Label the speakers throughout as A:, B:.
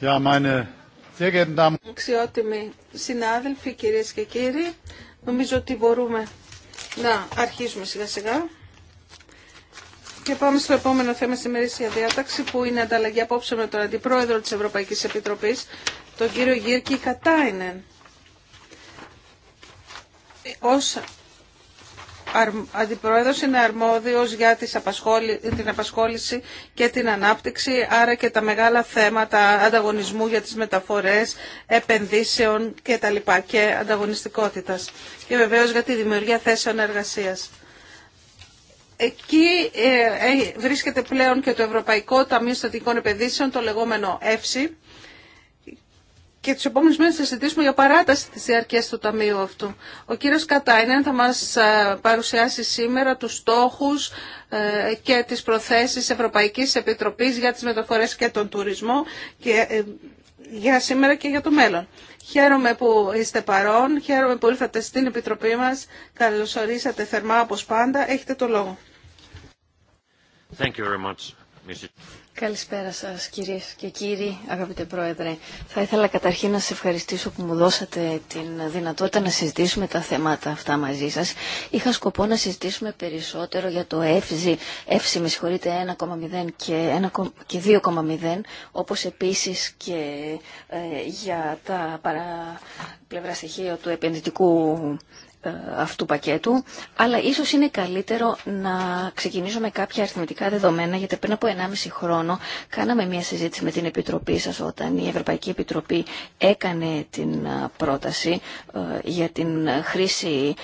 A: Ja,
B: Αξιότιμοι συνάδελφοι, κυρίες και κύριοι, νομίζω ότι μπορούμε να αρχίσουμε σιγά σιγά. Και πάμε στο επόμενο θέμα στη μερίσια διάταξη που είναι ανταλλαγή απόψε με τον Αντιπρόεδρο της Ευρωπαϊκής Επιτροπής, τον κύριο Γύρκη Κατάινεν. Ως αντιπρόεδρος είναι αρμόδιος για την απασχόληση και την ανάπτυξη, άρα και τα μεγάλα θέματα ανταγωνισμού για τις μεταφορές, επενδύσεων και τα λοιπά και ανταγωνιστικότητας. Και βεβαίως για τη δημιουργία θέσεων εργασίας. Εκεί ε, ε, βρίσκεται πλέον και το Ευρωπαϊκό Ταμείο Στατικών Επενδύσεων, το λεγόμενο ΕΦΣΥ, και τις επόμενες μέρες θα συζητήσουμε για παράταση της διαρκείας του Ταμείου αυτού. Ο κύριος Κατάινεν θα μας ε, παρουσιάσει σήμερα τους στόχους ε, και τις προθέσεις Ευρωπαϊκής Επιτροπής για τις μεταφορές και τον τουρισμό και ε, για σήμερα και για το μέλλον. Χαίρομαι που είστε παρόν, χαίρομαι που ήρθατε στην Επιτροπή μας. Καλωσορίσατε θερμά όπως πάντα. Έχετε το λόγο.
C: Thank you very much,
B: Καλησπέρα σας κυρίες και
D: κύριοι, αγαπητέ Πρόεδρε. Θα ήθελα καταρχήν να σας ευχαριστήσω που μου δώσατε την δυνατότητα να συζητήσουμε τα θέματα αυτά μαζί σας. Είχα σκοπό να συζητήσουμε περισσότερο για το ΕΦΖΙ, ΕΦΣΙ με συγχωρείτε 1,0 και, και 2,0, όπως επίσης και ε, για τα παραπλευρά στοιχεία του επενδυτικού ε, αυτού πακέτου, αλλά ίσως είναι καλύτερο να ξεκινήσω με κάποια αριθμητικά δεδομένα, γιατί πριν από 1,5 χρόνο κάναμε μια συζήτηση με την Επιτροπή σας όταν η Ευρωπαϊκή Επιτροπή έκανε την ε, πρόταση ε, για την χρήση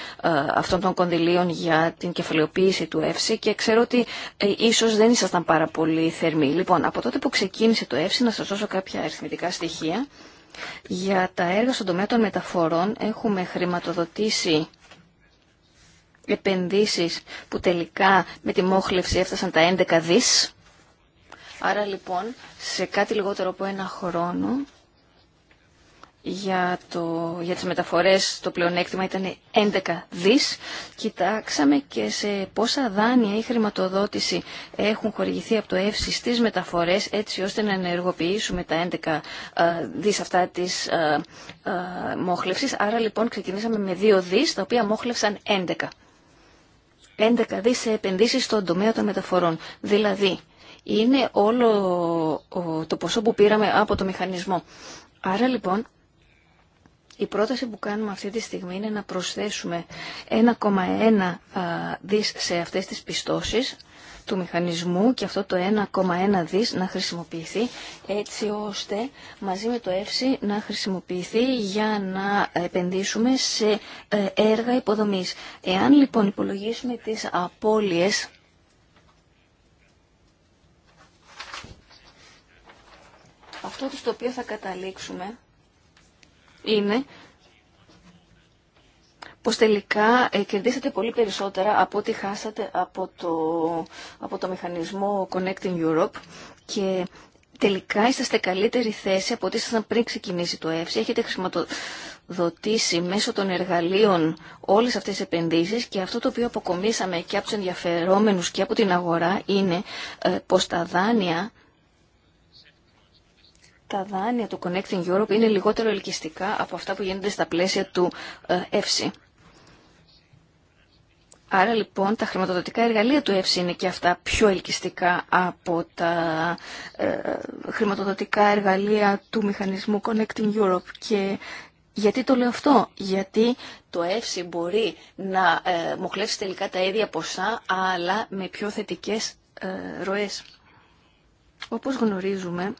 D: αυτών των κονδυλίων για την κεφαλαιοποίηση του ΕΦΣΙ και ξέρω ότι ίσως δεν ήσασταν πάρα πολύ θερμοί. Λοιπόν, από τότε που ξεκίνησε το ΕΦΣΙ, να σας δώσω κάποια αριθμητικά στοιχεία. Για τα έργα στον τομέα των μεταφορών έχουμε χρηματοδοτήσει επενδύσεις που τελικά με τη μόχλευση έφτασαν τα 11 δις. Άρα λοιπόν σε κάτι λιγότερο από ένα χρόνο για, το, για τις μεταφορές το πλεονέκτημα ήταν 11 δις. Κοιτάξαμε και σε πόσα δάνεια ή χρηματοδότηση έχουν χορηγηθεί από το ΕΦΣΙ στις μεταφορές έτσι ώστε να ενεργοποιήσουμε τα 11 ε, δις αυτά της α, ε, ε, μόχλευσης. Άρα λοιπόν ξεκινήσαμε με 2 δις τα οποία μόχλευσαν 11. 11 δις σε επενδύσεις στον τομέα των μεταφορών. Δηλαδή, είναι όλο το ποσό που πήραμε από το μηχανισμό. Άρα λοιπόν η πρόταση που κάνουμε αυτή τη στιγμή είναι να προσθέσουμε 1,1 δις σε αυτές τις πιστώσεις του μηχανισμού και αυτό το 1,1 δις να χρησιμοποιηθεί έτσι ώστε μαζί με το ΕΦΣΙ να χρησιμοποιηθεί για να επενδύσουμε σε ε, έργα υποδομής. Εάν λοιπόν υπολογίσουμε τις απώλειες αυτό το οποίο θα καταλήξουμε είναι πως τελικά ε, κερδίσατε πολύ περισσότερα από ό,τι χάσατε από το, από το μηχανισμό Connecting Europe και τελικά είσαστε καλύτερη θέση από ό,τι ήσασταν πριν ξεκινήσει το ΕΦΣΙ. Έχετε χρηματοδοτήσει μέσω των εργαλείων όλες αυτές τις επενδύσεις και αυτό το οποίο αποκομίσαμε και από τους ενδιαφερόμενους και από την αγορά είναι ε, πως τα δάνεια τα δάνεια του Connecting Europe είναι λιγότερο ελκυστικά από αυτά που γίνονται στα πλαίσια του ΕΦΣΥ. Άρα λοιπόν τα χρηματοδοτικά εργαλεία του ΕΦΣΥ είναι και αυτά πιο ελκυστικά από τα ε, χρηματοδοτικά εργαλεία του μηχανισμού Connecting Europe. Και γιατί το λέω αυτό, γιατί το ΕΦΣΥ μπορεί να ε, μοχλεύσει τελικά τα ίδια ποσά, αλλά με πιο θετικές ε, ροές. Όπως γνωρίζουμε,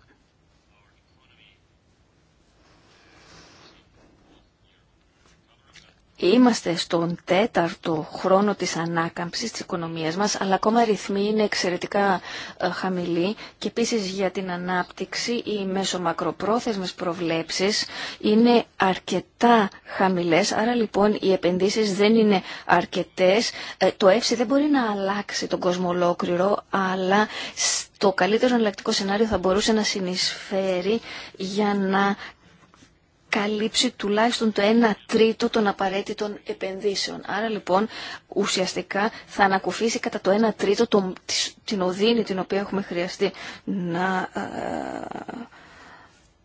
D: Είμαστε στον τέταρτο χρόνο της ανάκαμψης της οικονομίας μας, αλλά ακόμα οι ρυθμοί είναι εξαιρετικά ε, χαμηλοί και επίσης για την ανάπτυξη οι μεσομακροπρόθεσμες προβλέψεις είναι αρκετά χαμηλές, άρα λοιπόν οι επενδύσεις δεν είναι αρκετές. Ε, το ΕΦΣΙ δεν μπορεί να αλλάξει τον κόσμο ολόκληρο, αλλά το καλύτερο εναλλακτικό σενάριο θα μπορούσε να συνεισφέρει για να καλύψει τουλάχιστον το 1 τρίτο των απαραίτητων επενδύσεων. Άρα λοιπόν ουσιαστικά θα ανακουφίσει κατά το 1 τρίτο το, την οδύνη την οποία έχουμε χρειαστεί να ε,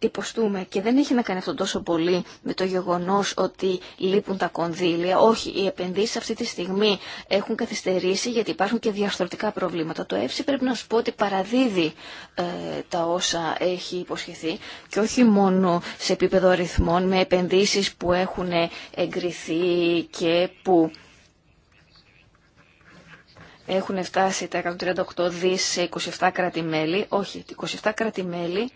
D: υποστούμε και δεν έχει να κάνει αυτό τόσο πολύ με το γεγονός ότι λείπουν τα κονδύλια. Όχι, οι επενδύσεις αυτή τη στιγμή έχουν καθυστερήσει γιατί υπάρχουν και διαστροτικά προβλήματα. Το ΕΦΣΥ πρέπει να σου πω ότι παραδίδει ε, τα όσα έχει υποσχεθεί και όχι μόνο σε επίπεδο αριθμών με επενδύσεις που έχουν εγκριθεί και που έχουν φτάσει τα 138 δις σε 27 κράτη-μέλη. Όχι, 27 κράτη-μέλη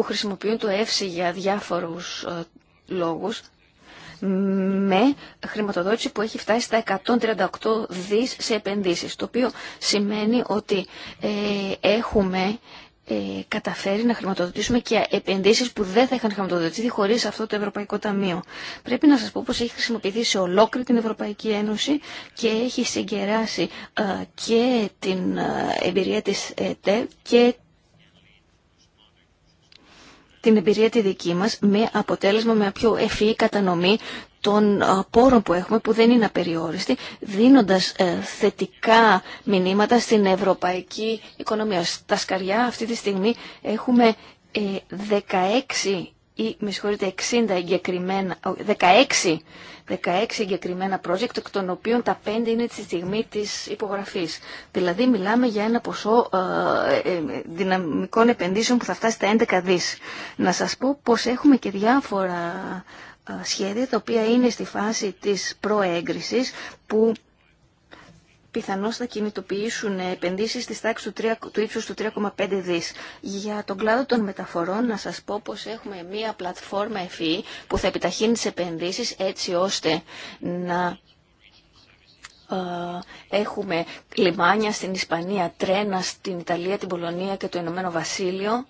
D: που χρησιμοποιούν το ΕΦΣΙ για διάφορους ε, λόγους με χρηματοδότηση που έχει φτάσει στα 138 δις σε επενδύσεις, το οποίο σημαίνει ότι ε, έχουμε ε, καταφέρει να χρηματοδοτήσουμε και επενδύσεις που δεν θα είχαν χρηματοδοτηθεί χωρίς αυτό το Ευρωπαϊκό Ταμείο. Πρέπει να σας πω πως έχει χρησιμοποιηθεί σε ολόκληρη την Ευρωπαϊκή Ένωση και έχει συγκεράσει και την εμπειρία της ΕΤΕ και την εμπειρία τη δική μας με αποτέλεσμα με πιο ευφυή κατανομή των πόρων που έχουμε που δεν είναι απεριόριστοι δίνοντας ε, θετικά μηνύματα στην ευρωπαϊκή οικονομία. Στα σκαριά αυτή τη στιγμή έχουμε 16 ε, ή με συγχωρείτε 60 16, 16 εγκεκριμένα project, εκ των οποίων τα 5 είναι τη στιγμή της υπογραφής. Δηλαδή μιλάμε για ένα ποσό ε, ε δυναμικών επενδύσεων που θα φτάσει στα 11 δις. Να σας πω πως έχουμε και διάφορα ε, σχέδια τα οποία είναι στη φάση της προέγκρισης που πιθανώς θα κινητοποιήσουν επενδύσεις της τάξης του, 3, του ύψους του 3,5 δις. Για τον κλάδο των μεταφορών να σας πω πως έχουμε μία πλατφόρμα ΕΦΗ e που θα επιταχύνει τις επενδύσεις έτσι ώστε να ε, έχουμε λιμάνια στην Ισπανία, τρένα στην Ιταλία, την Πολωνία και το Ηνωμένο Βασίλειο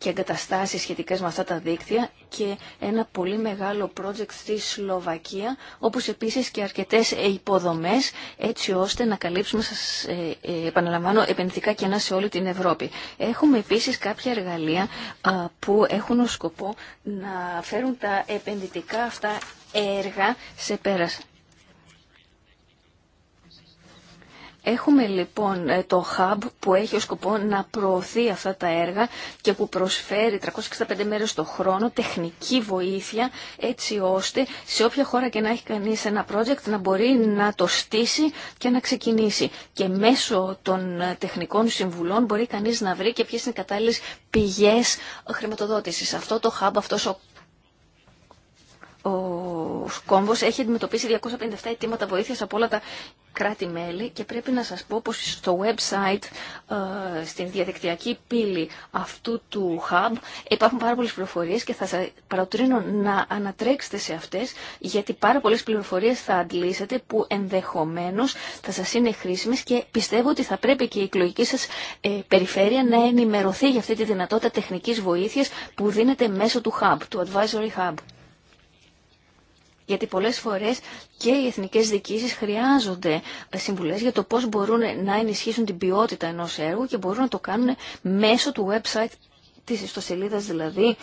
D: και εγκαταστάσεις σχετικές με αυτά τα δίκτυα και ένα πολύ μεγάλο project στη Σλοβακία, όπως επίσης και αρκετές υποδομές, έτσι ώστε να καλύψουμε, σας ε, ε, επαναλαμβάνω, επενδυτικά κενά σε όλη την Ευρώπη. Έχουμε επίσης κάποια εργαλεία που έχουν ως σκοπό να φέρουν τα επενδυτικά αυτά έργα σε πέρας. Έχουμε λοιπόν ε, το hub που έχει ως σκοπό να προωθεί αυτά τα έργα και που προσφέρει 365 μέρες το χρόνο τεχνική βοήθεια έτσι ώστε σε όποια χώρα και να έχει κανείς ένα project να μπορεί να το στήσει και να ξεκινήσει. Και μέσω των ε, τεχνικών συμβουλών μπορεί κανείς να βρει και ποιες είναι οι κατάλληλες πηγές χρηματοδότησης. Αυτό το hub, αυτός ο ο κόμβο έχει αντιμετωπίσει 257 αιτήματα βοήθεια από όλα τα κράτη-μέλη και πρέπει να σα πω πω στο website, ε, στην διαδικτυακή πύλη αυτού του hub υπάρχουν πάρα πολλέ πληροφορίε και θα σα παρατρύνω να ανατρέξετε σε αυτέ, γιατί πάρα πολλέ πληροφορίε θα αντλήσετε που ενδεχομένω θα σα είναι χρήσιμε και πιστεύω ότι θα πρέπει και η εκλογική σα ε, περιφέρεια να ενημερωθεί για αυτή τη δυνατότητα τεχνική βοήθεια που δίνεται μέσω του hub, του Advisory Hub γιατί πολλές φορές και οι εθνικές διοικήσεις χρειάζονται συμβουλές για το πώς μπορούν να ενισχύσουν την ποιότητα ενός έργου και μπορούν να το κάνουν μέσω του website της ιστοσελίδας δηλαδή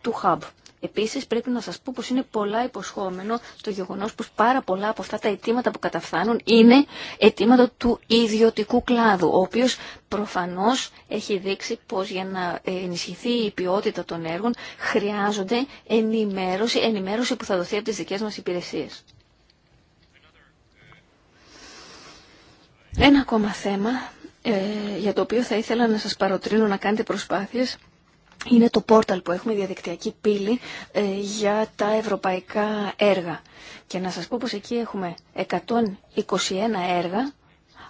D: του Hub. Επίσης πρέπει να σας πω πως είναι πολλά υποσχόμενο το γεγονός πω πάρα πολλά από αυτά τα αιτήματα που καταφθάνουν είναι αιτήματα του ιδιωτικού κλάδου, ο οποίο προφανώς έχει δείξει πως για να ενισχυθεί η ποιότητα των έργων χρειάζονται ενημέρωση, ενημέρωση που θα δοθεί από τι δικέ μας υπηρεσίες. Ένα ακόμα θέμα ε, για το οποίο θα ήθελα να σας παροτρύνω να κάνετε προσπάθειες είναι το πόρταλ που έχουμε, διαδικτυακή πύλη ε, για τα ευρωπαϊκά έργα. Και να σας πω πως εκεί έχουμε 121 έργα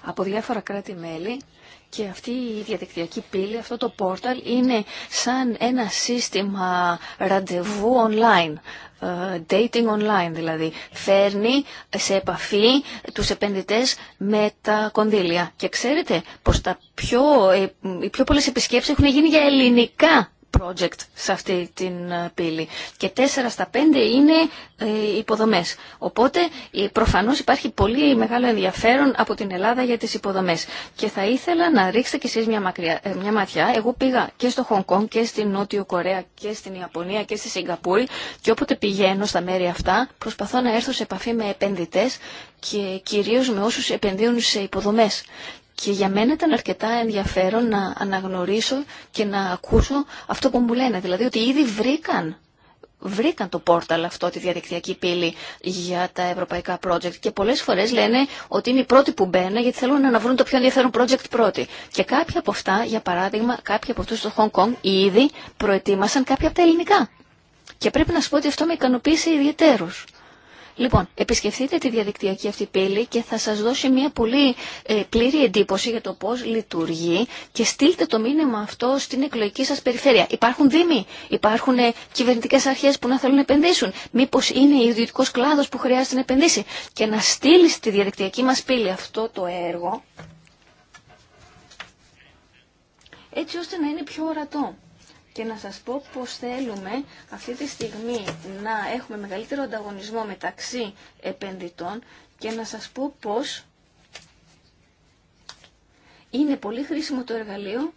D: από διάφορα κράτη-μέλη και αυτή η διαδικτυακή πύλη, αυτό το πόρταλ είναι σαν ένα σύστημα ραντεβού online ε, dating online δηλαδή. Φέρνει σε επαφή τους επενδυτές με τα κονδύλια. Και ξέρετε πως τα πιο, ε, οι πιο πολλές επισκέψεις έχουν γίνει για ελληνικά project σε αυτή την ε, πύλη. Και τέσσερα στα πέντε είναι ε, υποδομές. Οπότε ε, προφανώς υπάρχει πολύ μεγάλο ενδιαφέρον από την Ελλάδα για τις υποδομές. Και θα ήθελα να ρίξετε κι εσείς μια, μακριά, μια ματιά. Εγώ πήγα και στο Χονγκ Κονγκ και στην Νότιο Κορέα και στην Ιαπωνία και στη Σιγκαπούρη και όποτε πηγαίνω στα μέρη αυτά προσπαθώ να έρθω σε επαφή με επενδυτές και κυρίως με όσους επενδύουν σε υποδομές. Και για μένα ήταν αρκετά ενδιαφέρον να αναγνωρίσω και να ακούσω αυτό που μου λένε. Δηλαδή ότι ήδη βρήκαν βρήκαν το πόρταλ αυτό, τη διαδικτυακή πύλη για τα ευρωπαϊκά project και πολλέ φορέ λένε ότι είναι οι πρώτοι που μπαίνουν γιατί θέλουν να βρουν το πιο ενδιαφέρον project πρώτοι. Και κάποια από αυτά, για παράδειγμα, κάποιοι από αυτού στο Hong Kong ήδη προετοίμασαν κάποια από τα ελληνικά. Και πρέπει να σου πω ότι αυτό με ικανοποίησε ιδιαίτερως. Λοιπόν, επισκεφτείτε τη διαδικτυακή αυτή πύλη και θα σας δώσει μια πολύ ε, πλήρη εντύπωση για το πώς λειτουργεί και στείλτε το μήνυμα αυτό στην εκλογική σας περιφέρεια. Υπάρχουν δήμοι, υπάρχουν ε, κυβερνητικές αρχές που να θέλουν να επενδύσουν. Μήπως είναι ιδιωτικό κλάδος που χρειάζεται να επενδύσει. Και να στείλει στη διαδικτυακή μας πύλη αυτό το έργο έτσι ώστε να είναι πιο ορατό και να σας πω πως θέλουμε αυτή τη στιγμή να έχουμε μεγαλύτερο ανταγωνισμό μεταξύ επενδυτών και να σας πω πως είναι πολύ χρήσιμο το εργαλείο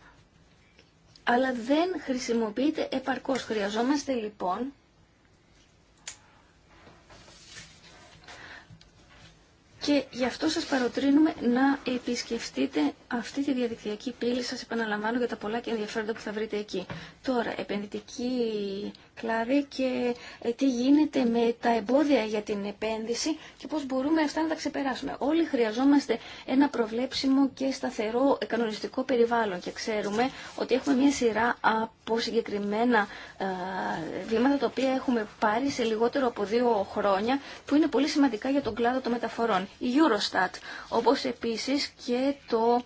D: αλλά δεν χρησιμοποιείται επαρκώς. Χρειαζόμαστε λοιπόν και γι' αυτό σας παροτρύνουμε να επισκεφτείτε αυτή τη διαδικτυακή πύλη, σας επαναλαμβάνω για τα πολλά και ενδιαφέροντα που θα βρείτε εκεί. Τώρα, επενδυτική Κλαδί και ε, τι γίνεται με τα εμπόδια για την επένδυση και πώς μπορούμε αυτά να τα ξεπεράσουμε. Όλοι χρειαζόμαστε ένα προβλέψιμο και σταθερό κανονιστικό περιβάλλον και ξέρουμε ότι έχουμε μια σειρά από συγκεκριμένα ε, βήματα τα οποία έχουμε πάρει σε λιγότερο από δύο χρόνια που είναι πολύ σημαντικά για τον κλάδο των μεταφορών. Η Eurostat, όπως επίσης και το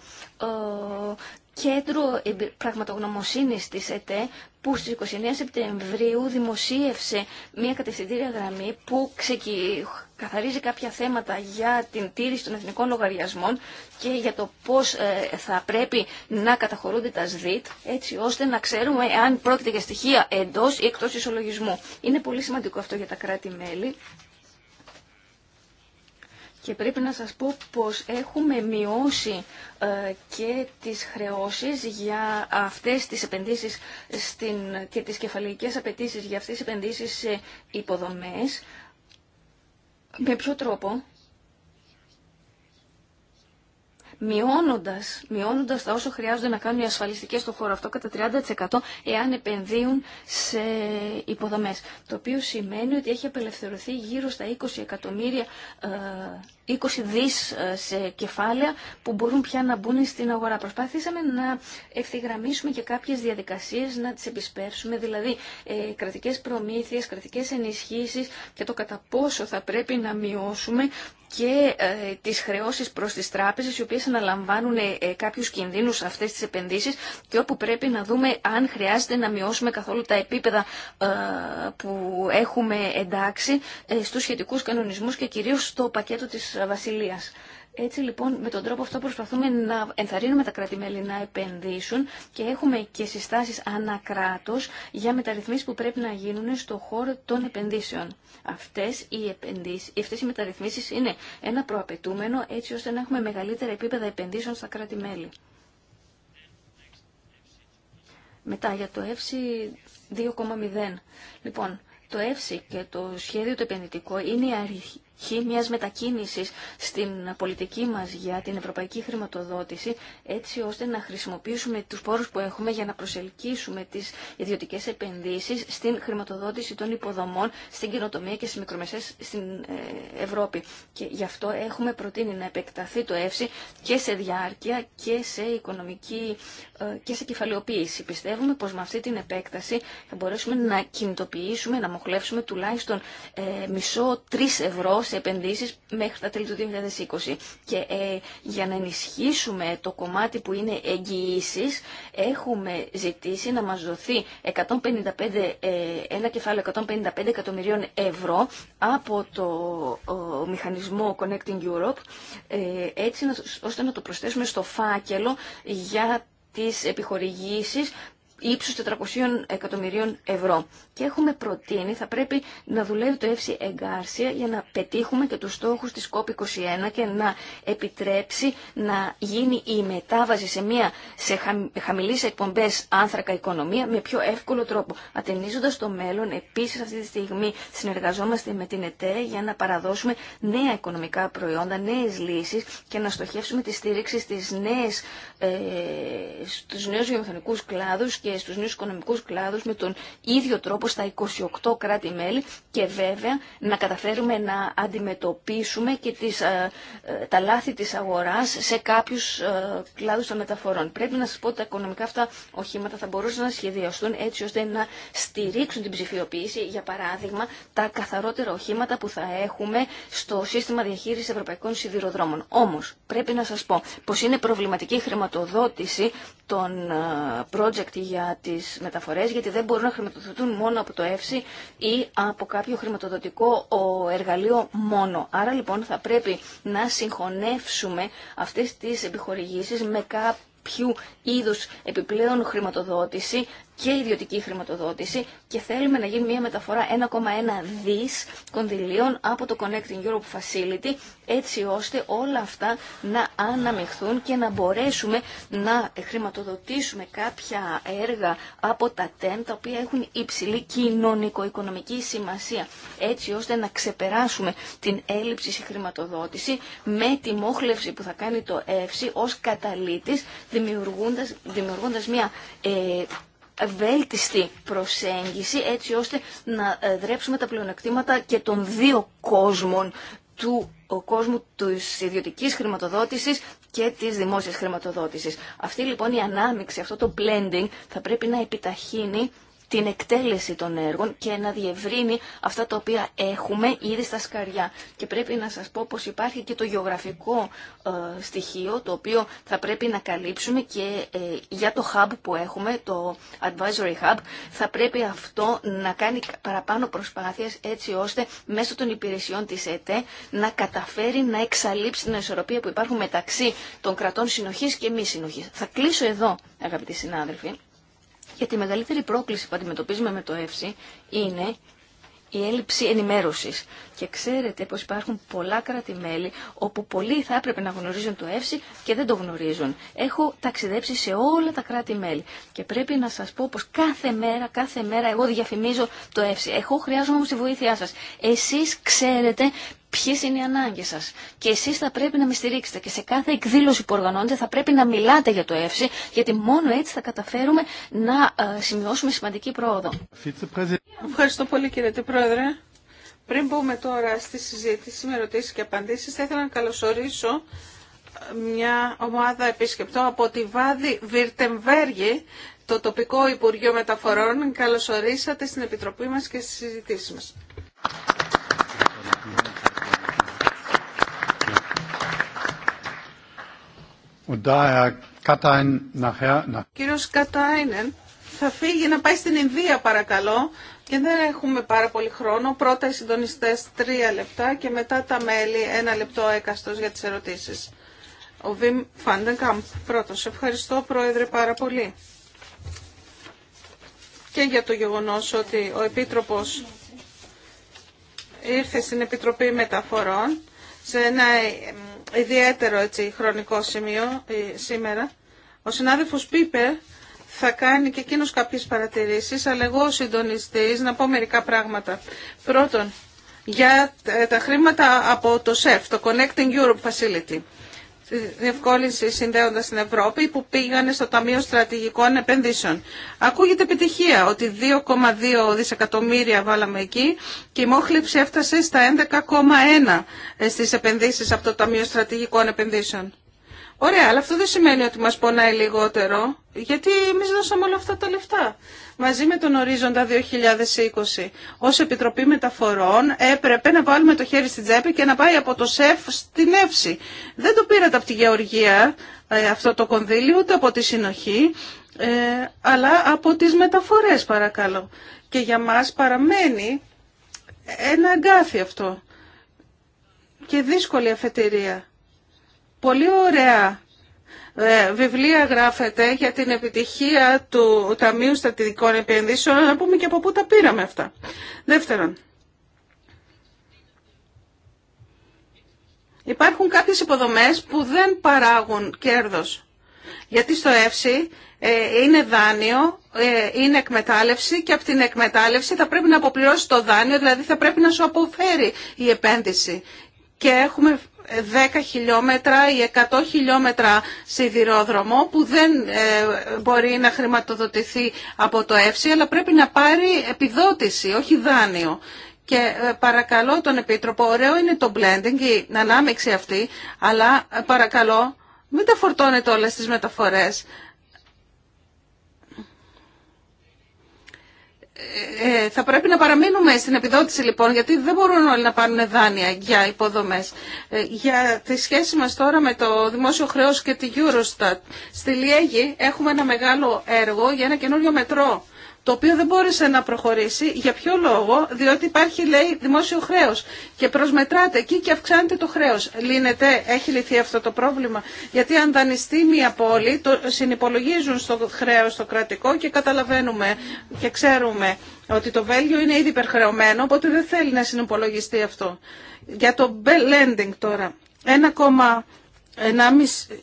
D: ε, κέντρο πραγματογνωμοσύνης της ΕΤΕ που στις 29 Σεπτεμβρίου δημοσίευσε μια κατευθυντήρια γραμμή που ξεκι... καθαρίζει κάποια θέματα για την τήρηση των εθνικών λογαριασμών και για το πώς ε, θα πρέπει να καταχωρούνται τα ΣΔΙΤ έτσι ώστε να ξέρουμε αν πρόκειται για στοιχεία εντός ή εκτός ισολογισμού. Είναι πολύ σημαντικό αυτό για τα κράτη-μέλη και πρέπει να σας πω πως έχουμε μειώσει ε, και τις χρεώσεις για αυτές τις επενδύσεις στην, και τις κεφαλαϊκές απαιτήσεις για αυτές τις επενδύσεις σε υποδομές. Με ποιο τρόπο? μειώνοντας, μειώνοντας τα όσο χρειάζονται να κάνουν οι ασφαλιστικές στον χώρο αυτό κατά 30% εάν επενδύουν σε υποδομές. Το οποίο σημαίνει ότι έχει απελευθερωθεί γύρω στα 20 εκατομμύρια ε, 20 δις ε, σε κεφάλαια που μπορούν πια να μπουν στην αγορά. Προσπάθησαμε να ευθυγραμμίσουμε και κάποιες διαδικασίες, να τις επισπεύσουμε, δηλαδή ε, κρατικές προμήθειες, κρατικές ενισχύσεις και το κατά πόσο θα πρέπει να μειώσουμε και ε, τις χρεώσεις προς τις τράπεζες οι οποίες αναλαμβάνουν ε, ε κάποιους κινδύνους αυτές τις επενδύσεις και όπου πρέπει να δούμε αν χρειάζεται να μειώσουμε καθόλου τα επίπεδα ε, που έχουμε εντάξει ε, στους σχετικούς κανονισμούς και κυρίως στο πακέτο της Βασιλείας. Έτσι λοιπόν με τον τρόπο αυτό προσπαθούμε να ενθαρρύνουμε τα κράτη-μέλη να επενδύσουν και έχουμε και συστάσεις ανακράτως για μεταρρυθμίσεις που πρέπει να γίνουν στο χώρο των επενδύσεων. Αυτές οι, επενδύσεις, αυτές οι μεταρρυθμίσεις είναι ένα προαπαιτούμενο έτσι ώστε να έχουμε μεγαλύτερα επίπεδα επενδύσεων στα κράτη-μέλη. Μετά για το ΕΦΣΙ 2,0. Λοιπόν, το ΕΦΣΙ και το σχέδιο το επενδυτικό είναι η αρχή μιας μετακίνησης στην πολιτική μας για την ευρωπαϊκή χρηματοδότηση έτσι ώστε να χρησιμοποιήσουμε τους πόρους που έχουμε για να προσελκύσουμε τις ιδιωτικές επενδύσεις στην χρηματοδότηση των υποδομών στην κοινοτομία και στις μικρομεσαίες στην ε, Ευρώπη. Και γι' αυτό έχουμε προτείνει να επεκταθεί το ΕΦΣΙ και σε διάρκεια και σε οικονομική ε, και σε κεφαλαιοποίηση. Πιστεύουμε πως με αυτή την επέκταση θα μπορέσουμε να κινητοποιήσουμε, να μοχλεύσουμε τουλάχιστον ε, τρει ευρώ σε επενδύσεις μέχρι τα τέλη του 2020. Και ε, για να ενισχύσουμε το κομμάτι που είναι εγγυήσει, έχουμε ζητήσει να μας δοθεί 155, ε, ένα κεφάλαιο 155 εκατομμυρίων ευρώ από το μηχανισμό Connecting Europe, ε, έτσι ώστε να το προσθέσουμε στο φάκελο για τις επιχορηγήσεις ύψους 400 εκατομμυρίων ευρώ. Και έχουμε προτείνει, θα πρέπει να δουλεύει το ΕΦΣΙ εγκάρσια για να πετύχουμε και τους στόχους της COP21 και να επιτρέψει να γίνει η μετάβαση σε μια σε χαμηλής εκπομπές άνθρακα οικονομία με πιο εύκολο τρόπο. Ατενίζοντας το μέλλον, επίσης αυτή τη στιγμή συνεργαζόμαστε με την ΕΤΕ για να παραδώσουμε νέα οικονομικά προϊόντα, νέες λύσεις και να στοχεύσουμε τη στήριξη στις νέες, ε, στους νέους βιομηχανικούς κλάδους και στου νέου οικονομικού κλάδου με τον ίδιο τρόπο στα 28 κράτη-μέλη και βέβαια να καταφέρουμε να αντιμετωπίσουμε και τις, ε, ε, τα λάθη τη αγορά σε κάποιου ε, κλάδου των μεταφορών. Πρέπει να σα πω ότι τα οικονομικά αυτά οχήματα θα μπορούσαν να σχεδιαστούν έτσι ώστε να στηρίξουν την ψηφιοποίηση, για παράδειγμα, τα καθαρότερα οχήματα που θα έχουμε στο σύστημα διαχείριση ευρωπαϊκών σιδηροδρόμων. Όμω, πρέπει να σα πω πω είναι προβληματική η χρηματοδότηση των project για τις μεταφορές, γιατί δεν μπορούν να χρηματοδοτούν μόνο από το ΕΦΣΥ ή από κάποιο χρηματοδοτικό εργαλείο μόνο. Άρα λοιπόν θα πρέπει να συγχωνεύσουμε αυτέ τι επιχορηγήσει με κάποιο είδου επιπλέον χρηματοδότηση και ιδιωτική χρηματοδότηση και θέλουμε να γίνει μια μεταφορά 1,1 δις κονδυλίων από το Connecting Europe Facility έτσι ώστε όλα αυτά να αναμειχθούν και να μπορέσουμε να χρηματοδοτήσουμε κάποια έργα από τα TEN τα οποία έχουν υψηλή κοινωνικο-οικονομική σημασία έτσι ώστε να ξεπεράσουμε την έλλειψη στη χρηματοδότηση με τη μόχλευση που θα κάνει το ΕΦΣΙ ως καταλήτης δημιουργώντας, δημιουργώντας μια ε, βέλτιστη προσέγγιση έτσι ώστε να ε, δρέψουμε τα πλεονεκτήματα και των δύο κόσμων του ο κόσμου της ιδιωτικής χρηματοδότησης και της δημόσιας χρηματοδότησης. Αυτή λοιπόν η ανάμειξη, αυτό το blending θα πρέπει να επιταχύνει την εκτέλεση των έργων και να διευρύνει αυτά τα οποία έχουμε ήδη στα σκαριά. Και πρέπει να σας πω πως υπάρχει και το γεωγραφικό ε, στοιχείο το οποίο θα πρέπει να καλύψουμε και ε, για το hub που έχουμε, το advisory hub, θα πρέπει αυτό να κάνει παραπάνω προσπάθειες έτσι ώστε μέσω των υπηρεσιών της ΕΤΕ να καταφέρει να εξαλείψει την ισορροπία που υπάρχουν μεταξύ των κρατών συνοχής και μη συνοχής. Θα κλείσω εδώ, αγαπητοί συνάδελφοι γιατί η μεγαλύτερη πρόκληση που αντιμετωπίζουμε με το ΕΦΣΥ είναι η έλλειψη ενημέρωσης. Και ξέρετε πως υπάρχουν πολλά κράτη-μέλη όπου πολλοί θα έπρεπε να γνωρίζουν το ΕΦΣΥ και δεν το γνωρίζουν. Έχω ταξιδέψει σε όλα τα κράτη-μέλη και πρέπει να σας πω πως κάθε μέρα, κάθε μέρα εγώ διαφημίζω το ΕΦΣΥ. Εγώ χρειάζομαι όμω τη βοήθειά σα. Εσεί ξέρετε Ποιε είναι οι ανάγκε σα. Και εσεί θα πρέπει να με στηρίξετε και σε κάθε εκδήλωση που οργανώνετε θα πρέπει να μιλάτε για το ΕΦΣΥ, γιατί μόνο
B: έτσι θα καταφέρουμε να ε, σημειώσουμε σημαντική πρόοδο. Ευχαριστώ πολύ κύριε Πρόεδρε. Πριν μπούμε τώρα στη συζήτηση με ερωτήσει και απαντήσει, θα ήθελα να καλωσορίσω ε, μια ομάδα επισκεπτών από τη Βάδη Βιρτεμβέργη, το τοπικό Υπουργείο Μεταφορών. Καλωσορίσατε στην Επιτροπή μας και στις συζητήσεις μας. Κύριος Κατάινεν θα φύγει να πάει στην Ινδία παρακαλώ και δεν έχουμε πάρα πολύ χρόνο. Πρώτα οι συντονιστές τρία λεπτά και μετά τα μέλη ένα λεπτό έκαστος για τις ερωτήσεις. Ο Βιμ Φαντεγκάμπ πρώτος. Ευχαριστώ Πρόεδρε πάρα πολύ. Και για το γεγονός ότι ο Επίτροπος ήρθε στην Επιτροπή Μεταφορών σε ένα ιδιαίτερο έτσι, χρονικό σημείο ε, σήμερα. Ο συνάδελφος Πίπερ θα κάνει και εκείνος κάποιες παρατηρήσεις, αλλά εγώ ο συντονιστής να πω μερικά πράγματα. Πρώτον, για τα χρήματα από το ΣΕΦ, το Connecting Europe Facility τη διευκόλυνση συνδέοντα την Ευρώπη που πήγανε στο Ταμείο Στρατηγικών Επενδύσεων. Ακούγεται επιτυχία ότι 2,2 δισεκατομμύρια βάλαμε εκεί και η μόχληψη έφτασε στα 11,1 ε, στις επενδύσεις από το Ταμείο Στρατηγικών Επενδύσεων. Ωραία, αλλά αυτό δεν σημαίνει ότι μας πονάει λιγότερο, γιατί εμείς δώσαμε όλα αυτά τα λεφτά. Μαζί με τον ορίζοντα 2020, ως Επιτροπή Μεταφορών, έπρεπε να βάλουμε το χέρι στην τσέπη και να πάει από το ΣΕΦ στην ΕΦΣΗ. Δεν το πήρατε από τη Γεωργία ε, αυτό το κονδύλι, ούτε από τη Συνοχή, ε, αλλά από τις μεταφορές παρακαλώ. Και για μας παραμένει ένα αγκάθι αυτό και δύσκολη αφετηρία. Πολύ ωραία ε, βιβλία γράφεται για την επιτυχία του Ταμείου Στατιδικών Επενδύσεων, να πούμε και από πού τα πήραμε αυτά. Δεύτερον, υπάρχουν κάποιες υποδομές που δεν παράγουν κέρδος. Γιατί στο ΕΦΣΥ ε, είναι δάνειο, ε, είναι εκμετάλλευση και από την εκμετάλλευση θα πρέπει να αποπληρώσει το δάνειο, δηλαδή θα πρέπει να σου αποφέρει η επένδυση. Και έχουμε 10 χιλιόμετρα ή 100 χιλιόμετρα σιδηρόδρομο που δεν ε, μπορεί να χρηματοδοτηθεί από το ΕΦΣΙ αλλά πρέπει να πάρει επιδότηση, όχι δάνειο. Και ε, παρακαλώ τον Επίτροπο, ωραίο είναι το blending, η ανάμειξη αυτή, αλλά ε, παρακαλώ μην τα φορτώνετε όλες τις μεταφορές. Ε, ε, θα πρέπει να παραμείνουμε στην επιδότηση λοιπόν, γιατί δεν μπορούν όλοι να πάρουν δάνεια για υποδομές. Ε, για τη σχέση μας τώρα με το δημόσιο χρέος και τη Eurostat. Στη Λιέγη έχουμε ένα μεγάλο έργο για ένα καινούριο μετρό το οποίο δεν μπόρεσε να προχωρήσει. Για ποιο λόγο, διότι υπάρχει λέει δημόσιο χρέο. και προσμετράτε εκεί και αυξάνεται το χρέο. Λύνεται, έχει λυθεί αυτό το πρόβλημα. Γιατί αν δανειστεί μια πόλη, το συνυπολογίζουν στο χρέο το κρατικό και καταλαβαίνουμε και ξέρουμε ότι το Βέλγιο είναι ήδη υπερχρεωμένο, οπότε δεν θέλει να συνυπολογιστεί αυτό. Για το blending τώρα, 1,1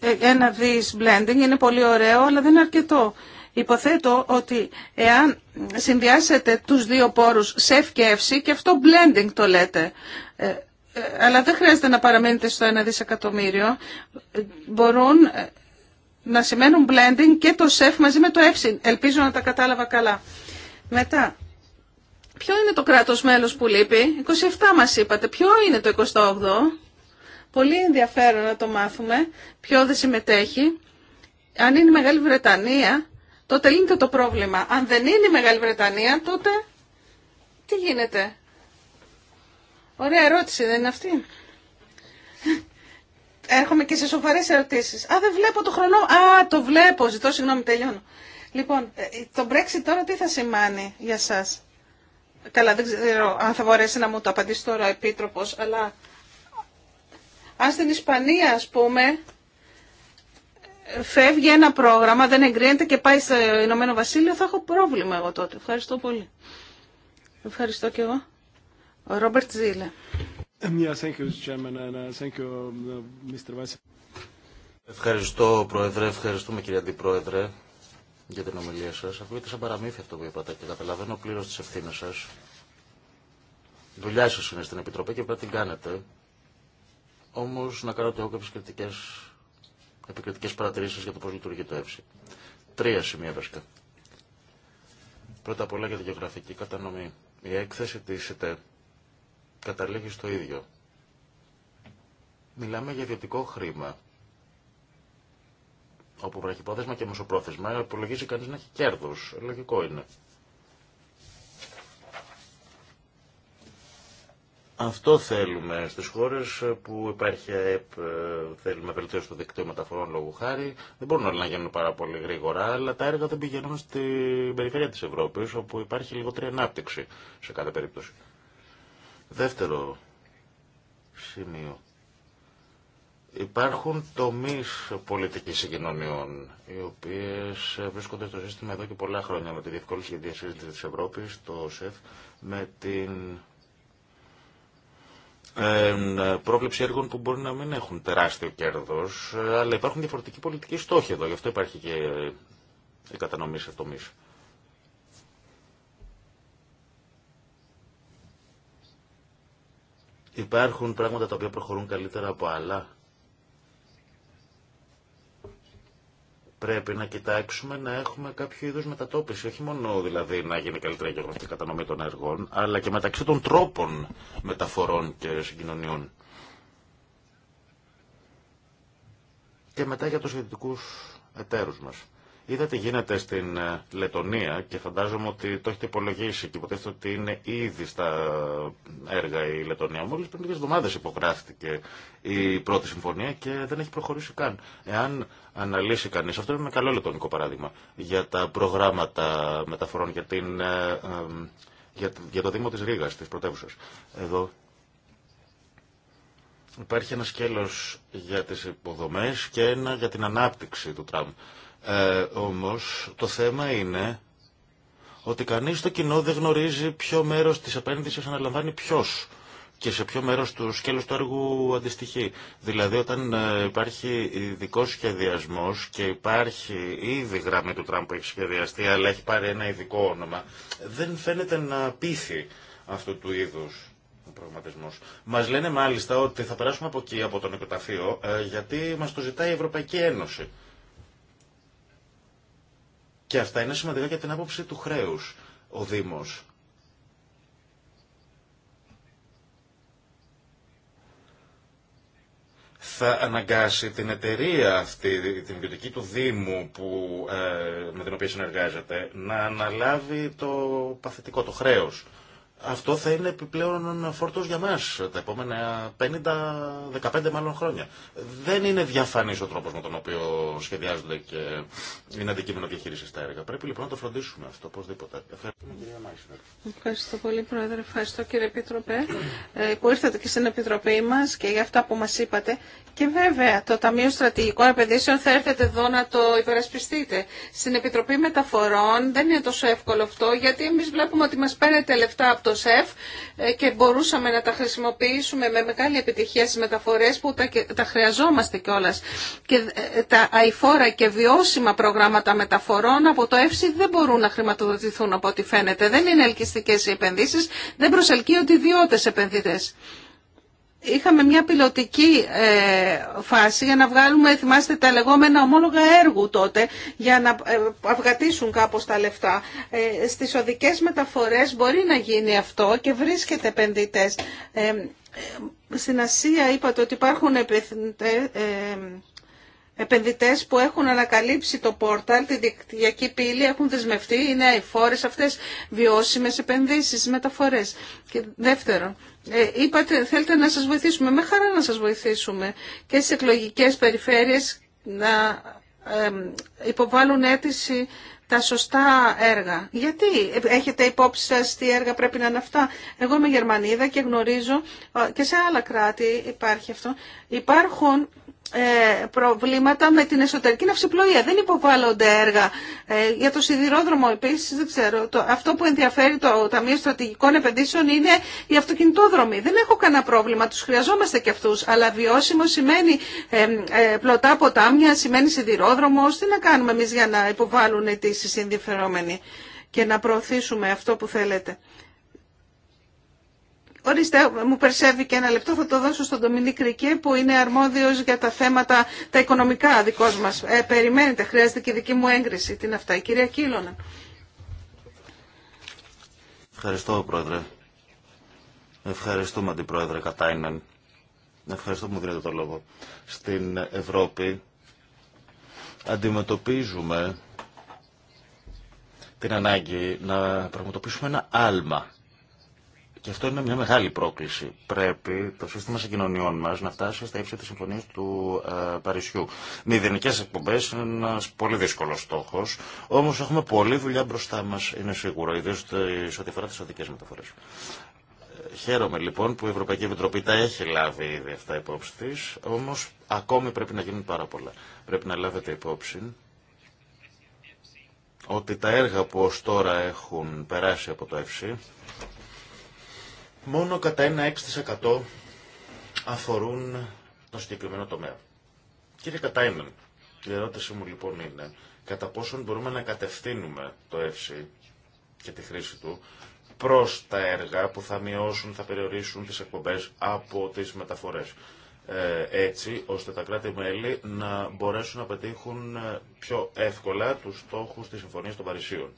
B: ε, δις blending είναι πολύ ωραίο, αλλά δεν είναι αρκετό. Υποθέτω ότι εάν συνδυάσετε τους δύο πόρους σεφ και εύση και αυτό blending το λέτε, ε, ε, αλλά δεν χρειάζεται να παραμείνετε στο ένα δισεκατομμύριο, μπορούν ε, να σημαίνουν blending και το σεφ μαζί με το εύση. Ελπίζω να τα κατάλαβα καλά. Μετά, ποιο είναι το κράτος μέλος που λείπει, 27 μας είπατε, ποιο είναι το 28 πολύ ενδιαφέρον να το μάθουμε, ποιο δεν συμμετέχει. Αν είναι η Μεγάλη Βρετανία, τότε λύνεται το πρόβλημα. Αν δεν είναι η Μεγάλη Βρετανία, τότε τι γίνεται. Ωραία ερώτηση, δεν είναι αυτή. Έρχομαι και σε σοβαρέ ερωτήσει. Α, δεν βλέπω το χρονό. Α, το βλέπω. Ζητώ συγγνώμη, τελειώνω. Λοιπόν, ε, το Brexit τώρα τι θα σημάνει για εσά. Καλά, δεν ξέρω αν θα μπορέσει να μου το απαντήσει τώρα ο Επίτροπο, αλλά αν στην Ισπανία, α πούμε, φεύγει ένα πρόγραμμα, δεν εγκρίνεται και πάει στο Ηνωμένο Βασίλειο, θα έχω πρόβλημα εγώ τότε. Ευχαριστώ πολύ. Ευχαριστώ και εγώ. Ο Ρόμπερτ Ζήλε.
C: Ευχαριστώ, Πρόεδρε. Ευχαριστούμε, κύριε Αντιπρόεδρε, για την ομιλία σα. Ακούγεται σαν παραμύθι αυτό που είπατε και καταλαβαίνω πλήρω τι ευθύνε σα. Δουλειά σα είναι στην Επιτροπή και πρέπει να την κάνετε. Όμω, να κάνω και εγώ κάποιε κριτικέ επικριτικές παρατηρήσεις για το πώ λειτουργεί το ΕΦΣΙ. Τρία σημεία βασικά. Πρώτα απ' όλα για τη γεωγραφική κατανομή. Η έκθεση τη ΕΤΕ καταλήγει στο ίδιο. Μιλάμε για ιδιωτικό χρήμα όπου βραχυπρόθεσμα και μεσοπρόθεσμα υπολογίζει κανείς να έχει κέρδο. Λογικό είναι. Αυτό θέλουμε στι χώρε που υπάρχει ΑΕΠ, ε, θέλουμε βελτίωση του δικτύου μεταφορών λόγου χάρη. Δεν μπορούν όλα να γίνουν πάρα πολύ γρήγορα, αλλά τα έργα δεν πηγαίνουν στην περιφέρεια τη Ευρώπη, όπου υπάρχει λιγότερη ανάπτυξη σε κάθε περίπτωση. Δεύτερο σημείο. Υπάρχουν τομεί πολιτική συγκοινωνιών, οι οποίε βρίσκονται στο σύστημα εδώ και πολλά χρόνια με τη διευκόλυνση για τη διασύνδεση τη Ευρώπη, το ΣΕΦ, με την πρόβλεψη έργων που μπορεί να μην έχουν τεράστιο κέρδος, ε, αλλά υπάρχουν διαφορετικοί πολιτικοί στόχοι εδώ, γι' αυτό υπάρχει και η κατανομή σε τομεί. Υπάρχουν πράγματα τα οποία προχωρούν καλύτερα από άλλα Πρέπει να κοιτάξουμε να έχουμε κάποιο είδου μετατόπιση. Όχι μόνο δηλαδή να γίνει καλύτερα η κατανομή των έργων, αλλά και μεταξύ των τρόπων μεταφορών και συγκοινωνιών. Και μετά για τους ιδιωτικούς εταίρους μας. Είδα τι γίνεται στην ε, Λετωνία και φαντάζομαι ότι το έχετε υπολογίσει και υποτίθεται ότι είναι ήδη στα έργα η Λετωνία. Μόλι πριν λίγε εβδομάδε υπογράφτηκε η πρώτη συμφωνία και δεν έχει προχωρήσει καν. Εάν αναλύσει κανεί αυτό είναι ένα καλό λετωνικό παράδειγμα, για τα προγράμματα μεταφορών για, την, ε, για το Δήμο τη Ρήγα, τη πρωτεύουσα. Εδώ υπάρχει ένα σκέλο για τι υποδομέ και ένα για την ανάπτυξη του τραμ. Ε, όμως το θέμα είναι ότι κανείς στο κοινό δεν γνωρίζει ποιο μέρος της επένδυσης αναλαμβάνει ποιος και σε ποιο μέρος του σκέλους του έργου αντιστοιχεί. Δηλαδή όταν ε, υπάρχει ειδικό σχεδιασμός και υπάρχει ήδη γραμμή του Τραμπ που έχει σχεδιαστεί αλλά έχει πάρει ένα ειδικό όνομα, δεν φαίνεται να πείθει αυτού του είδους ο προγραμματισμός. Μας λένε μάλιστα ότι θα περάσουμε από εκεί, από τον Εκοταφείο, ε, γιατί μας το ζητάει η Ευρωπαϊκή Ένωση. Και αυτά είναι σημαντικά για την άποψη του χρέους. Ο Δήμος θα αναγκάσει την εταιρεία αυτή, την ιδιωτική του Δήμου που, ε, με την οποία συνεργάζεται, να αναλάβει το παθητικό, το χρέος αυτό θα είναι επιπλέον φορτό για μα τα επόμενα 50, 15 μάλλον χρόνια. Δεν είναι διαφανή ο τρόπο με τον οποίο σχεδιάζονται και είναι αντικείμενο διαχείριση τα έργα. Πρέπει λοιπόν να το φροντίσουμε αυτό οπωσδήποτε. Ευχαριστούμε
B: Ευχαριστώ πολύ Πρόεδρε, ευχαριστώ κύριε Επίτροπε ε, που ήρθατε και στην Επιτροπή μα και για αυτά που μα είπατε. Και βέβαια το Ταμείο Στρατηγικών Επενδύσεων θα έρθετε εδώ να το υπερασπιστείτε. Στην Επιτροπή Μεταφορών δεν είναι τόσο εύκολο αυτό γιατί εμεί βλέπουμε ότι μα παίρνετε λεφτά το σεφ ε, και μπορούσαμε να τα χρησιμοποιήσουμε με μεγάλη επιτυχία στις μεταφορές που τα χρειαζόμαστε κιόλα. Και ε, τα αηφόρα και βιώσιμα προγράμματα μεταφορών από το ΕΦΣΙ δεν μπορούν να χρηματοδοτηθούν από ό,τι φαίνεται. Δεν είναι ελκυστικές οι επενδύσεις, δεν προσελκύονται ιδιώτες επενδυτές. Είχαμε μια πιλωτική ε, φάση για να βγάλουμε, θυμάστε, τα λεγόμενα ομόλογα έργου τότε, για να ε, αυγατήσουν κάπως τα λεφτά. Ε, στις οδικές μεταφορές μπορεί να γίνει αυτό και βρίσκεται επενδυτές. Στην Ασία είπατε ότι υπάρχουν επενδυτές επενδυτές που έχουν ανακαλύψει το πόρταλ, τη δικτυακή πύλη, έχουν δεσμευτεί, είναι φόρες αυτές βιώσιμες επενδύσεις, μεταφορές. Και δεύτερον, ε, είπατε θέλετε να σας βοηθήσουμε, με χαρά να σας βοηθήσουμε και σε εκλογικές περιφέρειες να υποβάλουν αίτηση τα σωστά έργα. Γιατί έχετε υπόψη σας τι έργα πρέπει να είναι αυτά. Εγώ είμαι Γερμανίδα και γνωρίζω ε, και σε άλλα κράτη υπάρχει αυτό. Υπάρχουν ε, προβλήματα με την εσωτερική ναυσιπλοεία. Δεν υποβάλλονται έργα. Ε, για το σιδηρόδρομο επίσης, δεν ξέρω. Το, αυτό που ενδιαφέρει το Ταμείο Στρατηγικών Επενδύσεων είναι οι αυτοκινητόδρομοι. Δεν έχω κανένα πρόβλημα, τους χρειαζόμαστε και αυτού, Αλλά βιώσιμο σημαίνει ε, ε, πλωτά ποτάμια, σημαίνει σιδηρόδρομο Τι να κάνουμε εμεί για να υποβάλλουν αιτήσει ενδιαφερόμενοι και να προωθήσουμε αυτό που θέλετε. Ορίστε, μου περσεύει και ένα λεπτό, θα το δώσω στον Ντομινίκ Ρικέ που είναι αρμόδιος για τα θέματα τα οικονομικά δικός μας. Ε, περιμένετε, χρειάζεται και δική μου έγκριση. Τι είναι αυτά, η κυρία Κίλωνα.
C: Ευχαριστώ, Πρόεδρε. Ευχαριστούμε, Αντιπρόεδρε Κατάινεν. Ευχαριστώ που μου δίνετε το λόγο. Στην Ευρώπη αντιμετωπίζουμε την ανάγκη να πραγματοποιήσουμε ένα άλμα και αυτό είναι μια μεγάλη πρόκληση. Πρέπει το σύστημα συγκοινωνιών μα να φτάσει στα ύψη τη συμφωνία του ε, Παρισιού. Μηδενικέ εκπομπέ είναι ένα πολύ δύσκολο στόχο. Όμω έχουμε πολλή δουλειά μπροστά μα, είναι σίγουρο, ιδίω σε ό,τι αφορά τι οδικέ μεταφορέ. Χαίρομαι λοιπόν που η Ευρωπαϊκή Επιτροπή τα έχει λάβει ήδη αυτά υπόψη τη, όμω ακόμη πρέπει να γίνουν πάρα πολλά. Πρέπει να λάβετε υπόψη ότι τα έργα που ω τώρα έχουν περάσει από το ΕΦΣΥ μόνο κατά ένα 6% αφορούν το συγκεκριμένο τομέα. κατά έναν. η ερώτησή μου λοιπόν είναι κατά πόσον μπορούμε να κατευθύνουμε το ΕΦΣΥ και τη χρήση του προς τα έργα που θα μειώσουν, θα περιορίσουν τις εκπομπές από τις μεταφορές. Ε, έτσι ώστε τα κράτη-μέλη να μπορέσουν να πετύχουν ε, πιο εύκολα τους στόχους της Συμφωνίας των Παρισίων.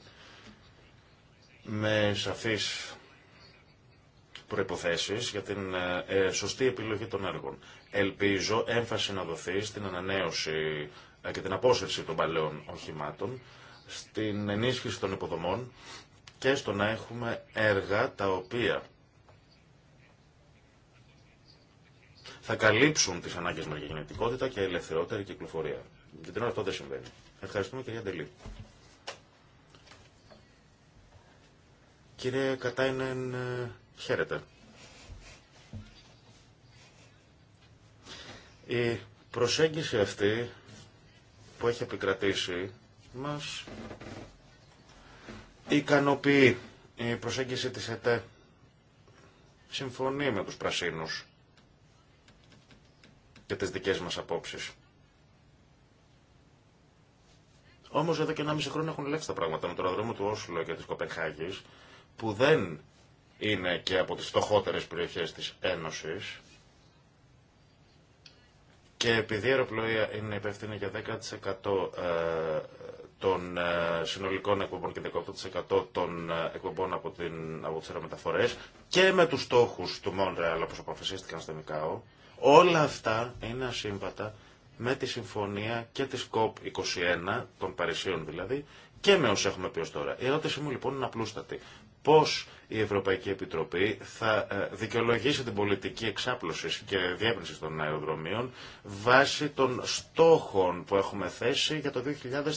C: Με σαφείς προϋποθέσεις για την ε, σωστή επιλογή των έργων. Ελπίζω έμφαση να δοθεί στην ανανέωση ε, και την απόσυρση των παλαιών οχημάτων, στην ενίσχυση των υποδομών και στο να έχουμε έργα τα οποία θα καλύψουν τις ανάγκες μας για γενετικότητα και ελευθερότερη κυκλοφορία. Για την ώρα αυτό δεν συμβαίνει. Ευχαριστούμε κυρία Ντελή. Κύριε Κατάινεν, ε, Χαίρετε. Η προσέγγιση αυτή που έχει επικρατήσει μας ικανοποιεί. Η προσέγγιση της ΕΤΕ συμφωνεί με τους πρασίνους και τις δικές μας απόψεις. Όμως εδώ και ένα μισή χρόνο έχουν λέξει τα πράγματα με τον αδρόμο του Όσλο και της Κοπεχάγης που δεν είναι και από τις φτωχότερες περιοχές της Ένωσης και επειδή η αεροπλοεία είναι υπεύθυνη για 10% ε, των ε, συνολικών εκπομπών και 18% των ε, εκπομπών από, την, από τις αερομεταφορές και με τους στόχους του Μόντρεαλ όπως αποφασίστηκαν στο ΜΚΑΟ όλα αυτά είναι ασύμβατα με τη συμφωνία και της COP21 των Παρισίων δηλαδή και με όσα έχουμε πει ως τώρα. Η ερώτησή μου λοιπόν είναι απλούστατη πώς η Ευρωπαϊκή Επιτροπή θα ε, δικαιολογήσει την πολιτική εξάπλωσης και διεύρυνση των αεροδρομίων βάσει των στόχων που έχουμε θέσει για το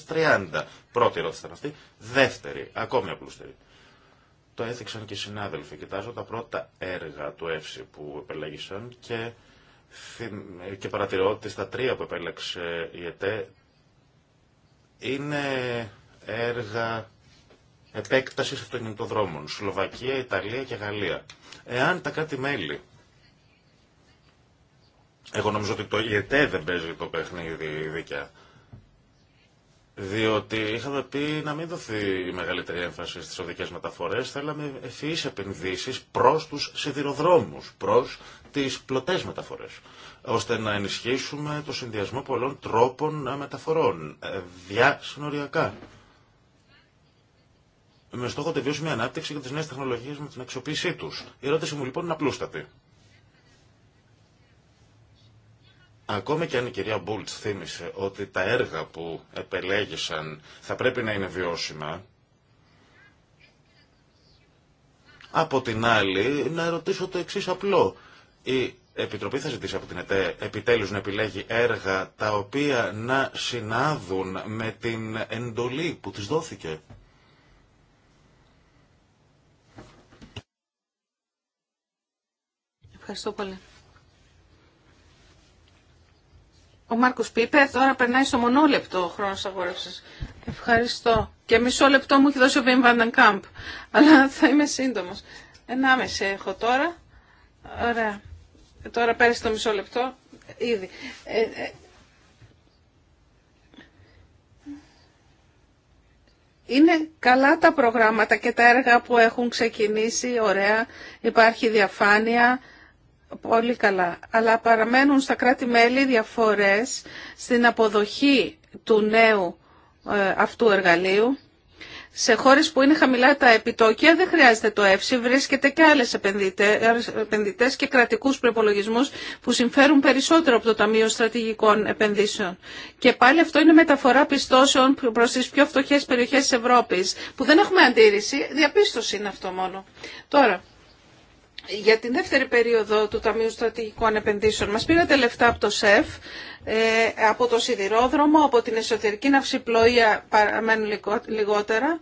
C: 2030. Πρώτη ερώτηση ήταν αυτή. Δεύτερη, ακόμη απλούστερη. Το έθιξαν και οι συνάδελφοι. Κοιτάζω τα πρώτα έργα του ΕΦΣΥ που επελέγησαν και, και παρατηρώ ότι στα τρία που επέλεξε η ΕΤΕ είναι έργα επέκταση αυτοκινητοδρόμων, Σλοβακία, Ιταλία και Γαλλία. Εάν τα κάτι μελη Εγώ νομίζω ότι το ΙΕΤΕ δεν παίζει το παιχνίδι δίκαια. Διότι είχαμε πει να μην δοθεί η μεγαλύτερη έμφαση στις οδικές μεταφορές, θέλαμε ευφυείς επενδύσεις προς τους σιδηροδρόμους, προς τις πλωτές μεταφορές, ώστε να ενισχύσουμε το συνδυασμό πολλών τρόπων μεταφορών, ε, διασυνοριακά με στόχο τη βιώσιμη ανάπτυξη και τι νέε τεχνολογίε με την αξιοποίησή του. Η ερώτηση μου λοιπόν είναι απλούστατη. Ακόμη και αν η κυρία Μπούλτ θύμισε ότι τα έργα που επελέγησαν θα πρέπει να είναι βιώσιμα, από την άλλη να ρωτήσω το εξή απλό. Η Επιτροπή θα ζητήσει από την ΕΤΕ επιτέλους να επιλέγει έργα τα οποία να συνάδουν με την εντολή που της
B: δόθηκε. Ευχαριστώ πολύ. Ο Μάρκο Πίπε, τώρα περνάει στο μονόλεπτο χρόνο αγόρευσης. Ευχαριστώ. Και μισό λεπτό μου έχει δώσει ο Βιμ Κάμπ. Αλλά θα είμαι σύντομος. Ενάμεση έχω τώρα. Ωραία. Τώρα πέρασε το μισό λεπτό. Ήδη. Ε, ε, είναι καλά τα προγράμματα και τα έργα που έχουν ξεκινήσει. Ωραία. Υπάρχει διαφάνεια πολύ καλά, αλλά παραμένουν στα κράτη-μέλη διαφορές στην αποδοχή του νέου ε, αυτού εργαλείου. Σε χώρες που είναι χαμηλά τα επιτόκια δεν χρειάζεται το ΕΦΣΥ, βρίσκεται και άλλες επενδυτές και κρατικούς προϋπολογισμούς που συμφέρουν περισσότερο από το Ταμείο Στρατηγικών Επενδύσεων. Και πάλι αυτό είναι μεταφορά πιστώσεων προς τις πιο φτωχές περιοχές της Ευρώπης, που δεν έχουμε αντίρρηση, διαπίστωση είναι αυτό μόνο. Τώρα, για την δεύτερη περίοδο του Ταμείου Στρατηγικών Επενδύσεων. Μας πήρατε λεφτά από το ΣΕΦ, ε, από το σιδηρόδρομο, από την εσωτερική ναυσιπλοεία παραμένουν λιγότερα.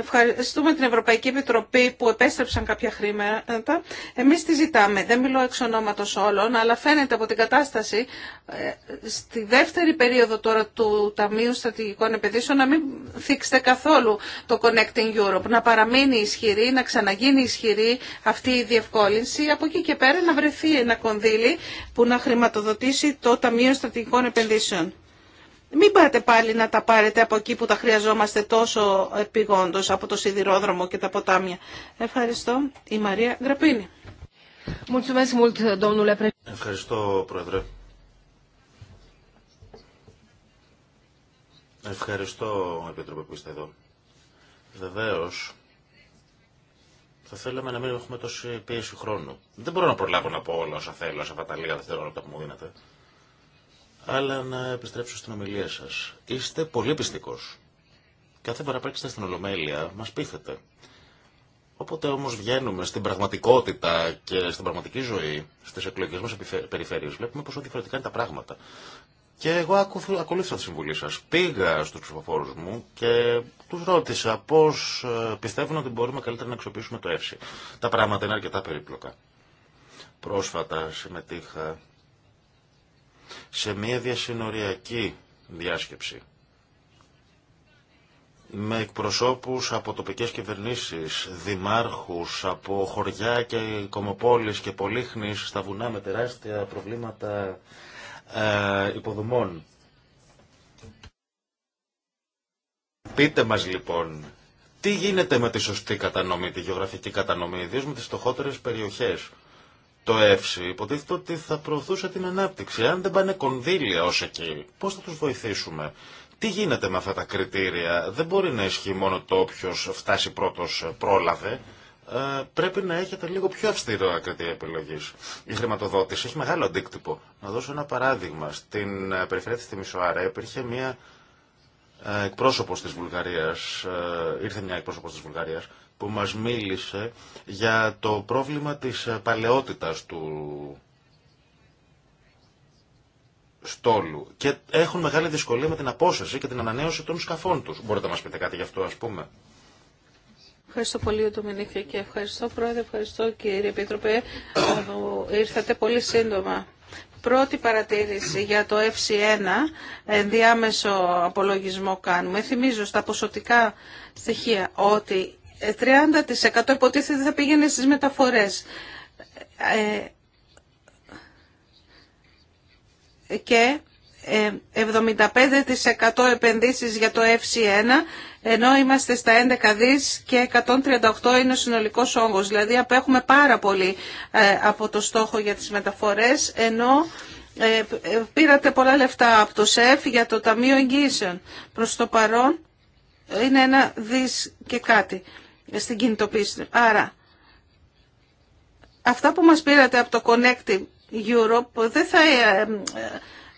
B: Ευχαριστούμε την Ευρωπαϊκή Επιτροπή που επέστρεψαν κάποια χρήματα. Εμείς τη ζητάμε. Δεν μιλώ εξ ονόματος όλων, αλλά φαίνεται από την κατάσταση ε, στη δεύτερη περίοδο τώρα του Ταμείου Στρατηγικών Επενδύσεων να μην θίξετε καθόλου το Connecting Europe, να παραμείνει ισχυρή, να ξαναγίνει ισχυρή αυτή η διευκόλυνση. Από εκεί και πέρα να βρεθεί ένα κονδύλι που να χρηματοδοτήσει το Ταμείο Στρατηγικών Επενδύσεων. Μην πάτε πάλι να τα πάρετε από εκεί που τα χρειαζόμαστε τόσο επιγόντως, από το σιδηρόδρομο και τα ποτάμια. Ευχαριστώ. Η Μαρία Γραπίνη.
C: Ευχαριστώ, Πρόεδρε. Ευχαριστώ, Επίτροπε, που είστε εδώ. Βεβαίω, θα θέλαμε να μην έχουμε τόση πίεση χρόνου. Δεν μπορώ να προλάβω να πω όλα όσα θέλω όσα αυτά τα λίγα δευτερόλεπτα που μου δίνετε. Αλλά να επιστρέψω στην ομιλία σα. Είστε πολύ πιστικό. Κάθε φορά που στην Ολομέλεια μα πείθετε. Όποτε όμω βγαίνουμε στην πραγματικότητα και στην πραγματική ζωή, στι εκλογικέ μα περιφέρειες, βλέπουμε πόσο διαφορετικά είναι τα πράγματα. Και εγώ ακολούθησα τη συμβουλή σα, Πήγα στου ψηφοφόρου μου και του ρώτησα πώ ε, πιστεύουν ότι μπορούμε καλύτερα να αξιοποιήσουμε το ΕΦΣΥ. Τα πράγματα είναι αρκετά περίπλοκα. Πρόσφατα συμμετείχα σε μια διασυνοριακή διάσκεψη με εκπροσώπους από τοπικές κυβερνήσεις, δημάρχους, από χωριά και κομοπόλεις και πολύχνης στα βουνά με τεράστια προβλήματα ε, υποδομών. Πείτε μας λοιπόν, τι γίνεται με τη σωστή κατανομή, τη γεωγραφική κατανομή, ιδίως με τις στοχότερες περιοχές το ΕΦΣΥ υποτίθεται ότι θα προωθούσε την ανάπτυξη. Αν δεν πάνε κονδύλια ως εκεί, πώς θα τους βοηθήσουμε. Τι γίνεται με αυτά τα κριτήρια. Δεν μπορεί να ισχύει μόνο το όποιο φτάσει πρώτος ε, πρόλαβε. Ε, πρέπει να έχετε λίγο πιο αυστηρό κριτήρια επιλογή. Η χρηματοδότηση έχει μεγάλο αντίκτυπο. Να δώσω ένα παράδειγμα. Στην ε, περιφέρεια τη Μισοάρα, υπήρχε μια ε, εκπρόσωπο τη Βουλγαρία, ήρθε μια εκπρόσωπο τη Βουλγαρία που μας μίλησε για το πρόβλημα της παλαιότητας του στόλου και έχουν μεγάλη δυσκολία με την απόσταση και την ανανέωση των σκαφών τους. Μπορείτε να μας πείτε κάτι γι' αυτό ας πούμε.
B: Ευχαριστώ πολύ, Ντομινίκη, και ευχαριστώ, Πρόεδρε, ευχαριστώ, κύριε Επίτροπε, που ήρθατε πολύ σύντομα. Πρώτη παρατήρηση για το FC1, ενδιάμεσο απολογισμό κάνουμε. Θυμίζω στα ποσοτικά στοιχεία ότι 30% ε, υποτίθεται θα πήγαινε στις μεταφορές. Ε, και 75% ε, επενδύσεις για το FC1, ενώ είμαστε στα 11 δις και 138 είναι ο συνολικός όγκος. Δηλαδή απέχουμε πάρα πολύ από το στόχο για τις μεταφορές, ενώ πήρατε πολλά λεφτά από το ΣΕΦ για το Ταμείο Εγγύησεων. Προς το παρόν είναι ένα δις και κάτι στην κινητοποίηση. Άρα, αυτά που μας πήρατε από το Connecting Europe δεν θα ε, ε,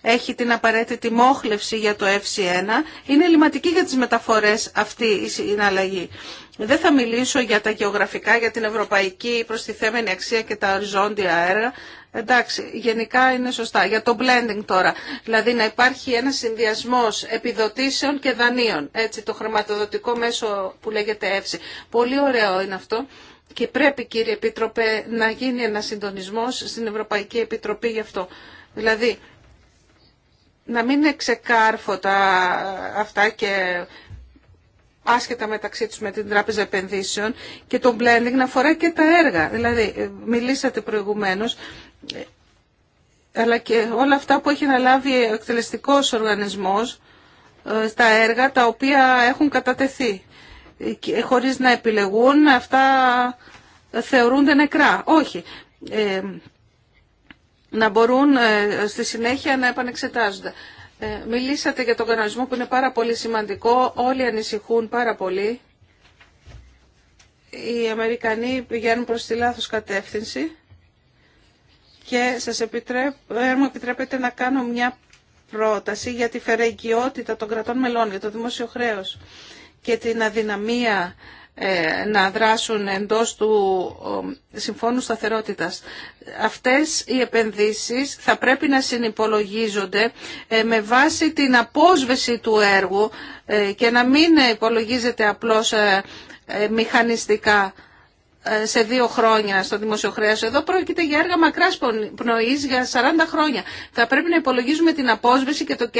B: έχει την απαραίτητη μόχλευση για το FC1. Είναι λιματική για τις μεταφορές αυτή η συναλλαγή. Δεν θα μιλήσω για τα γεωγραφικά, για την ευρωπαϊκή προστιθέμενη αξία και τα οριζόντια έργα, Εντάξει, γενικά είναι σωστά. Για το blending τώρα. Δηλαδή να υπάρχει ένα συνδυασμό επιδοτήσεων και δανείων. Έτσι, το χρηματοδοτικό μέσο που λέγεται ΕΦΣΙ. Πολύ ωραίο είναι αυτό. Και πρέπει, κύριε Επίτροπε, να γίνει ένα συντονισμό στην Ευρωπαϊκή Επιτροπή γι' αυτό. Δηλαδή, να μην είναι ξεκάρφωτα αυτά και άσχετα μεταξύ τους με την Τράπεζα Επενδύσεων και το blending να αφορά και τα έργα. Δηλαδή, μιλήσατε προηγουμένως αλλά και όλα αυτά που έχει αναλάβει ο εκτελεστικός οργανισμός στα ε, έργα τα οποία έχουν κατατεθεί ε, χωρίς να επιλεγούν αυτά θεωρούνται νεκρά. Όχι. Ε, να μπορούν στη συνέχεια να επανεξετάζονται. μιλήσατε για τον κανονισμό που είναι πάρα πολύ σημαντικό. Όλοι ανησυχούν πάρα πολύ. Οι Αμερικανοί πηγαίνουν προς τη λάθος κατεύθυνση και σας επιτρέπ, μου επιτρέπετε να κάνω μια πρόταση για τη φερεγγιότητα των κρατών μελών, για το δημόσιο χρέος και την αδυναμία ε, να δράσουν εντός του Συμφώνου Σταθερότητας. Αυτές οι επενδύσεις θα πρέπει να συνυπολογίζονται ε, με βάση την απόσβεση του έργου ε, και να μην υπολογίζεται απλώς μηχανιστικά ε, σε δύο χρόνια στο δημοσιοχρέο. Εδώ πρόκειται για έργα μακρά πνοή για 40 χρόνια. Θα πρέπει να υπολογίζουμε την απόσβεση και το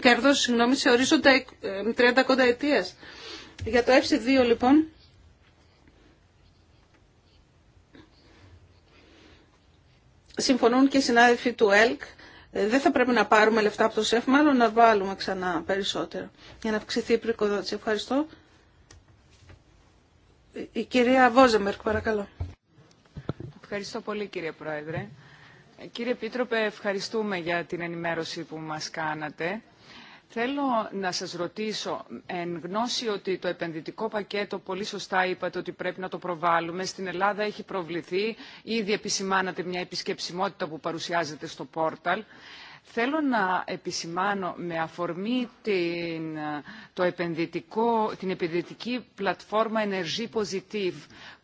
B: κέρδο σε ορίζοντα 30 ε, ετία. Για το f 2 λοιπόν. Συμφωνούν και οι συνάδελφοι του ΕΛΚ. Ε, δεν θα πρέπει να πάρουμε λεφτά από το ΣΕΦ, μάλλον να βάλουμε ξανά περισσότερο για να αυξηθεί η προοικοδότηση. Ευχαριστώ. Η κυρία Βόζεμερκ,
E: παρακαλώ. Ευχαριστώ πολύ κύριε Πρόεδρε. Ε, κύριε Πίτροπε, ευχαριστούμε για την ενημέρωση που μας κάνατε. Θέλω να σας ρωτήσω, εν γνώση ότι το επενδυτικό πακέτο, πολύ σωστά είπατε ότι πρέπει να το προβάλλουμε, στην Ελλάδα έχει προβληθεί, ήδη επισημάνατε μια επισκεψιμότητα που παρουσιάζεται στο πόρταλ. Θέλω να επισημάνω με αφορμή την, το επενδυτικό, την επενδυτική πλατφόρμα Energy Positive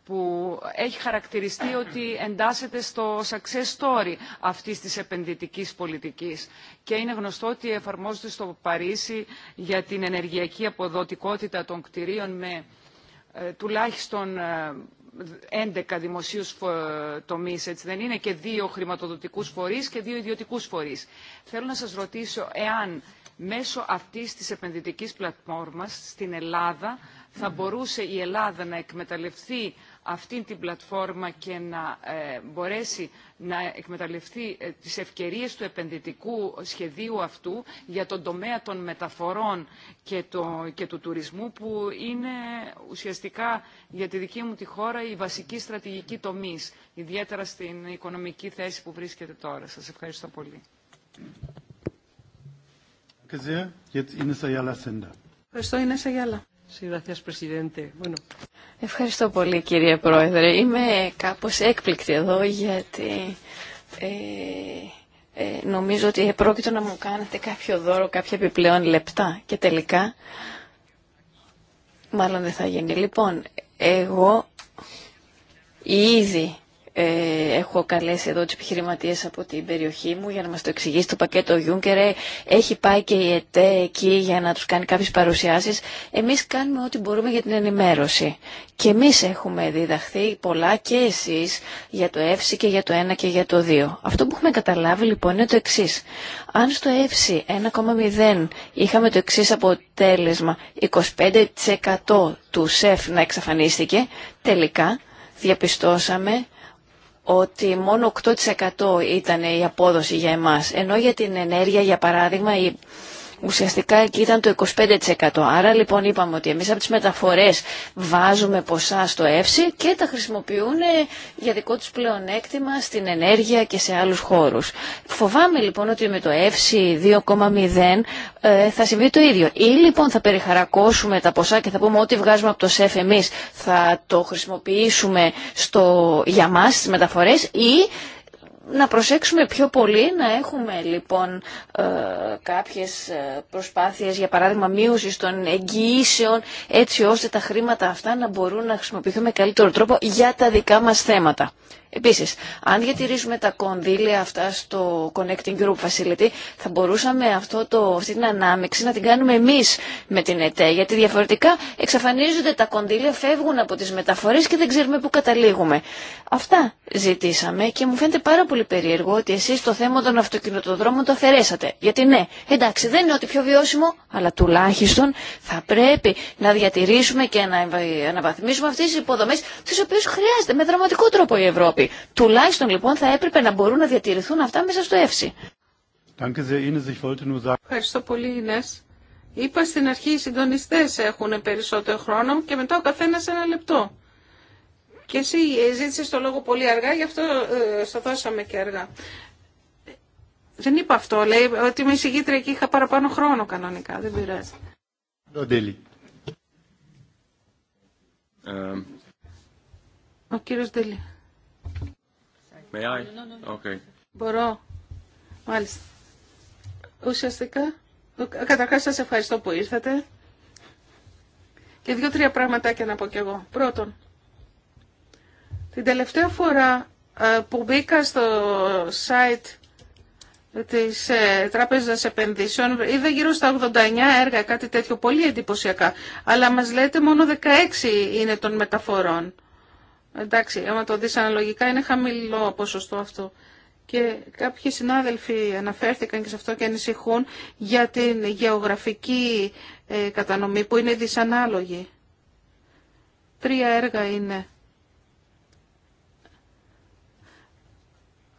E: που έχει χαρακτηριστεί ότι εντάσσεται στο success story αυτής της επενδυτικής πολιτικής. Και είναι γνωστό ότι εφαρμόζεται στο Παρίσι για την ενεργειακή αποδοτικότητα των κτηρίων με ε, τουλάχιστον ε, 11 δημοσίου τομεί, έτσι δεν είναι, και δύο χρηματοδοτικού φορεί και δύο ιδιωτικού φορεί. Θέλω να σα ρωτήσω εάν μέσω αυτή τη επενδυτική πλατφόρμα στην Ελλάδα θα μπορούσε η Ελλάδα να εκμεταλλευτεί αυτή την πλατφόρμα και να ε, μπορέσει να εκμεταλλευτεί ε, τις ευκαιρίες του επενδυτικού σχεδίου αυτού για τον τομέα των μεταφορών και, του τουρισμού που είναι ουσιαστικά για τη δική μου τη χώρα η βασική στρατηγική τομής, ιδιαίτερα στην οικονομική θέση που βρίσκεται τώρα. Σας ευχαριστώ πολύ. Ευχαριστώ, Ινέσα Ευχαριστώ πολύ κύριε Πρόεδρε. Είμαι κάπως έκπληκτη
D: εδώ γιατί ε, ε, νομίζω ότι πρόκειται να μου κάνετε κάποιο δώρο, κάποια επιπλέον λεπτά και τελικά μάλλον δεν θα γίνει. Λοιπόν, εγώ ήδη ε, έχω καλέσει εδώ τι επιχειρηματίε από την περιοχή μου για να μας το εξηγήσει το πακέτο Juncker. Ε, έχει πάει και η ΕΤΕ εκεί για να τους κάνει κάποιες παρουσιάσεις. Εμείς κάνουμε ό,τι μπορούμε για την ενημέρωση. Και εμείς έχουμε διδαχθεί πολλά και εσείς για το ΕΦΣΙ και για το 1 και για το 2. Αυτό που έχουμε καταλάβει λοιπόν είναι το εξή. Αν στο ΕΦΣΙ 1,0 είχαμε το εξή αποτέλεσμα 25% του ΣΕΦ να εξαφανίστηκε, τελικά διαπιστώσαμε ότι μόνο 8% ήταν η απόδοση για εμάς. Ενώ για την ενέργεια, για παράδειγμα, η ουσιαστικά εκεί ήταν το 25%. Άρα λοιπόν είπαμε ότι εμείς από τις μεταφορές βάζουμε ποσά στο ΕΦΣΙ και τα χρησιμοποιούν για δικό τους πλεονέκτημα στην ενέργεια και σε άλλους χώρους. Φοβάμαι λοιπόν ότι με το ΕΦΣΙ 2,0 ε, θα συμβεί το ίδιο. Ή λοιπόν θα περιχαρακώσουμε τα ποσά και θα πούμε ότι βγάζουμε από το ΣΕΦ εμείς θα το χρησιμοποιήσουμε στο, για μας στις μεταφορές ή να προσέξουμε πιο πολύ, να έχουμε λοιπόν ε, κάποιες ε, προσπάθειες, για παράδειγμα μείωση των εγγυήσεων, έτσι ώστε τα χρήματα αυτά να μπορούν να χρησιμοποιηθούν με καλύτερο τρόπο για τα δικά μας θέματα. Επίση, αν διατηρήσουμε τα κονδύλια αυτά στο Connecting Group Facility, θα μπορούσαμε αυτό το, αυτή την ανάμεξη να την κάνουμε εμεί με την ΕΤΕ, γιατί διαφορετικά εξαφανίζονται τα κονδύλια, φεύγουν από τι μεταφορέ και δεν ξέρουμε πού καταλήγουμε. Αυτά ζητήσαμε και μου φαίνεται πάρα πολύ περίεργο ότι εσεί το θέμα των αυτοκινητοδρόμων το αφαιρέσατε. Γιατί ναι, εντάξει, δεν είναι ότι πιο βιώσιμο, αλλά τουλάχιστον θα πρέπει να διατηρήσουμε και να αναβαθμίσουμε αυτέ τι υποδομέ τι οποίε χρειάζεται με δραματικό τρόπο η Ευρώπη. Τουλάχιστον λοιπόν θα έπρεπε να μπορούν να διατηρηθούν αυτά μέσα στο ΕΦΣΥ.
B: Ευχαριστώ πολύ Ινές. Είπα στην αρχή οι συντονιστές έχουν περισσότερο χρόνο και μετά ο καθένας ένα λεπτό. Και εσύ ε, ζήτησε το λόγο πολύ αργά, γι' αυτό ε, στο δώσαμε και αργά. Δεν είπα αυτό, λέει ότι είμαι εισηγήτρια και είχα παραπάνω χρόνο κανονικά, δεν πειράζει. Ο κύριος Ντελή.
E: Oh,
B: Μπορώ. Μάλιστα. Ουσιαστικά, Καταρχά σα ευχαριστώ που ήρθατε. Και δύο-τρία πραγματάκια να πω κι εγώ. Πρώτον, την τελευταία φορά ε, που μπήκα στο site της ε, Τράπεζας Επενδύσεων είδα γύρω στα 89 έργα, κάτι τέτοιο πολύ εντυπωσιακά. Αλλά μας λέτε μόνο 16 είναι των μεταφορών. Εντάξει, άμα το δεις είναι χαμηλό ποσοστό αυτό. Και κάποιοι συνάδελφοι αναφέρθηκαν και σε αυτό και ανησυχούν για την γεωγραφική ε, κατανομή που είναι δυσανάλογη. Τρία έργα είναι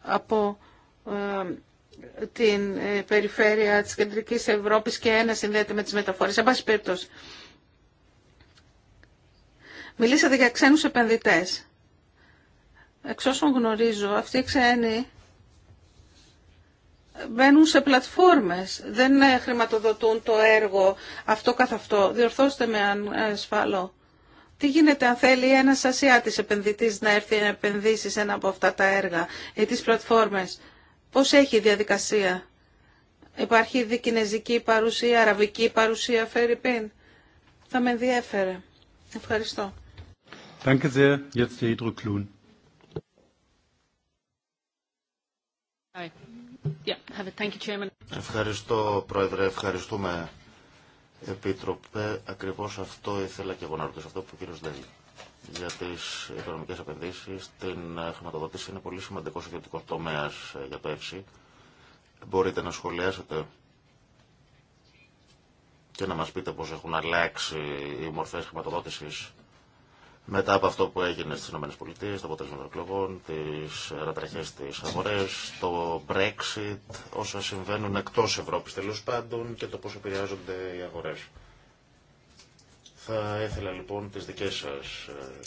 B: από ε, την ε, περιφέρεια της Κεντρικής Ευρώπης και ένα συνδέεται με τις μεταφορές. Εν πάση περιπτώσει. Μιλήσατε για ξένους επενδυτές. Εξ όσων γνωρίζω, αυτοί οι ξένοι μπαίνουν σε πλατφόρμες. Δεν ε, χρηματοδοτούν το έργο αυτό καθ' αυτό. Διορθώστε με αν ασφαλώ. Ε, τι γίνεται αν θέλει ένας Ασιάτης επενδυτής να έρθει να επενδύσει σε ένα από αυτά τα έργα ή τις πλατφόρμες. Πώς έχει η τι πλατφορμες Υπάρχει ήδη κινέζικη ηδη αραβική παρουσία, φερρυπίν. Θα με ενδιέφερε. Ευχαριστώ.
A: Ευχαριστώ,
C: Πρόεδρε. Ευχαριστούμε, Επίτροπε. Ακριβώς αυτό ήθελα και εγώ να ρωτήσω, αυτό που ο κύριος Δέλη για τι οικονομικέ επενδύσει. Την ε, χρηματοδότηση είναι πολύ σημαντικό ιδιωτικό τομέα ε, για το ΕΦΣΥ. Μπορείτε να σχολιάσετε και να μα πείτε πώ έχουν αλλάξει οι μορφέ χρηματοδότηση μετά από αυτό που έγινε στις ΗΠΑ, το αποτέλεσμα των εκλογών, τι ρατραχέ τη αγορέ, το Brexit, όσα συμβαίνουν εκτό Ευρώπη τέλο πάντων και το πώ επηρεάζονται οι αγορέ. Θα ήθελα λοιπόν τι δικέ σα ε,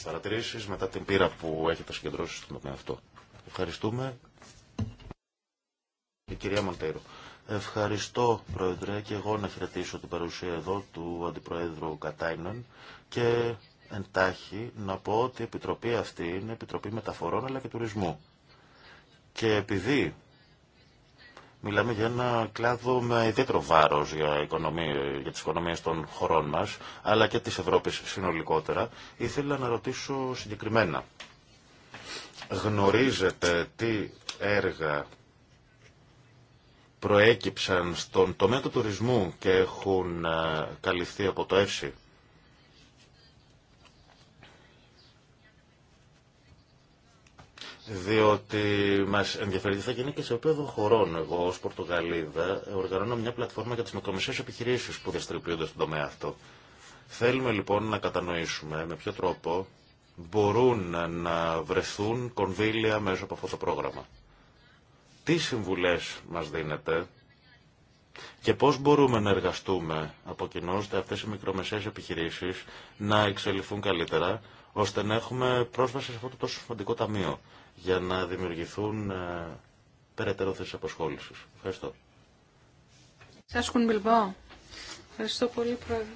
C: παρατηρήσει μετά την πείρα που έχετε συγκεντρώσει στον τομέα αυτό. Ευχαριστούμε. Η κυρία Μοντέιρο. Ευχαριστώ, Πρόεδρε, και εγώ να χαιρετήσω την παρουσία εδώ του Αντιπροέδρου Κατάιναν και εντάχει να πω ότι η Επιτροπή αυτή είναι Επιτροπή Μεταφορών αλλά και Τουρισμού. Και επειδή μιλάμε για ένα κλάδο με ιδιαίτερο βάρος για, οικονομία, για τις οικονομίες των χωρών μας, αλλά και τη Ευρώπη συνολικότερα, ήθελα να ρωτήσω συγκεκριμένα. Γνωρίζετε τι έργα προέκυψαν στον τομέα του τουρισμού και έχουν ε, καλυφθεί από το ΕΦΣΥ. διότι μας ενδιαφέρει τι θα γίνει και σε επίπεδο χωρών. Εγώ ως Πορτογαλίδα οργανώνω μια πλατφόρμα για τις μικρομεσαίες επιχειρήσεις που δραστηριοποιούνται στον τομέα αυτό. Θέλουμε λοιπόν να κατανοήσουμε με ποιο τρόπο μπορούν να βρεθούν κονδύλια μέσω από αυτό το πρόγραμμα. Τι συμβουλές μας δίνετε και πώς μπορούμε να εργαστούμε από κοινό ώστε αυτές οι μικρομεσαίες επιχειρήσεις να εξελιχθούν καλύτερα, ώστε να έχουμε πρόσβαση σε αυτό το τόσο σημαντικό ταμείο για να δημιουργηθούν ε, περαιτέρω θέσει απασχόληση. Ευχαριστώ.
B: Σας Ευχαριστώ πολύ, Πρόεδρε.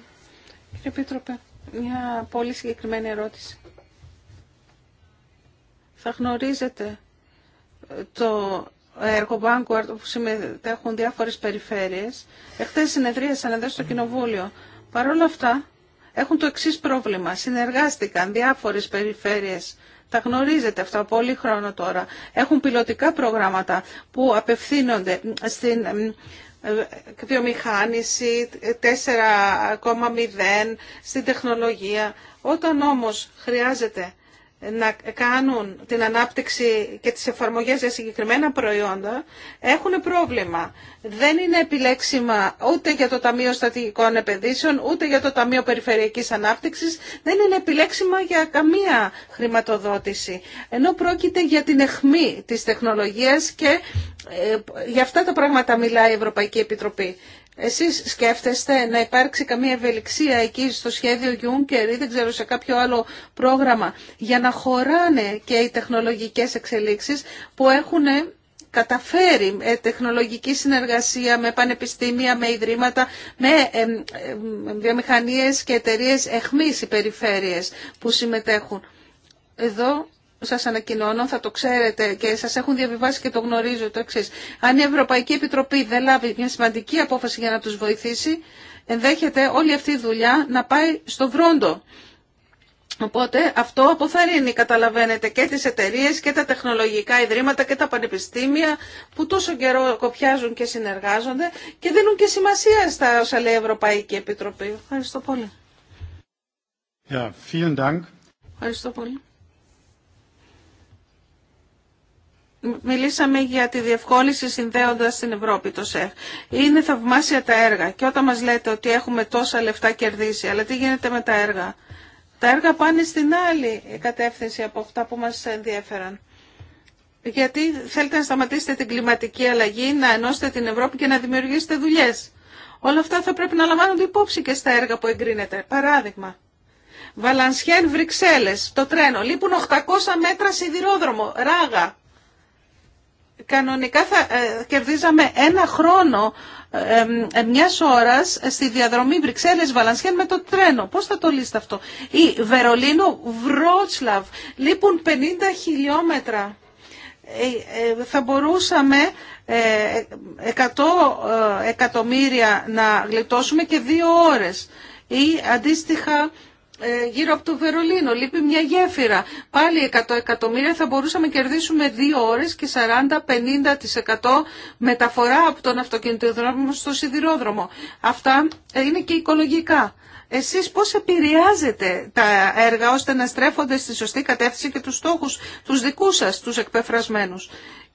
B: Κύριε Πίτροπε, μια πολύ συγκεκριμένη ερώτηση. Θα γνωρίζετε ε, το έργο Vanguard που συμμετέχουν διάφορες περιφέρειες. Εχθές συνεδρίασαν εδώ στο Κοινοβούλιο. Παρ' όλα αυτά έχουν το εξής πρόβλημα. Συνεργάστηκαν διάφορες περιφέρειες τα γνωρίζετε αυτά πολύ χρόνο τώρα. Έχουν πιλωτικά προγράμματα που απευθύνονται στην ε, βιομηχάνηση 4,0, στην τεχνολογία. Όταν όμως χρειάζεται να κάνουν την ανάπτυξη και τις εφαρμογές για συγκεκριμένα προϊόντα έχουν πρόβλημα. Δεν είναι επιλέξιμα ούτε για το Ταμείο Στατηγικών Επενδύσεων, ούτε για το Ταμείο Περιφερειακής Ανάπτυξης, δεν είναι επιλέξιμα για καμία χρηματοδότηση. Ενώ πρόκειται για την εχμή της τεχνολογίας και ε, για αυτά τα πράγματα μιλάει η Ευρωπαϊκή Επιτροπή. Εσείς σκέφτεστε να υπάρξει καμία ευελιξία εκεί στο σχέδιο Juncker ή δεν ξέρω σε κάποιο άλλο πρόγραμμα για να χωράνε και οι τεχνολογικές εξελίξεις που έχουν ε, καταφέρει ε, τεχνολογική συνεργασία με πανεπιστήμια, με ιδρύματα, με ε, βιομηχανίες και εταιρείες εχμής οι που συμμετέχουν. Εδώ σας ανακοινώνω, θα το ξέρετε και σας έχουν διαβιβάσει και το γνωρίζω το εξή. Αν η Ευρωπαϊκή Επιτροπή δεν λάβει μια σημαντική απόφαση για να τους βοηθήσει, ενδέχεται όλη αυτή η δουλειά να πάει στο βρόντο. Οπότε αυτό αποθαρρύνει, καταλαβαίνετε, και τις εταιρείες και τα τεχνολογικά ιδρύματα και τα πανεπιστήμια που τόσο καιρό κοπιάζουν και συνεργάζονται και δίνουν και σημασία στα όσα λέει η Ευρωπαϊκή Επιτροπή. Ευχαριστώ πολύ. vielen Dank. Ευχαριστώ πολύ. Μιλήσαμε για τη διευκόλυνση συνδέοντας την Ευρώπη, το ΣΕΦ. Είναι θαυμάσια τα έργα και όταν μας λέτε ότι έχουμε τόσα λεφτά κερδίσει, αλλά τι γίνεται με τα έργα. Τα έργα πάνε στην άλλη κατεύθυνση από αυτά που μας ενδιαφέραν. Γιατί θέλετε να σταματήσετε την κλιματική αλλαγή, να ενώσετε την Ευρώπη και να δημιουργήσετε δουλειέ. Όλα αυτά θα πρέπει να λαμβάνονται υπόψη και στα έργα που εγκρίνεται. Παράδειγμα. Βαλανσιέν Βρυξέλλες, το τρένο. Λείπουν 800 μέτρα σιδηρόδρομο, ράγα κανονικά θα ε, κερδίζαμε ένα χρόνο ε, μια ώρα στη διαδρομή Βρυξέλλε Βαλανσιέν με το τρένο. Πώ θα το λύσετε αυτό. Ή Βερολίνο Βρότσλαβ. Λείπουν 50 χιλιόμετρα. Ε, θα μπορούσαμε 100 εκατομμύρια να γλιτώσουμε και δύο ώρες ή αντίστοιχα ε, γύρω από το Βερολίνο. Λείπει μια γέφυρα. Πάλι 100 εκατομμύρια θα μπορούσαμε να κερδίσουμε 2 ώρε και 40-50% μεταφορά από τον αυτοκινητοδρόμο στο σιδηρόδρομο. Αυτά ε, είναι και οικολογικά. Εσείς πώς επηρεάζετε τα έργα ώστε να στρέφονται στη σωστή κατεύθυνση και τους στόχους τους δικούς σας, τους εκπεφρασμένους.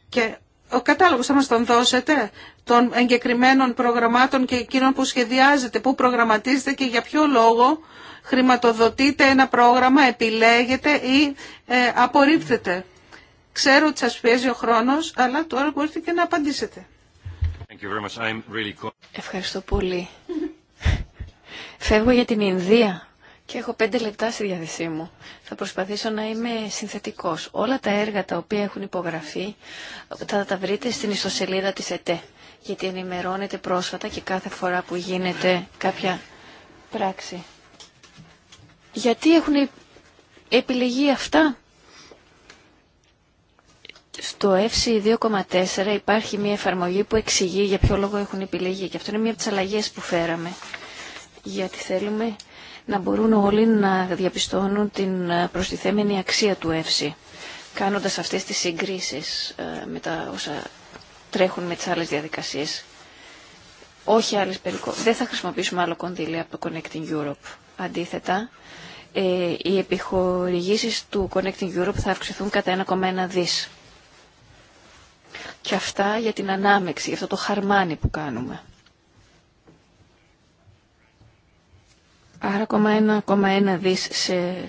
B: Και ο κατάλογος θα μας τον δώσετε των εγκεκριμένων προγραμμάτων και εκείνων που σχεδιάζετε, που προγραμματίζετε και για ποιο λόγο χρηματοδοτείτε ένα πρόγραμμα, επιλέγετε ή ε, απορρίπτετε. Ξέρω ότι σας πιέζει ο χρόνος, αλλά τώρα μπορείτε και να απαντήσετε. Ευχαριστώ πολύ. Φεύγω για την Ινδία και έχω πέντε
D: λεπτά στη διάθεσή μου. Θα προσπαθήσω να είμαι συνθετικός. Όλα τα έργα τα οποία έχουν υπογραφεί θα τα βρείτε στην ιστοσελίδα της ΕΤΕ, γιατί ενημερώνεται πρόσφατα και κάθε φορά που γίνεται κάποια πράξη. Γιατί έχουν επιλεγεί αυτά. Στο FC 2,4 υπάρχει μια εφαρμογή που εξηγεί για ποιο λόγο έχουν επιλεγεί και αυτό είναι μια από τις αλλαγές που φέραμε. Γιατί θέλουμε να μπορούν όλοι να διαπιστώνουν την ε, προστιθέμενη αξία του ΕΦΣΙ, κάνοντας αυτές τις συγκρίσεις ε, με τα όσα τρέχουν με τις άλλες διαδικασίες. Όχι άλλες περικοπές. Δεν θα χρησιμοποιήσουμε άλλο κονδύλι από το Connecting Europe. Αντίθετα, ε, οι επιχορηγήσεις του Connecting Europe θα αυξηθούν κατά 1,1 δις. Και αυτά για την ανάμεξη, για αυτό το χαρμάνι που κάνουμε. Άρα 1,1 δις σε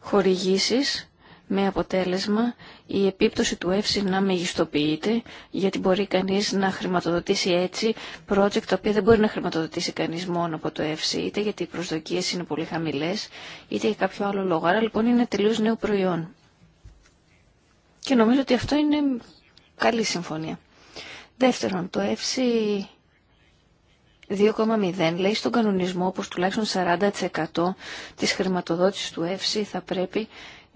D: χορηγήσεις με αποτέλεσμα η επίπτωση του ΕΦΣΙ να μεγιστοποιείται, γιατί μπορεί κανείς να χρηματοδοτήσει έτσι project τα οποία δεν μπορεί να χρηματοδοτήσει κανείς μόνο από το ΕΦΣΙ, είτε γιατί οι προσδοκίες είναι πολύ χαμηλές, είτε για κάποιο άλλο λόγο. Άρα λοιπόν είναι τελείως νέο προϊόν. Και νομίζω ότι αυτό είναι καλή συμφωνία. Δεύτερον, το ΕΦΣΙ 2,0 λέει στον κανονισμό πως τουλάχιστον 40% της χρηματοδότησης του ΕΦΣΙ θα πρέπει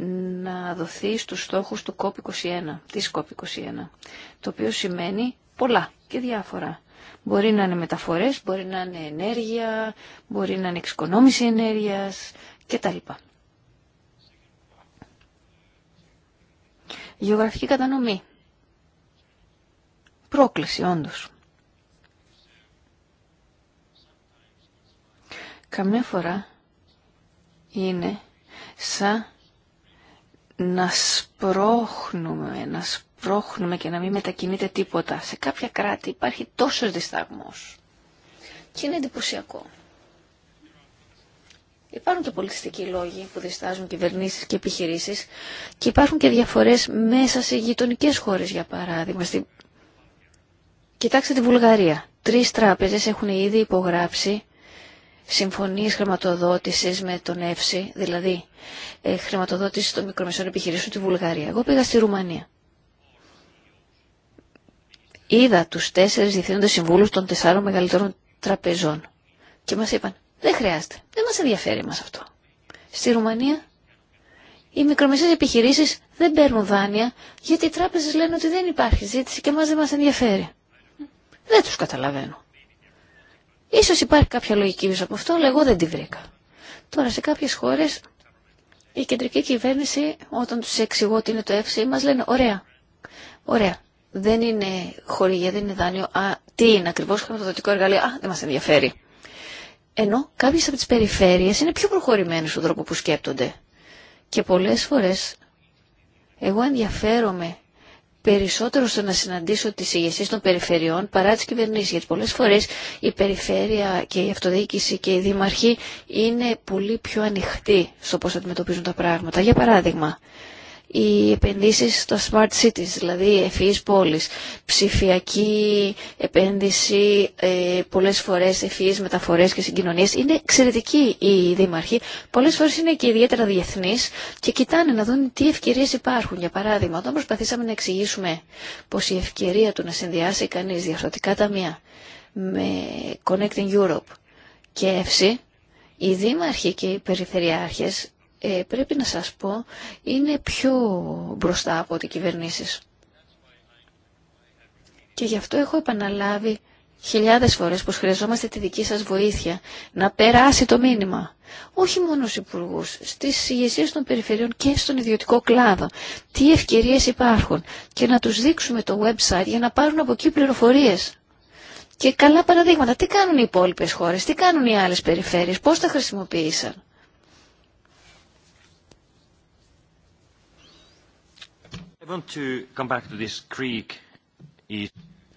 D: να δοθεί στους στόχους του COP21, της COP21, το οποίο σημαίνει πολλά και διάφορα. Μπορεί να είναι μεταφορές, μπορεί να είναι ενέργεια, μπορεί να είναι εξοικονόμηση ενέργειας κτλ. Γεωγραφική κατανομή. Πρόκληση όντως. Καμιά φορά είναι σαν να σπρώχνουμε, να σπρώχνουμε και να μην μετακινείται τίποτα. Σε κάποια κράτη υπάρχει τόσος δισταγμός. Και είναι εντυπωσιακό. Υπάρχουν και πολιτιστικοί λόγοι που διστάζουν κυβερνήσεις και επιχειρήσεις και υπάρχουν και διαφορές μέσα σε γειτονικές χώρες, για παράδειγμα. Στη... Κοιτάξτε τη Βουλγαρία. Τρεις τράπεζες έχουν ήδη υπογράψει συμφωνίες χρηματοδότησης με τον ΕΦΣΙ, δηλαδή ε, χρηματοδότηση των μικρομεσών επιχειρήσεων τη Βουλγαρία. Εγώ πήγα στη Ρουμανία. Είδα τους τέσσερις διευθύνοντες συμβούλους των τεσσάρων μεγαλύτερων τραπεζών και μας είπαν δεν χρειάζεται, δεν μας ενδιαφέρει μας αυτό. Στη Ρουμανία οι μικρομεσαίες επιχειρήσεις δεν παίρνουν δάνεια γιατί οι τράπεζες λένε ότι δεν υπάρχει ζήτηση και μας δεν μας ενδιαφέρει. Δεν τους καταλαβαίνω. Ίσως υπάρχει κάποια λογική πίσω από αυτό, αλλά εγώ δεν τη βρήκα. Τώρα σε κάποιες χώρες η κεντρική κυβέρνηση όταν τους εξηγώ τι είναι το FC, μας λένε ωραία, ωραία. Δεν είναι χορηγία, δεν είναι δάνειο. Α, τι είναι ακριβώς χρηματοδοτικό εργαλείο. Α, δεν μας ενδιαφέρει. Ενώ κάποιες από τις περιφέρειες είναι πιο προχωρημένες στον τρόπο που σκέπτονται. Και πολλές φορές εγώ ενδιαφέρομαι περισσότερο στο να συναντήσω τις ηγεσίε των περιφερειών παρά τις κυβερνήσεις. Γιατί πολλές φορές η περιφέρεια και η αυτοδιοίκηση και οι δήμαρχοι είναι πολύ πιο ανοιχτοί στο πώς αντιμετωπίζουν τα πράγματα. Για παράδειγμα, οι επενδύσεις στα smart cities, δηλαδή ευφυείς πόλεις, ψηφιακή επένδυση, ε, πολλές φορές ευφυείς μεταφορές και συγκοινωνίες. Είναι εξαιρετικοί οι δήμαρχοι, πολλές φορές είναι και ιδιαίτερα διεθνείς και κοιτάνε να δουν τι ευκαιρίες υπάρχουν. Για παράδειγμα, όταν προσπαθήσαμε να εξηγήσουμε πως η ευκαιρία του να συνδυάσει κανείς διαφορετικά ταμεία με Connecting Europe και ΕΦΣΥ, οι δήμαρχοι και οι περιφερειάρχες ε, πρέπει να σας πω, είναι πιο μπροστά από ό,τι κυβερνήσεις. Και γι' αυτό έχω επαναλάβει χιλιάδες φορές πως χρειαζόμαστε τη δική σας βοήθεια να περάσει το μήνυμα. Όχι μόνο στους υπουργού, στις ηγεσίες των περιφερειών και στον ιδιωτικό κλάδο. Τι ευκαιρίες υπάρχουν και να τους δείξουμε το website για να πάρουν από εκεί πληροφορίες. Και καλά παραδείγματα. Τι κάνουν οι υπόλοιπε χώρες, τι κάνουν οι άλλες περιφέρειες, πώς τα χρησιμοποίησαν.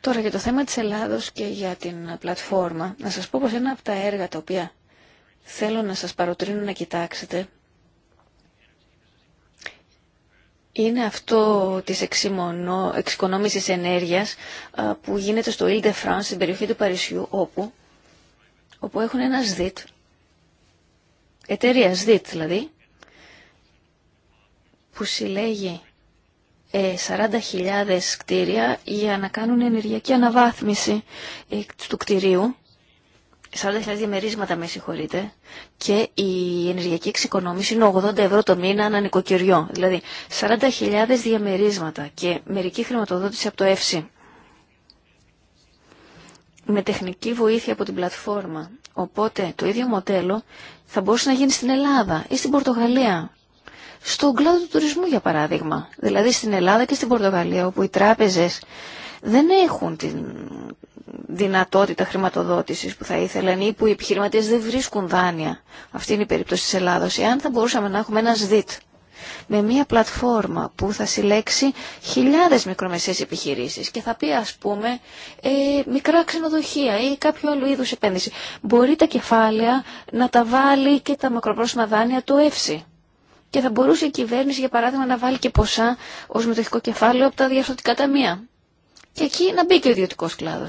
D: Τώρα για το θέμα της Ελλάδος και για την πλατφόρμα, να σας πω πως ένα από τα έργα τα οποία θέλω να σας παροτρύνω να κοιτάξετε είναι αυτό της εξοικονόμησης ενέργειας που γίνεται στο Ile de France, στην περιοχή του Παρισιού, όπου, όπου έχουν ένα ΣΔΙΤ, εταιρεία ΣΔΙΤ δηλαδή, που συλλέγει 40.000 ε, κτίρια για να κάνουν ενεργειακή αναβάθμιση ε, του κτιρίου. 40.000 διαμερίσματα με συγχωρείτε και η ενεργειακή εξοικονόμηση είναι 80 ευρώ το μήνα ανά νοικοκυριό. Δηλαδή 40.000 διαμερίσματα και μερική χρηματοδότηση από το ΕΦΣΥ με τεχνική βοήθεια από την πλατφόρμα. Οπότε το ίδιο μοντέλο θα μπορούσε να γίνει στην Ελλάδα ή στην Πορτογαλία στον κλάδο του τουρισμού για παράδειγμα. Δηλαδή στην Ελλάδα και στην Πορτογαλία όπου οι τράπεζες δεν έχουν την δυνατότητα χρηματοδότησης που θα ήθελαν ή που οι επιχειρηματίες δεν βρίσκουν δάνεια. Αυτή είναι η περίπτωση της Ελλάδος. Εάν θα μπορούσαμε να έχουμε ένα ΣΔΙΤ με μια πλατφόρμα που θα συλλέξει χιλιάδες μικρομεσαίες επιχειρήσεις και θα πει ας πούμε ε, μικρά ξενοδοχεία ή κάποιο άλλο είδους επένδυση. Μπορεί τα κεφάλαια να τα βάλει και τα μακροπρόσωμα δάνεια του ΕΦΣΥ. Και θα μπορούσε η κυβέρνηση, για παράδειγμα, να βάλει και ποσά ω μετοχικό κεφάλαιο από τα διαφορετικά ταμεία. Και εκεί να μπει και ο ιδιωτικό κλάδο.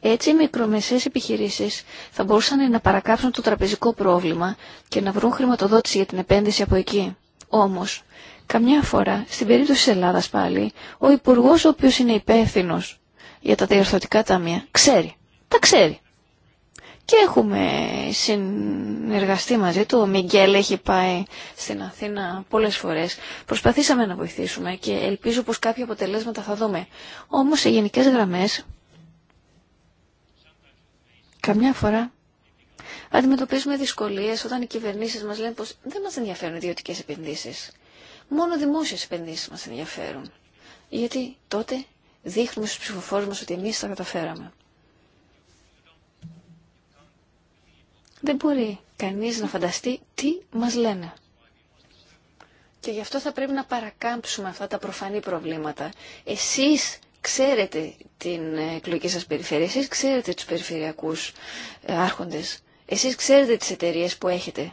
D: Έτσι οι μικρομεσαίες επιχειρήσεις θα μπορούσαν να παρακάψουν το τραπεζικό πρόβλημα και να βρουν χρηματοδότηση για την επένδυση από εκεί. Όμως, καμιά φορά, στην περίπτωση τη Ελλάδα πάλι, ο υπουργό ο οποίο είναι υπεύθυνο για τα διορθωτικά ταμεία, ξέρει. Τα ξέρει και έχουμε συνεργαστεί μαζί του. Ο Μιγγέλ έχει πάει στην Αθήνα πολλές φορές. Προσπαθήσαμε να βοηθήσουμε και ελπίζω πως κάποια αποτελέσματα θα δούμε. Όμως σε γενικές γραμμές, καμιά φορά αντιμετωπίζουμε δυσκολίες όταν οι κυβερνήσεις μας λένε πως δεν μας ενδιαφέρουν ιδιωτικέ επενδύσεις. Μόνο δημόσιες επενδύσεις μας ενδιαφέρουν. Γιατί τότε δείχνουμε στους ψηφοφόρους μας ότι εμείς τα καταφέραμε. Δεν μπορεί κανείς να φανταστεί τι μας λένε. Και γι' αυτό θα πρέπει να παρακάμψουμε αυτά τα προφανή προβλήματα. Εσείς ξέρετε την εκλογική σας περιφέρεια, εσείς ξέρετε τους περιφερειακούς ε, άρχοντες, εσείς ξέρετε τις εταιρείες που έχετε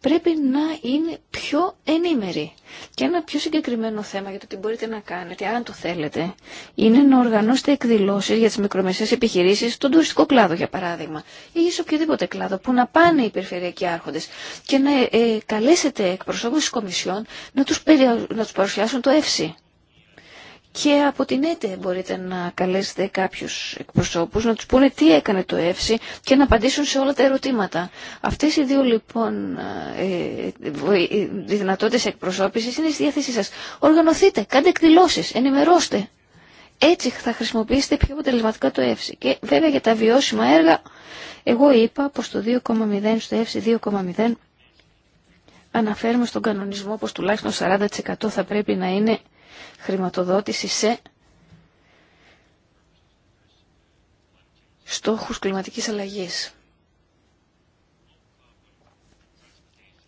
D: πρέπει να είναι πιο ενήμεροι. Και ένα πιο συγκεκριμένο θέμα για το τι μπορείτε να κάνετε, αν το θέλετε, είναι να οργανώσετε εκδηλώσεις για τις μικρομεσαίες επιχειρήσεις στον τουριστικό κλάδο, για παράδειγμα, ή σε οποιοδήποτε κλάδο, που να πάνε οι περιφερειακοί άρχοντες και να ε, καλέσετε εκπροσώπους της Κομισιόν να τους, παρουσιάσουν το ΕΦΣΥ και από την ΕΤΕ μπορείτε να καλέσετε κάποιους εκπροσώπους, να τους πούνε τι έκανε το ΕΦΣΙ και να απαντήσουν σε όλα τα ερωτήματα. Αυτές οι δύο λοιπόν ε, ε, ε, οι δυνατότητες εκπροσώπησης είναι στη διάθεσή σας. Οργανωθείτε, κάντε εκδηλώσεις, ενημερώστε. Έτσι θα χρησιμοποιήσετε πιο αποτελεσματικά το ΕΦΣΙ. Και βέβαια για τα βιώσιμα έργα, εγώ είπα πως το 2,0 στο ΕΦΣΙ 2,0 Αναφέρουμε στον κανονισμό πως τουλάχιστον 40% θα πρέπει να είναι χρηματοδότηση σε στόχους κλιματικής αλλαγής.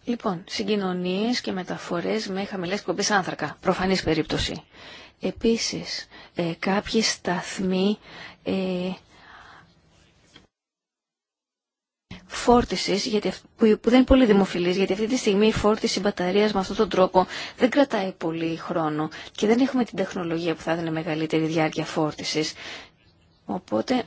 D: Λοιπόν, συγκοινωνίες και μεταφορές με χαμηλές κομπές άνθρακα, προφανής περίπτωση. Επίσης, ε, κάποιοι σταθμοί ε, φόρτισης, που δεν είναι πολύ δημοφιλής, γιατί αυτή τη στιγμή η φόρτιση μπαταρία με αυτόν τον τρόπο δεν κρατάει πολύ χρόνο και δεν έχουμε την τεχνολογία που θα έδινε μεγαλύτερη διάρκεια φόρτισης. Οπότε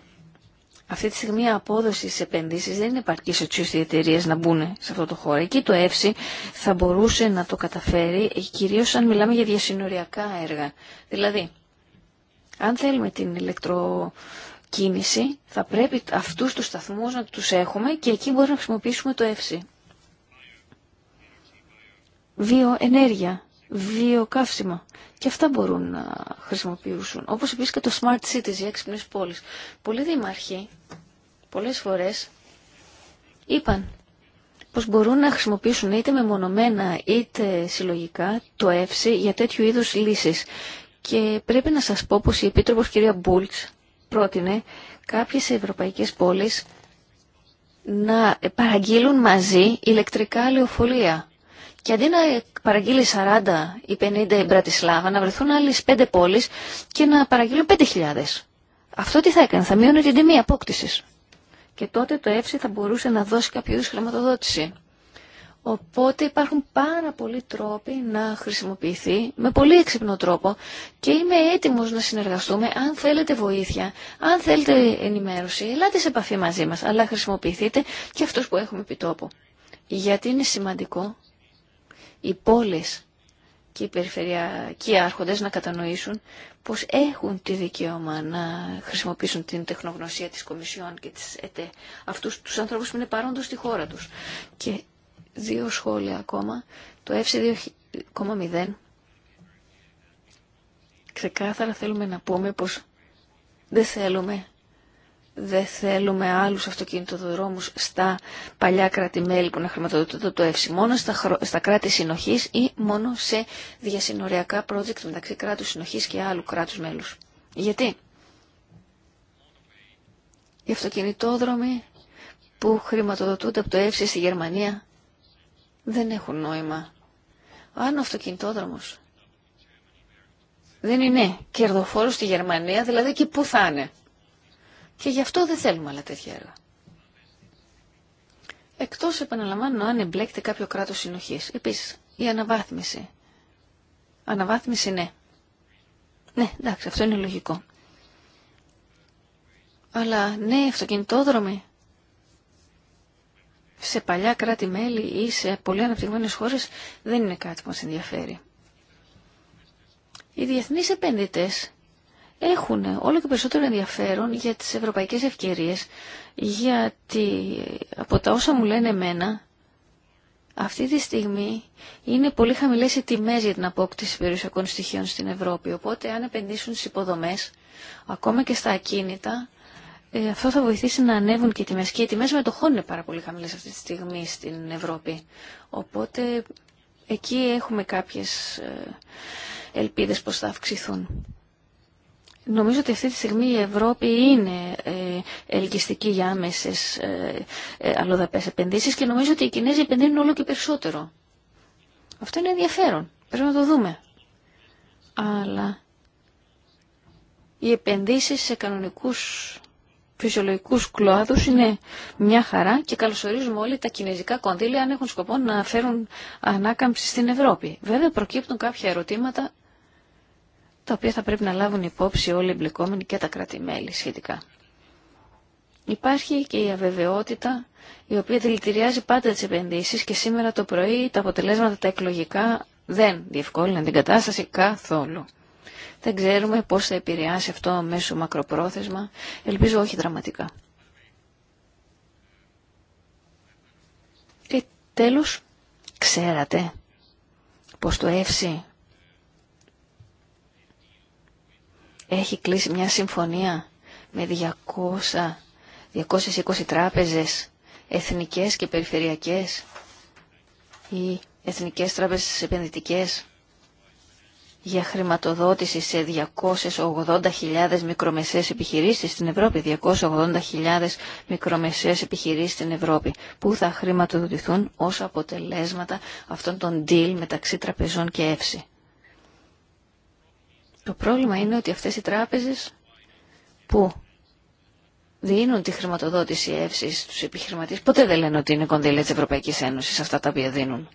D: αυτή τη στιγμή η απόδοση στι επενδύσει δεν είναι επαρκή σε οι εταιρείε να μπουν σε αυτό το χώρο. Εκεί το ΕΦΣΙ θα μπορούσε να το καταφέρει, κυρίω αν μιλάμε για διασυνοριακά έργα. Δηλαδή, αν θέλουμε την ηλεκτρο κίνηση, θα πρέπει αυτούς τους σταθμούς να τους έχουμε και εκεί μπορούμε να χρησιμοποιήσουμε το ενέργεια, Βιοενέργεια, βιοκαύσιμα. Και αυτά μπορούν να χρησιμοποιήσουν. Όπως επίσης και το Smart Cities, οι έξυπνες πόλεις. Πολλοί δήμαρχοι, πολλές φορές, είπαν πως μπορούν να χρησιμοποιήσουν είτε μεμονωμένα είτε συλλογικά το Εύση για τέτοιου είδους λύσεις. Και πρέπει να σας πω πως η Επίτροπος κυρία Μπούλτς πρότεινε κάποιες ευρωπαϊκές πόλεις να παραγγείλουν μαζί ηλεκτρικά λεωφορεία. Και αντί να παραγγείλει 40 ή 50 η Μπρατισλάβα, να βρεθούν άλλες 5 πόλεις και να παραγγείλουν 5.000. Αυτό τι θα έκανε, θα μείωνε την τιμή απόκτηση. Και τότε το ΕΦΣΙ θα μπορούσε να δώσει κάποιο χρηματοδότηση. Οπότε υπάρχουν πάρα πολλοί τρόποι να χρησιμοποιηθεί με πολύ έξυπνο τρόπο και είμαι έτοιμος να συνεργαστούμε αν θέλετε βοήθεια, αν θέλετε ενημέρωση, ελάτε σε επαφή μαζί μας, αλλά χρησιμοποιηθείτε και αυτούς που έχουμε επιτόπου. Γιατί είναι σημαντικό οι πόλεις και οι περιφερειακοί άρχοντες να κατανοήσουν πως έχουν τη δικαίωμα να χρησιμοποιήσουν την τεχνογνωσία της Κομισιόν και της ΕΤΕ, αυτούς τους ανθρώπους που είναι παρόντος στη χώρα τους. Και Δύο σχόλια ακόμα. Το FC 2,0 ξεκάθαρα θέλουμε να πούμε πως δεν θέλουμε δεν θέλουμε άλλους αυτοκινητοδρόμους στα παλιά κράτη-μέλη που να χρηματοδοτούνται το ΕΦΣΙ, μόνο στα, στα κράτη συνοχής ή μόνο σε διασυνοριακά project μεταξύ κράτους συνοχής και άλλου κράτους μέλους. Γιατί? Οι αυτοκινητόδρομοι που χρηματοδοτούνται από το ΕΦΣΙ στη Γερμανία δεν έχουν νόημα. Αν ο αυτοκινητόδρομος δεν είναι κερδοφόρος στη Γερμανία, δηλαδή και πού θα είναι. Και γι' αυτό δεν θέλουμε άλλα τέτοια έργα. Εκτός, επαναλαμβάνω, αν εμπλέκεται κάποιο κράτος συνοχής. Επίσης, η αναβάθμιση. Αναβάθμιση, ναι. Ναι, εντάξει, αυτό είναι λογικό. Αλλά ναι, αυτοκινητόδρομοι σε παλιά κράτη-μέλη ή σε πολύ αναπτυγμένες χώρες δεν είναι κάτι που μας ενδιαφέρει. Οι διεθνείς επενδυτές έχουν όλο και περισσότερο ενδιαφέρον για τις ευρωπαϊκές ευκαιρίες, γιατί από τα όσα μου λένε εμένα, αυτή τη στιγμή είναι πολύ χαμηλές οι τιμές για την απόκτηση περιουσιακών στοιχείων στην Ευρώπη, οπότε αν επενδύσουν στις υποδομές, ακόμα και στα ακίνητα, ε, αυτό θα βοηθήσει να ανέβουν και οι τιμές. Και οι τιμές μετοχών είναι πάρα πολύ χαμηλές αυτή τη στιγμή στην Ευρώπη. Οπότε εκεί έχουμε κάποιες ε, ελπίδες πως θα αυξηθούν. Νομίζω ότι αυτή τη στιγμή η Ευρώπη είναι ε, ελκυστική για άμεσες αλλοδαπές επενδύσεις και νομίζω ότι οι Κινέζοι επενδύουν όλο και περισσότερο. Αυτό είναι ενδιαφέρον. Πρέπει να το δούμε. Αλλά οι επενδύσεις σε κανονικούς φυσιολογικούς κλωάδους είναι μια χαρά και καλωσορίζουμε όλοι τα κινέζικα κονδύλια αν έχουν σκοπό να φέρουν ανάκαμψη στην Ευρώπη. Βέβαια προκύπτουν κάποια ερωτήματα τα οποία θα πρέπει να λάβουν υπόψη όλοι οι εμπλεκόμενοι και τα κρατημέλη σχετικά. Υπάρχει και η αβεβαιότητα η οποία δηλητηριάζει πάντα τις επενδύσεις και σήμερα το πρωί τα αποτελέσματα τα εκλογικά δεν διευκόλυναν την κατάσταση καθόλου. Δεν ξέρουμε πώς θα επηρεάσει αυτό μέσω μακροπρόθεσμα. Ελπίζω όχι δραματικά. Και τέλος, ξέρατε πως το ΕΦΣΙ έχει κλείσει μια συμφωνία με 200, 220 τράπεζες εθνικές και περιφερειακές ή εθνικές τράπεζες επενδυτικές για χρηματοδότηση σε 280.000 μικρομεσαίες επιχειρήσεις στην Ευρώπη, 280.000 μικρομεσαίες επιχειρήσεις στην Ευρώπη, που θα χρηματοδοτηθούν ως αποτελέσματα αυτών των deal μεταξύ τραπεζών και εύση. Το πρόβλημα είναι ότι αυτές οι τράπεζες που δίνουν τη χρηματοδότηση εύση στους επιχειρηματίες, ποτέ δεν λένε ότι είναι κονδύλια της Ευρωπαϊκής Ένωσης αυτά τα οποία δίνουν.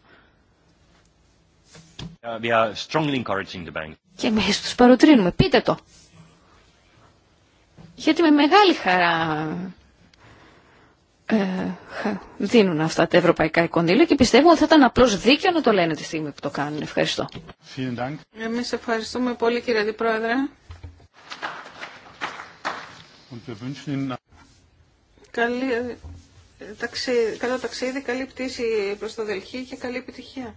A: Uh,
C: και εμεί
D: του παροτρύνουμε. Πείτε το. Γιατί με μεγάλη χαρά ε, δίνουν αυτά τα ευρωπαϊκά κονδύλια και πιστεύω ότι θα ήταν απλώ δίκαιο να το λένε τη στιγμή που το κάνουν. Ευχαριστώ.
B: Εμεί ευχαριστούμε πολύ κύριε Αντιπρόεδρε. Καλή, ε, καλό ταξίδι, καλή πτήση προς το Δελχή και καλή επιτυχία.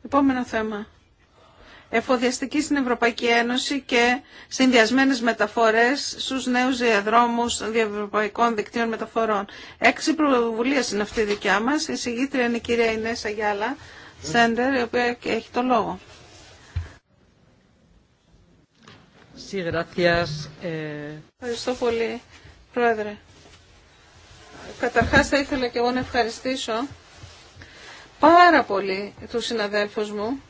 B: Επόμενο θέμα. Εφοδιαστική στην Ευρωπαϊκή Ένωση και συνδυασμένε μεταφορέ στου νέου διαδρόμου διευρωπαϊκών δικτύων μεταφορών. Έξι πρωτοβουλίε είναι αυτή η δικιά μα. Η συγγήτρια είναι η κυρία Ινέσα Γιάλα Σέντερ, η οποία έχει το λόγο.
E: Eh.
B: Ευχαριστώ πολύ, Πρόεδρε. Καταρχάς θα ήθελα και εγώ να ευχαριστήσω πάρα πολύ του συναδέλφου μου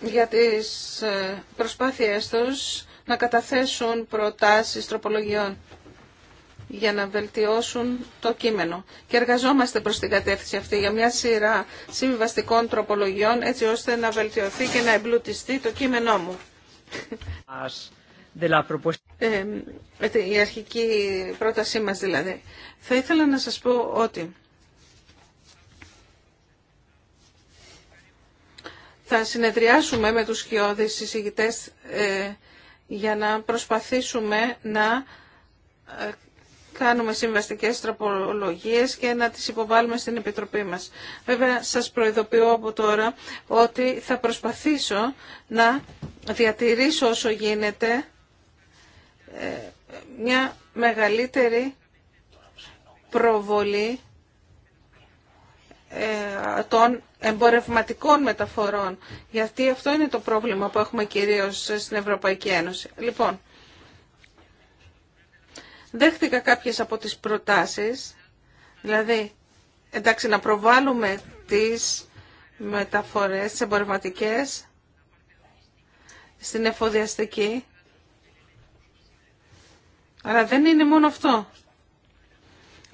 B: για τις ε, προσπάθειές τους να καταθέσουν προτάσεις τροπολογιών για να βελτιώσουν το κείμενο. Και εργαζόμαστε προς την κατεύθυνση αυτή για μια σειρά συμβιβαστικών τροπολογιών έτσι ώστε να βελτιωθεί και να εμπλουτιστεί το κείμενό μου. Ε, η αρχική πρότασή μας δηλαδή. Θα ήθελα να σας πω ότι Θα συνεδριάσουμε με τους σκιώδεις συζητητές ε, για να προσπαθήσουμε να ε, κάνουμε συμβαστικές τροπολογίες και να τις υποβάλουμε στην Επιτροπή μας. Βέβαια, σας προειδοποιώ από τώρα ότι θα προσπαθήσω να διατηρήσω όσο γίνεται ε, μια μεγαλύτερη προβολή των εμπορευματικών μεταφορών, γιατί αυτό είναι το πρόβλημα που έχουμε κυρίως στην Ευρωπαϊκή Ένωση. Λοιπόν, δέχτηκα κάποιες από τις προτάσεις, δηλαδή, εντάξει, να προβάλλουμε τις μεταφορές, τις εμπορευματικές, στην εφοδιαστική, αλλά δεν είναι μόνο αυτό.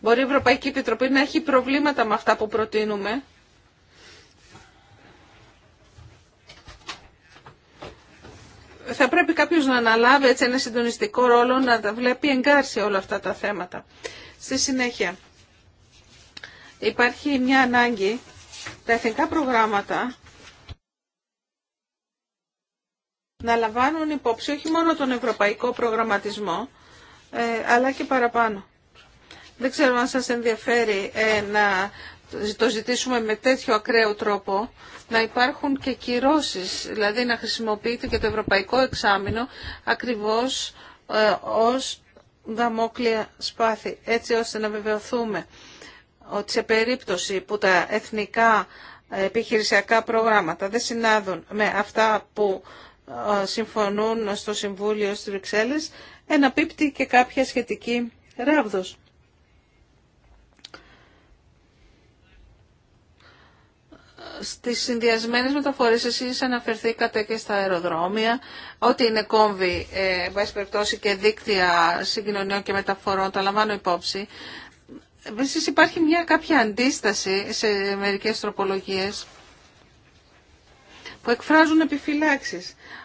B: Μπορεί η Ευρωπαϊκή Επιτροπή να έχει προβλήματα με αυτά που προτείνουμε, θα πρέπει κάποιο να αναλάβει έτσι ένα συντονιστικό ρόλο να τα βλέπει εγκάρσια όλα αυτά τα θέματα. Στη συνέχεια, υπάρχει μια ανάγκη τα εθνικά προγράμματα να λαμβάνουν υπόψη όχι μόνο τον ευρωπαϊκό προγραμματισμό, ε, αλλά και παραπάνω. Δεν ξέρω αν σας ενδιαφέρει ε, να το ζητήσουμε με τέτοιο ακραίο τρόπο, να υπάρχουν και κυρώσεις, δηλαδή να χρησιμοποιείται και το ευρωπαϊκό εξάμεινο ακριβώς ε, ως δαμόκλια σπάθη, έτσι ώστε να βεβαιωθούμε ότι σε περίπτωση που τα εθνικά επιχειρησιακά προγράμματα δεν συνάδουν με αυτά που ε, συμφωνούν στο Συμβούλιο στις Βρυξέλλες, εναπίπτει και κάποια σχετική ράβδος. Στις συνδυασμένε μεταφορέ εσεί αναφερθήκατε και στα αεροδρόμια, ότι είναι κόμβοι, ε, εν περιπτώσει, και δίκτυα συγκοινωνιών και μεταφορών, τα λαμβάνω υπόψη. Επίση υπάρχει μια κάποια αντίσταση σε μερικές τροπολογίες που εκφράζουν επιφυλάξει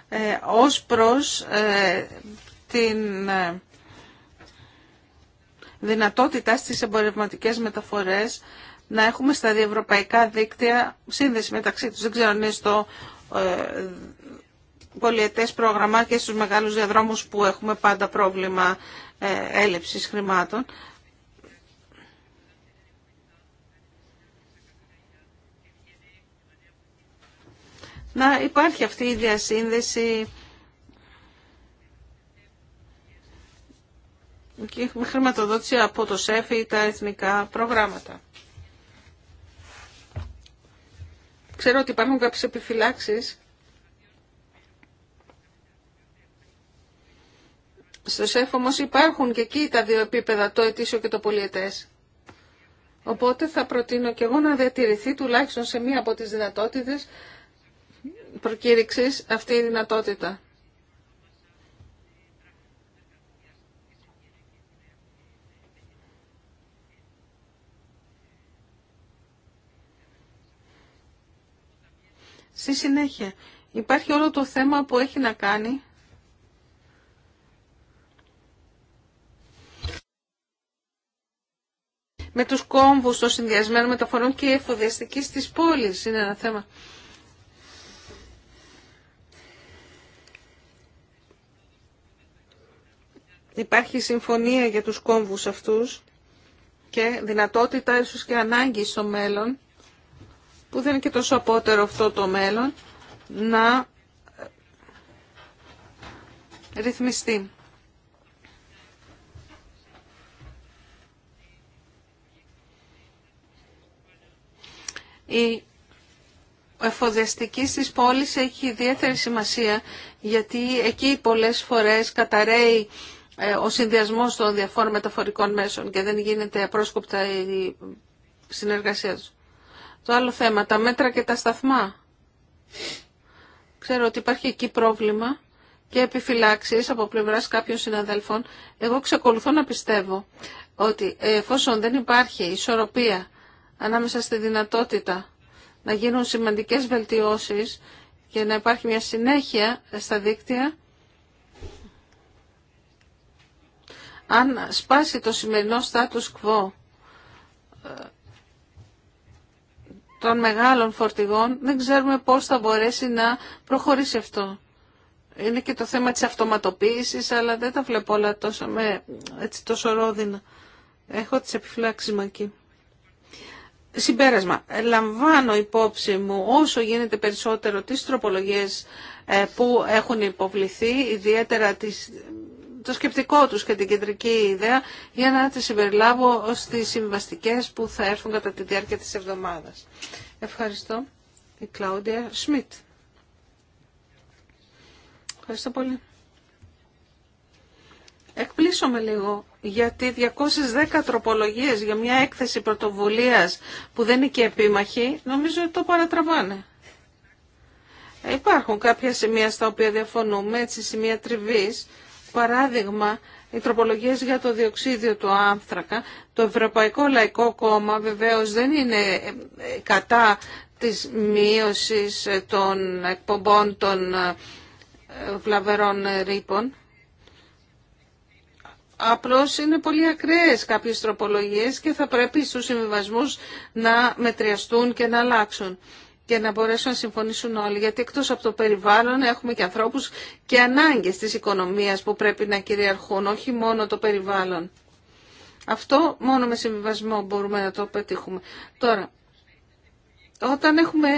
B: ε, ως προς ε, την ε, δυνατότητα στις εμπορευματικές μεταφορές να έχουμε στα διευρωπαϊκά δίκτυα σύνδεση μεταξύ τους. Δεν ξέρω αν είναι στο ε, πολιετές πρόγραμμα και στους μεγάλους διαδρόμους που έχουμε πάντα πρόβλημα ε, έλλειψης χρημάτων. Να υπάρχει αυτή η διασύνδεση και χρηματοδότηση από το ΣΕΦ τα εθνικά προγράμματα. Ξέρω ότι υπάρχουν κάποιες επιφυλάξεις Στο ΣΕΦ όμως υπάρχουν και εκεί τα δύο επίπεδα, το ετήσιο και το πολιετές. Οπότε θα προτείνω και εγώ να διατηρηθεί τουλάχιστον σε μία από τις δυνατότητες προκήρυξης αυτή η δυνατότητα. Στη συνέχεια υπάρχει όλο το θέμα που έχει να κάνει με τους κόμβους των συνδυασμένων μεταφορών και εφοδιαστικής της πόλης είναι ένα θέμα. Υπάρχει συμφωνία για τους κόμβους αυτούς και δυνατότητα ίσως και ανάγκη στο μέλλον που δεν είναι και τόσο απότερο αυτό το μέλλον, να ρυθμιστεί. Η εφοδιαστική στις πόλεις έχει ιδιαίτερη σημασία γιατί εκεί πολλές φορές καταραίει ε, ο συνδυασμός των διαφόρων μεταφορικών μέσων και δεν γίνεται απρόσκοπτα η συνεργασία τους. Το άλλο θέμα, τα μέτρα και τα σταθμά. Ξέρω ότι υπάρχει εκεί πρόβλημα και επιφυλάξεις από πλευράς κάποιων συναδέλφων. Εγώ ξεκολουθώ να πιστεύω ότι εφόσον δεν υπάρχει ισορροπία ανάμεσα στη δυνατότητα να γίνουν σημαντικές βελτιώσεις και να υπάρχει μια συνέχεια στα δίκτυα, αν σπάσει το σημερινό status quo των μεγάλων φορτηγών δεν ξέρουμε πώς θα μπορέσει να προχωρήσει αυτό. Είναι και το θέμα της αυτοματοποίησης, αλλά δεν τα βλέπω όλα τόσο, με, έτσι, τόσο ρόδινα. Έχω τις επιφυλάξεις μου Συμπέρασμα. Λαμβάνω υπόψη μου όσο γίνεται περισσότερο τις τροπολογίες ε, που έχουν υποβληθεί, ιδιαίτερα τις το σκεπτικό τους και την κεντρική ιδέα για να τις συμπεριλάβω τις συμβαστικές που θα έρθουν κατά τη διάρκεια της εβδομάδας. Ευχαριστώ. Η Κλάουντια Σμιτ. Ευχαριστώ πολύ. με λίγο γιατί 210 τροπολογίες για μια έκθεση πρωτοβουλίας που δεν είναι και επίμαχη νομίζω ότι το παρατραβάνε. Ε, υπάρχουν κάποια σημεία στα οποία διαφωνούμε, έτσι σημεία τριβής Παράδειγμα, οι τροπολογίε για το διοξίδιο του άνθρακα. Το Ευρωπαϊκό Λαϊκό Κόμμα βεβαίως δεν είναι ε, κατά της μείωση ε, των εκπομπών των ε, βλαβερών ρήπων. Απλώς είναι πολύ ακραίες κάποιες τροπολογίες και θα πρέπει στους συμβιβασμούς να μετριαστούν και να αλλάξουν και να μπορέσουν να συμφωνήσουν όλοι. Γιατί εκτός από το περιβάλλον έχουμε και ανθρώπους και ανάγκες της οικονομίας που πρέπει να κυριαρχούν, όχι μόνο το περιβάλλον. Αυτό μόνο με συμβιβασμό μπορούμε να το πετύχουμε. Τώρα, όταν έχουμε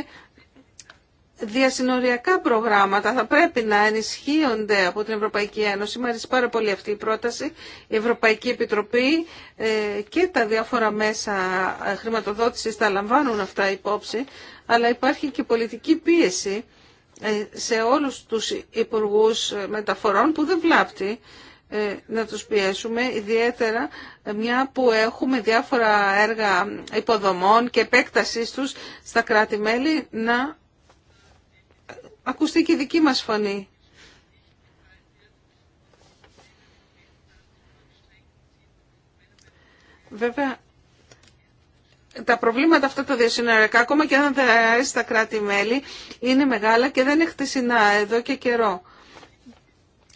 B: διασυνοριακά προγράμματα θα πρέπει να ενισχύονται από την Ευρωπαϊκή Ένωση. Μ' αρέσει πάρα πολύ αυτή η πρόταση. Η Ευρωπαϊκή Επιτροπή ε, και τα διάφορα μέσα ε, χρηματοδότησης τα λαμβάνουν αυτά υπόψη, αλλά υπάρχει και πολιτική πίεση ε, σε όλους τους υπουργούς μεταφορών που δεν βλάπτει να τους πιέσουμε, ιδιαίτερα μια που έχουμε διάφορα έργα υποδομών και επέκτασής τους στα κράτη-μέλη να ακουστεί και η δική μας φωνή. Βέβαια, τα προβλήματα αυτά τα διασυνοριακά, ακόμα και αν δεν αρέσει τα κράτη-μέλη, είναι μεγάλα και δεν είναι χτεσινά εδώ και καιρό.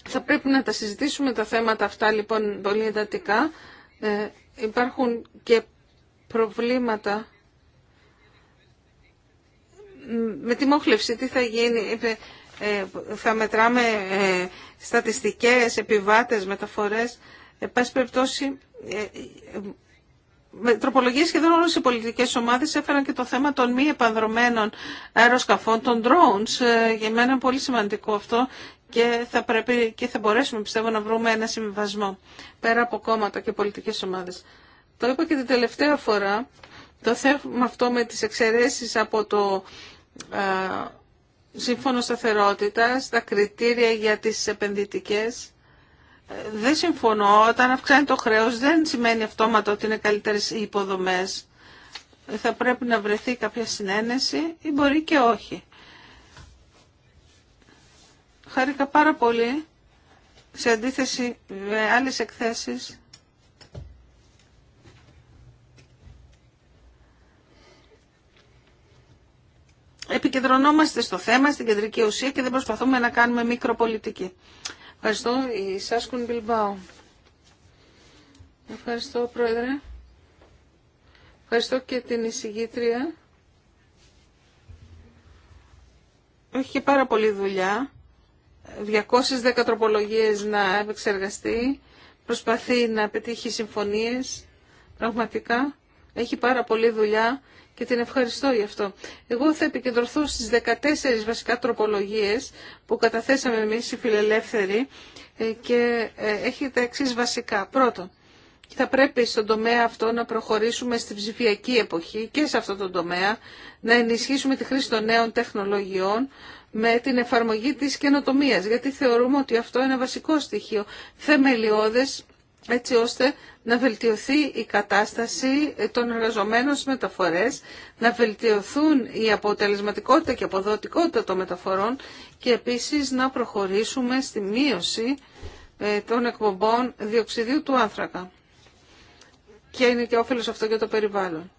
B: Θα πρέπει να τα συζητήσουμε τα θέματα αυτά λοιπόν πολύ εντατικά. Ε, υπάρχουν και προβλήματα με τη μόχλευση τι θα γίνει, ε, θα μετράμε ε, στατιστικές, επιβάτες, μεταφορές. Ε, πάση περιπτώσει, ε, με τροπολογίες σχεδόν όλες οι πολιτικές ομάδες έφεραν και το θέμα των μη επανδρομένων αεροσκαφών, των drones. Για μένα είναι πολύ σημαντικό αυτό και θα, πρέπει, και θα μπορέσουμε πιστεύω να βρούμε ένα συμβιβασμό πέρα από κόμματα και πολιτικές ομάδες. Το είπα και την τελευταία φορά, το θέμα αυτό με τις εξαιρέσεις από το ε, σύμφωνο σταθερότητα, τα κριτήρια για τις επενδυτικές. Ε, δεν συμφωνώ. Όταν αυξάνει το χρέος δεν σημαίνει αυτόματα ότι είναι καλύτερες οι υποδομές. Θα πρέπει να βρεθεί κάποια συνένεση ή μπορεί και όχι. Χάρηκα πάρα πολύ σε αντίθεση με άλλες εκθέσεις επικεντρωνόμαστε στο θέμα, στην κεντρική ουσία και δεν προσπαθούμε να κάνουμε μικροπολιτική. Ευχαριστώ. Η Σάσκουν Μπιλμπάου. Ευχαριστώ, Πρόεδρε. Ευχαριστώ και την εισηγήτρια. Έχει και πάρα πολλή δουλειά. 210 τροπολογίες να επεξεργαστεί. Προσπαθεί να πετύχει συμφωνίες. Πραγματικά έχει πάρα πολλή δουλειά και την ευχαριστώ γι' αυτό. Εγώ θα επικεντρωθώ στις 14 βασικά τροπολογίες που καταθέσαμε εμείς οι φιλελεύθεροι ε, και ε, έχει τα εξής βασικά. Πρώτον, θα πρέπει στον τομέα αυτό να προχωρήσουμε στη ψηφιακή εποχή και σε αυτό τον τομέα, να ενισχύσουμε τη χρήση των νέων τεχνολογιών με την εφαρμογή της καινοτομίας, γιατί θεωρούμε ότι αυτό είναι βασικό στοιχείο θεμελιώδες έτσι ώστε να βελτιωθεί η κατάσταση των εργαζομένων στις μεταφορές, να βελτιωθούν η αποτελεσματικότητα και αποδοτικότητα των μεταφορών και επίσης να προχωρήσουμε στη μείωση ε, των εκπομπών διοξιδίου του άνθρακα. Και είναι και όφελος αυτό για το περιβάλλον.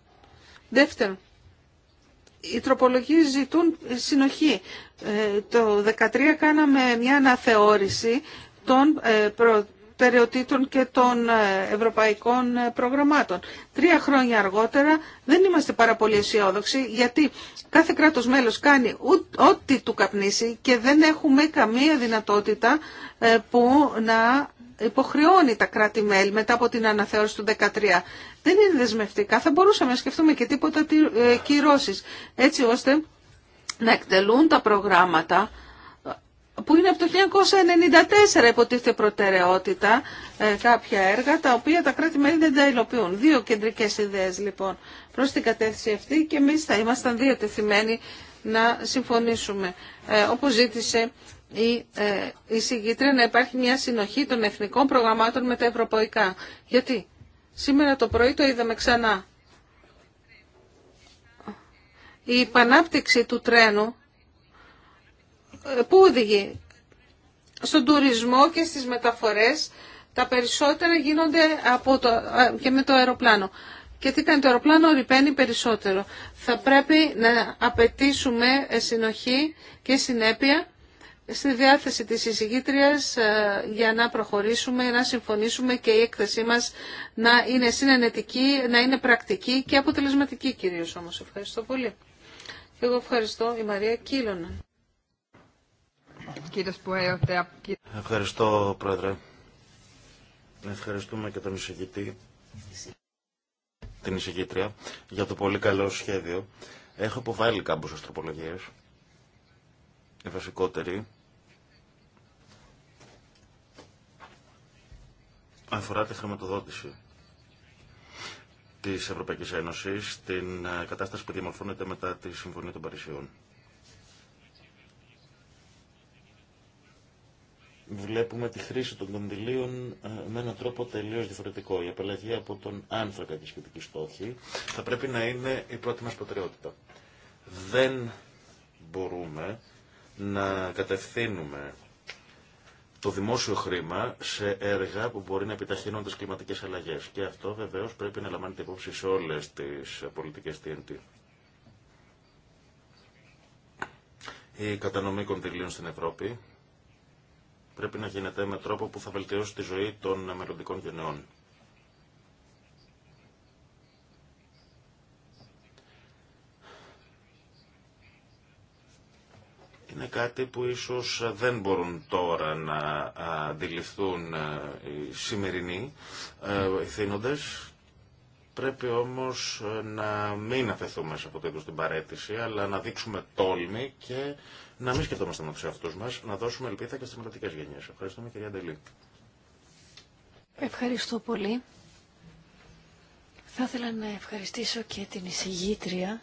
B: Δεύτερον, οι τροπολογίες ζητούν συνοχή. Ε, το 2013 κάναμε μια αναθεώρηση των ε, περιοτήτων και των ε, ευρωπαϊκών ε, προγραμμάτων. Τρία χρόνια αργότερα δεν είμαστε πάρα πολύ αισιόδοξοι γιατί κάθε κράτος μέλος κάνει ό,τι του καπνίσει και δεν έχουμε καμία δυνατότητα ε, που να υποχρεώνει τα κράτη-μέλη μετά από την αναθεώρηση του 2013. Δεν είναι δεσμευτικά. Θα μπορούσαμε να σκεφτούμε και τίποτα κυρώσεις έτσι ώστε να εκτελούν τα προγράμματα που είναι από το 1994 υποτίθεται προτεραιότητα ε, κάποια έργα τα οποία τα κράτη-μέλη δεν τα υλοποιούν. Δύο κεντρικές ιδέες λοιπόν προς την κατεύθυνση αυτή και εμείς θα ήμασταν δύο τεθειμένοι να συμφωνήσουμε. Ε, όπως ζήτησε η ε, να υπάρχει μια συνοχή των εθνικών προγραμμάτων με τα ευρωπαϊκά. Γιατί σήμερα το πρωί το είδαμε ξανά. Η επανάπτυξη του τρένου ε, Πού οδηγεί. Στον τουρισμό και στις μεταφορές τα περισσότερα γίνονται από το, ε, και με το αεροπλάνο. Και τι κάνει το αεροπλάνο, ρηπαίνει περισσότερο. Θα πρέπει να απαιτήσουμε ε, συνοχή και συνέπεια στη διάθεση της εισηγήτριας για να προχωρήσουμε, να συμφωνήσουμε και η έκθεσή μας να είναι συνενετική, να είναι πρακτική και αποτελεσματική κυρίως όμως. Ευχαριστώ πολύ. εγώ ευχαριστώ η Μαρία Κύλωνα.
C: Ευχαριστώ, Πρόεδρε. Ευχαριστούμε και τον εισηγητή, την εισηγήτρια, για το πολύ καλό σχέδιο. Έχω αποβάλει κάμπους αστροπολογίες. Η βασικότερη αφορά τη χρηματοδότηση της Ευρωπαϊκής Ένωσης, την ε, κατάσταση που διαμορφώνεται μετά τη Συμφωνία των Παρισιών. βλέπουμε τη χρήση των κονδυλίων ε, με έναν τρόπο τελείω διαφορετικό. Η απαλλαγή από τον άνθρακα και σχετική στόχη θα πρέπει να είναι η πρώτη μα προτεραιότητα. Δεν μπορούμε να κατευθύνουμε το δημόσιο χρήμα σε έργα που μπορεί να επιταχύνουν τι κλιματικέ αλλαγέ. Και αυτό βεβαίω πρέπει να λαμβάνεται υπόψη σε όλε τι πολιτικέ TNT. Η κατανομή κονδυλίων στην Ευρώπη πρέπει να γίνεται με τρόπο που θα βελτιώσει τη ζωή των μελλοντικών γενεών. είναι κάτι που ίσως δεν μπορούν τώρα να αντιληφθούν ε, οι σημερινοί ηθήνοντες. Ε, πρέπει όμως ε, να μην αφαιθούμε σε αυτό το είδος την παρέτηση, αλλά να δείξουμε τόλμη και να μην σκεφτόμαστε μόνο του εαυτού μα, να δώσουμε ελπίδα και στι μελλοντικέ γενιέ. Ευχαριστούμε, κυρία Ντελή.
D: Ευχαριστώ πολύ. Θα ήθελα να ευχαριστήσω και την εισηγήτρια.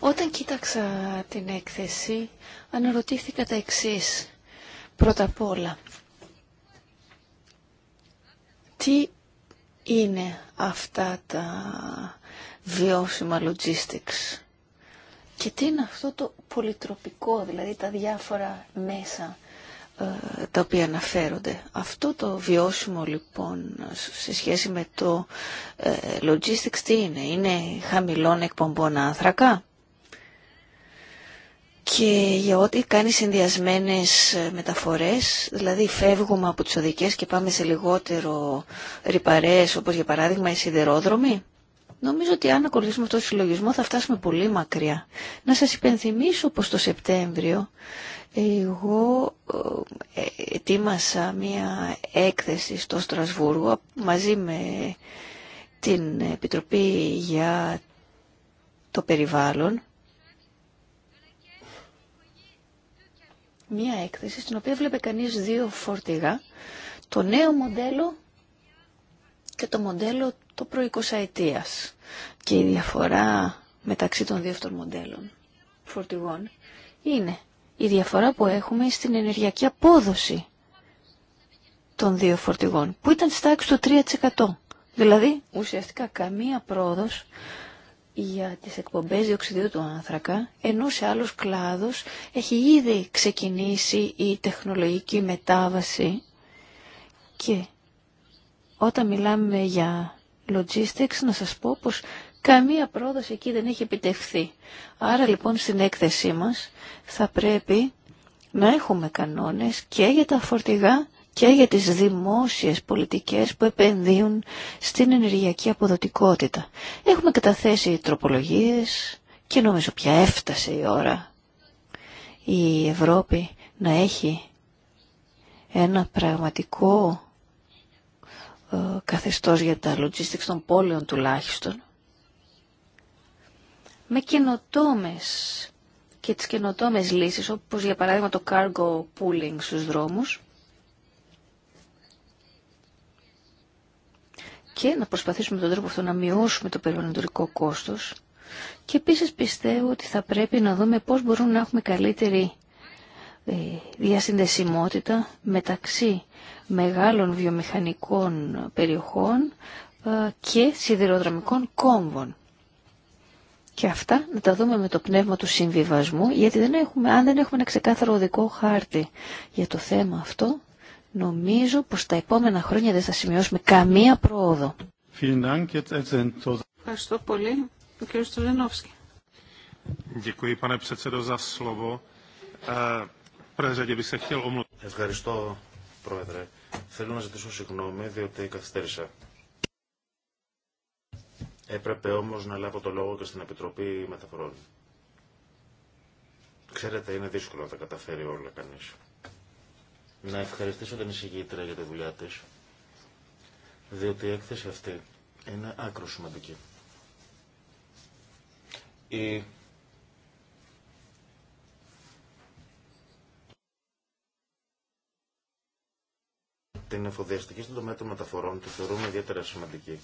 D: Όταν κοίταξα την έκθεση, αναρωτήθηκα τα εξής. Πρώτα απ' όλα, τι είναι αυτά τα βιώσιμα logistics. Και τι είναι αυτό το πολυτροπικό, δηλαδή τα διάφορα μέσα ε, τα οποία αναφέρονται. Αυτό το βιώσιμο λοιπόν σε σχέση με το ε, logistics τι είναι, είναι χαμηλών εκπομπών άνθρακα και για ό,τι κάνει συνδυασμένες ε, μεταφορές, δηλαδή φεύγουμε από τις οδικές και πάμε σε λιγότερο ρηπαρές όπως για παράδειγμα οι σιδερόδρομοι. Νομίζω ότι αν ακολουθήσουμε αυτό το συλλογισμό θα φτάσουμε πολύ μακριά. Να σας υπενθυμίσω πως το Σεπτέμβριο εγώ ε, ετοίμασα μία έκθεση στο Στρασβούργο μαζί με την Επιτροπή για το Περιβάλλον μία έκθεση στην οποία βλέπε κανείς δύο φορτηγά, το νέο μοντέλο και το μοντέλο το 20 ετια και η διαφορά μεταξύ των δύο αυτών μοντέλων φορτηγών είναι η διαφορά που έχουμε στην ενεργειακή απόδοση των δύο φορτηγών που ήταν στα του 3%. Δηλαδή ουσιαστικά καμία πρόοδος για τις εκπομπές διοξιδίου του άνθρακα, ενώ σε άλλους κλάδους έχει ήδη ξεκινήσει η τεχνολογική μετάβαση και όταν μιλάμε για Logistics να σας πω πως καμία πρόοδος εκεί δεν έχει επιτευχθεί. Άρα λοιπόν στην έκθεσή μας θα πρέπει να έχουμε κανόνες και για τα φορτηγά και για τις δημόσιες πολιτικές που επενδύουν στην ενεργειακή αποδοτικότητα. Έχουμε καταθέσει τροπολογίες και νομίζω πια έφτασε η ώρα η Ευρώπη να έχει ένα πραγματικό ε, καθεστώς για τα logistics των πόλεων τουλάχιστον με καινοτόμες και τις καινοτόμες λύσεις όπως για παράδειγμα το cargo pooling στους δρόμους και να προσπαθήσουμε με τον τρόπο αυτό να μειώσουμε το περιβαλλοντορικό κόστος και επίσης πιστεύω ότι θα πρέπει να δούμε πώς μπορούμε να έχουμε καλύτερη ε, διασυνδεσιμότητα μεταξύ μεγάλων βιομηχανικών περιοχών ε, και σιδηροδρομικών κόμβων. Και αυτά να τα δούμε με το πνεύμα του συμβιβασμού, γιατί δεν έχουμε, αν δεν έχουμε ένα ξεκάθαρο οδικό χάρτη για το θέμα αυτό, νομίζω πως τα επόμενα χρόνια δεν θα σημειώσουμε καμία πρόοδο.
A: Ευχαριστώ
B: πολύ. Ο κ.
C: Ευχαριστώ, Πρόεδρε. Θέλω να ζητήσω συγγνώμη, διότι καθυστέρησα. Έπρεπε όμως να λάβω το λόγο και στην Επιτροπή Μεταφορών. Ξέρετε, είναι δύσκολο να τα καταφέρει όλα κανείς. Να ευχαριστήσω την εισηγήτρια για τη δουλειά της, διότι η έκθεση αυτή είναι άκρο σημαντική. Η την εφοδιαστική στον τομέα των μεταφορών τη θεωρούμε ιδιαίτερα σημαντική.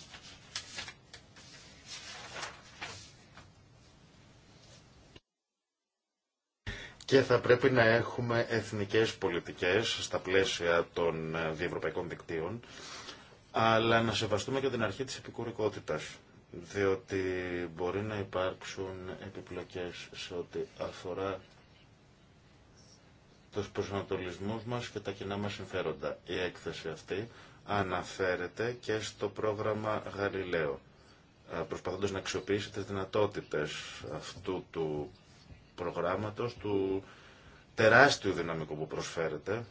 C: Και θα πρέπει να έχουμε εθνικές πολιτικές στα πλαίσια των ε, διευρωπαϊκών δικτύων, αλλά να σεβαστούμε και την αρχή της επικουρικότητας, διότι μπορεί να υπάρξουν επιπλοκές σε ό,τι αφορά τους προσανατολισμούς μας και τα κοινά μας συμφέροντα. Η έκθεση αυτή αναφέρεται και στο πρόγραμμα Γαλιλαίο, ε, προσπαθώντας να αξιοποιήσει τις δυνατότητες αυτού του προγράμματος, του τεράστιου δυναμικού που προσφέρεται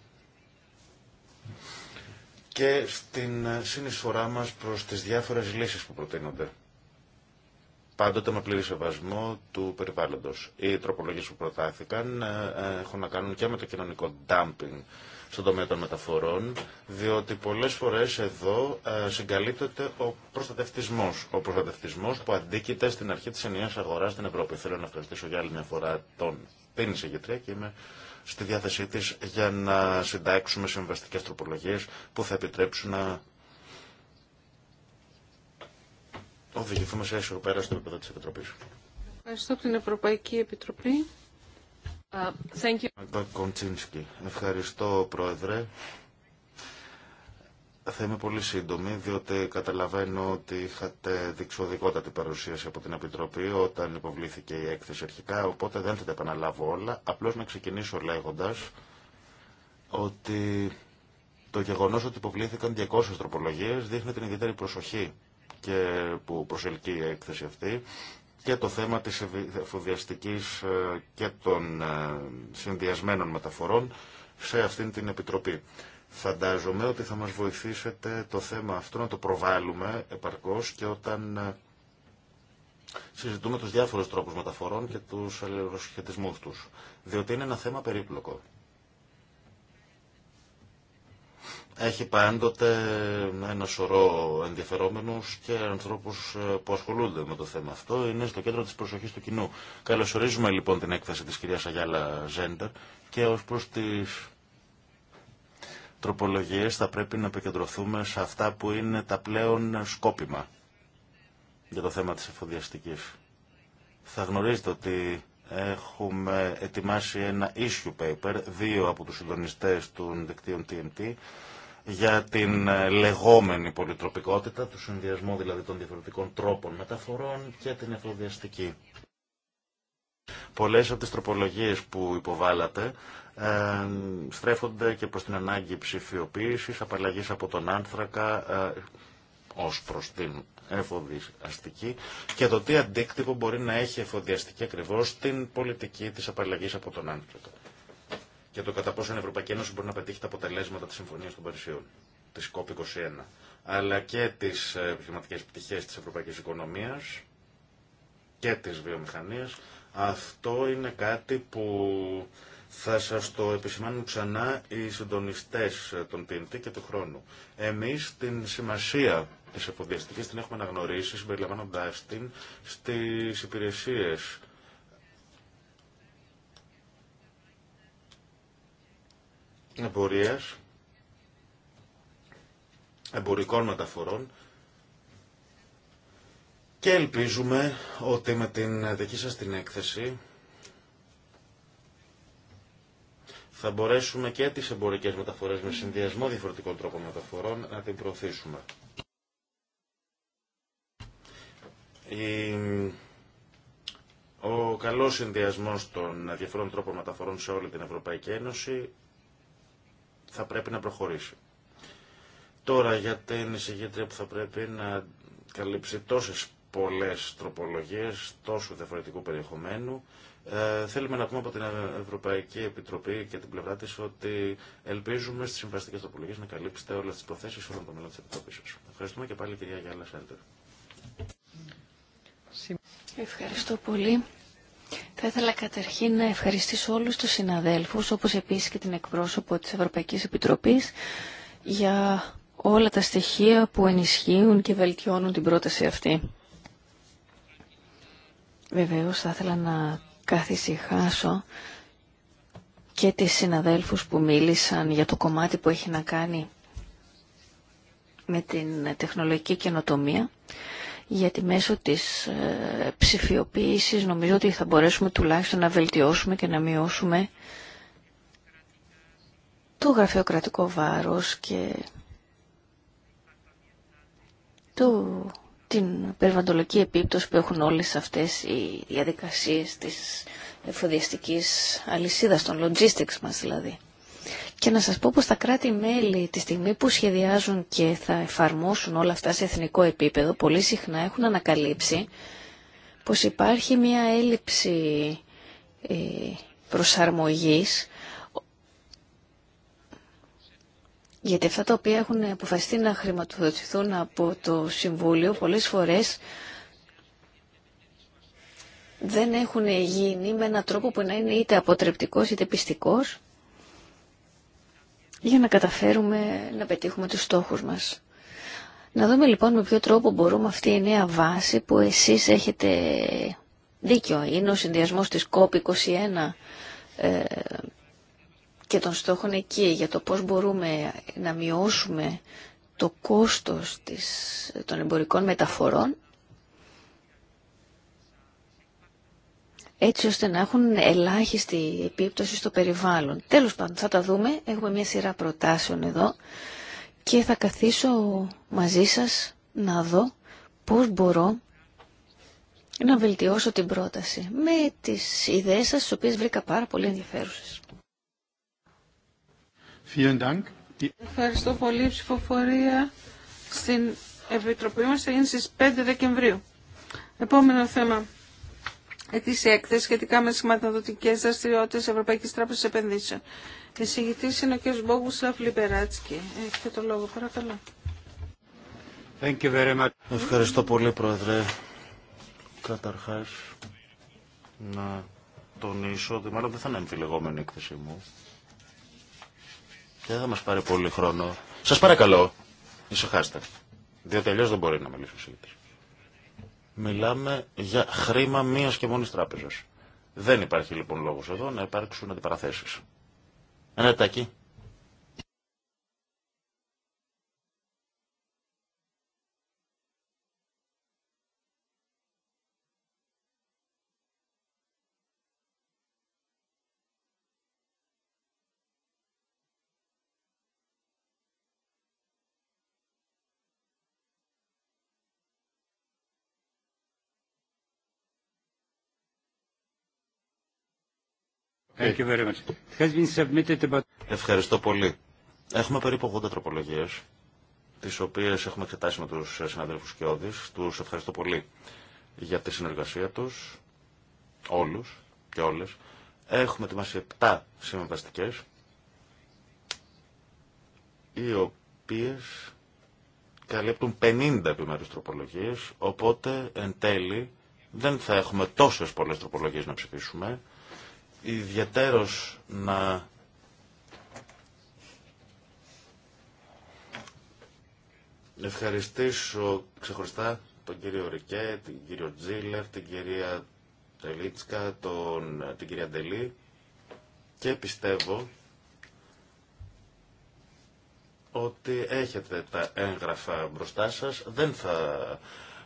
C: και στην ε, συνεισφορά μας προς τις διάφορες λύσεις που προτείνονται πάντοτε με πλήρη σεβασμό του περιβάλλοντος. Οι τροπολογίε που προτάθηκαν ε, ε, έχουν να κάνουν και με το κοινωνικό dumping στον τομέα των μεταφορών, διότι πολλές φορές εδώ ε, συγκαλύπτεται ο προστατευτισμός. Ο προστατευτισμός που αντίκειται στην αρχή της ενιαίας αγορά στην Ευρώπη. Θέλω να ευχαριστήσω για άλλη μια φορά τον, την εισηγητρία και είμαι στη διάθεσή της για να συντάξουμε συμβαστικές τροπολογίες που θα επιτρέψουν να οδηγηθούμε σε πέρα στο επίπεδο της Επιτροπής.
B: Ευχαριστώ την Ευρωπαϊκή Επιτροπή.
C: Ευχαριστώ, Πρόεδρε. Θα είμαι πολύ σύντομη, διότι καταλαβαίνω ότι είχατε δειξοδικότατη παρουσίαση από την Επιτροπή όταν υποβλήθηκε η έκθεση αρχικά, οπότε δεν θα τα επαναλάβω όλα. Απλώς να ξεκινήσω λέγοντας ότι το γεγονός ότι υποβλήθηκαν 200 τροπολογίες δείχνει την ιδιαίτερη προσοχή και που προσελκύει η έκθεση αυτή και το θέμα της εφοδιαστικής ε, και των ε, συνδυασμένων μεταφορών σε αυτήν την Επιτροπή. Φαντάζομαι ότι θα μας βοηθήσετε το θέμα αυτό να το προβάλλουμε επαρκώς και όταν ε, συζητούμε τους διάφορους τρόπους μεταφορών και τους αλληλοσχετισμούς τους. Διότι είναι ένα θέμα περίπλοκο. έχει πάντοτε ένα σωρό ενδιαφερόμενους και ανθρώπους ε, που ασχολούνται με το θέμα αυτό. Είναι στο κέντρο της προσοχής του κοινού. Καλωσορίζουμε λοιπόν την έκθεση της κυρίας Αγιάλα Ζέντερ και ως προς τις τροπολογίες θα πρέπει να επικεντρωθούμε σε αυτά που είναι τα πλέον σκόπιμα για το θέμα της εφοδιαστικής. Θα γνωρίζετε ότι έχουμε ετοιμάσει ένα issue paper, δύο από τους συντονιστές των δικτύων TNT, για την ε, λεγόμενη πολυτροπικότητα, του συνδυασμού δηλαδή των διαφορετικών τρόπων μεταφορών και την εφοδιαστική. Πολλές από τις τροπολογίες που υποβάλλατε ε, στρέφονται και προς την ανάγκη ψηφιοποίησης, απαλλαγής από τον άνθρακα ε, ως προς την εφοδιαστική και το τι αντίκτυπο μπορεί να έχει εφοδιαστική ακριβώς την πολιτική της απαλλαγής από τον άνθρακα και το κατά πόσο η Ευρωπαϊκή Ένωση μπορεί να πετύχει τα αποτελέσματα τη Συμφωνία των Παρισιών, τη COP21, αλλά και τι ε, επιχειρηματικέ πτυχέ τη ευρωπαϊκή οικονομία και τη βιομηχανία. Αυτό είναι κάτι που θα σα το επισημάνουν ξανά οι συντονιστέ ε, των TNT και του χρόνου. Εμεί την σημασία τη εφοδιαστικής την έχουμε αναγνωρίσει συμπεριλαμβάνοντά την στις υπηρεσίες εμπορίας, εμπορικών μεταφορών και ελπίζουμε ότι με την δική σας την έκθεση θα μπορέσουμε και τις εμπορικές μεταφορές με συνδυασμό διαφορετικών τρόπων μεταφορών να την προωθήσουμε. Ο καλός συνδυασμός των διαφορών τρόπων μεταφορών σε όλη την Ευρωπαϊκή Ένωση θα πρέπει να προχωρήσει. Τώρα για την εισηγήτρια που θα πρέπει να καλύψει τόσες πολλές τροπολογίες τόσο διαφορετικού περιεχομένου. Ε, θέλουμε να πούμε από την Ευρωπαϊκή Επιτροπή και την πλευρά της ότι ελπίζουμε στις συμβαστικές τροπολογίες να καλύψετε όλες τις προθέσεις όλων των μελών της Επιτροπής σας. Ευχαριστούμε και πάλι κυρία Γιάννα Σέντερ.
D: Ευχαριστώ πολύ. Θα ήθελα καταρχήν να ευχαριστήσω όλους τους συναδέλφους, όπως επίσης και την εκπρόσωπο της Ευρωπαϊκής
E: Επιτροπής,
D: για όλα τα στοιχεία που ενισχύουν και βελτιώνουν την πρόταση αυτή. Βεβαίως θα ήθελα να καθησυχάσω και τις συναδέλφους που μίλησαν για το κομμάτι που έχει να κάνει με την τεχνολογική καινοτομία γιατί μέσω της ε, ψηφιοποίησης νομίζω ότι θα μπορέσουμε τουλάχιστον να βελτιώσουμε και να μειώσουμε το γραφειοκρατικό βάρος και το, την περιβαλλοντική επίπτωση που έχουν όλες αυτές οι διαδικασίες της εφοδιαστικής αλυσίδας, των logistics μας δηλαδή και να σας πω πως τα κράτη-μέλη τη στιγμή που σχεδιάζουν και θα εφαρμόσουν όλα αυτά σε εθνικό επίπεδο πολύ συχνά έχουν ανακαλύψει πως υπάρχει μια έλλειψη ε, προσαρμογής γιατί αυτά τα οποία έχουν αποφασιστεί να χρηματοδοτηθούν από το Συμβούλιο πολλές φορές δεν έχουν γίνει με έναν τρόπο που να είναι είτε αποτρεπτικός είτε πιστικός για να καταφέρουμε να πετύχουμε τους στόχους μας. Να δούμε λοιπόν με ποιο τρόπο μπορούμε αυτή η νέα βάση που εσείς έχετε δίκιο. Είναι ο συνδυασμός της COP21 ε, και των στόχων εκεί για το πώς μπορούμε να μειώσουμε το κόστος της, των εμπορικών μεταφορών έτσι ώστε να έχουν ελάχιστη επίπτωση στο περιβάλλον. Τέλος πάντων, θα τα δούμε. Έχουμε μια σειρά προτάσεων εδώ και θα καθίσω μαζί σας να δω πώς μπορώ να βελτιώσω την πρόταση με τις ιδέες σας, τις οποίες βρήκα πάρα
B: πολύ ενδιαφέρουσες. Ευχαριστώ πολύ. Ψηφοφορία στην Επιτροπή μας θα στις 5 Δεκεμβρίου. Επόμενο θέμα ετήσια έκθεση σχετικά με τι χρηματοδοτικέ δραστηριότητε Ευρωπαϊκή Τράπεζα Επενδύσεων. Εισηγητή είναι ο κ. Μπόγκουσλαφ Λιμπεράτσκι. Έχετε το λόγο, παρακαλώ.
C: Thank you very much. Ευχαριστώ πολύ, Πρόεδρε. Καταρχά, να τονίσω ότι μάλλον δεν θα είναι εμφυλεγόμενη η έκθεσή μου. Και δεν θα μα πάρει πολύ χρόνο.
E: Σα παρακαλώ,
C: ησυχάστε. Διότι αλλιώ δεν μπορεί να μιλήσει ο Μιλάμε για χρήμα μία και μόνη τράπεζα. Δεν υπάρχει λοιπόν λόγο εδώ να υπάρξουν αντιπαραθέσει. Ένα τακί. Ευχαριστώ πολύ. Έχουμε περίπου 80 τροπολογίε, τι οποίε έχουμε εξετάσει με τους και όδη. Του ευχαριστώ πολύ για τη συνεργασία του, όλου και όλε. Έχουμε ετοιμάσει 7 συμβαστικέ, οι οποίε καλύπτουν 50 επιμέρου τροπολογίε. οπότε εν τέλει δεν θα έχουμε τόσε πολλέ τροπολογίε να ψηφίσουμε ιδιαίτερος να ευχαριστήσω ξεχωριστά τον κύριο Ρικέ, την κύριο Τζίλερ, την κυρία Τελίτσκα, τον, την κυρία Ντελή και πιστεύω ότι έχετε τα έγγραφα μπροστά σας. Δεν θα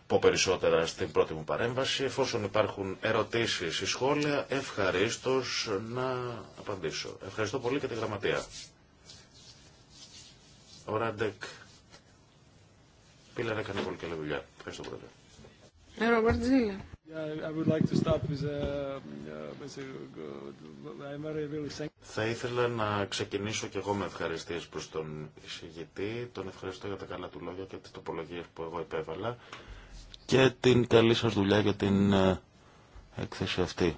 C: πω περισσότερα στην πρώτη μου παρέμβαση. Εφόσον υπάρχουν ερωτήσεις ή σχόλια, ευχαρίστως να απαντήσω. Ευχαριστώ πολύ και τη γραμματεία. Ο Ραντεκ να κάνει πολύ καλή δουλειά. Ευχαριστώ πολύ.
E: Ε, uh, uh, uh,
C: Θα ήθελα να ξεκινήσω και εγώ με ευχαριστίες προς τον εισηγητή. Τον ευχαριστώ για τα καλά του λόγια και τις τοπολογίες που εγώ υπέβαλα και την καλή σας δουλειά για την ε, έκθεση αυτή,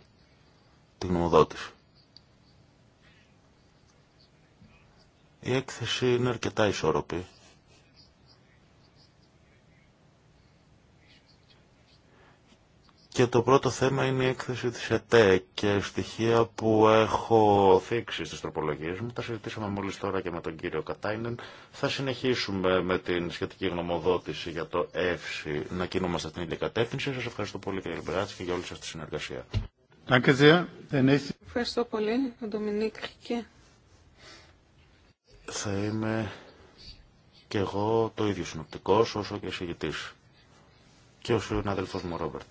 C: την γνωμοδότηση. Η έκθεση είναι αρκετά ισόρροπη Και το πρώτο θέμα είναι η έκθεση της ΕΤΕ και στοιχεία που έχω θίξει στις τροπολογίες μου. Τα συζητήσαμε μόλις τώρα και με τον κύριο Κατάινεν. Θα συνεχίσουμε με την σχετική γνωμοδότηση για το ΕΦΣΙ να κινούμαστε στην ίδια κατεύθυνση. Σας ευχαριστώ πολύ κύριε Λιμπεράτση και για όλη σας τη συνεργασία.
A: Ευχαριστώ πολύ, Θα είμαι
C: και εγώ το ίδιο συνοπτικός όσο και εισηγητής και ο συναδελφός μου Ρόμπερτ.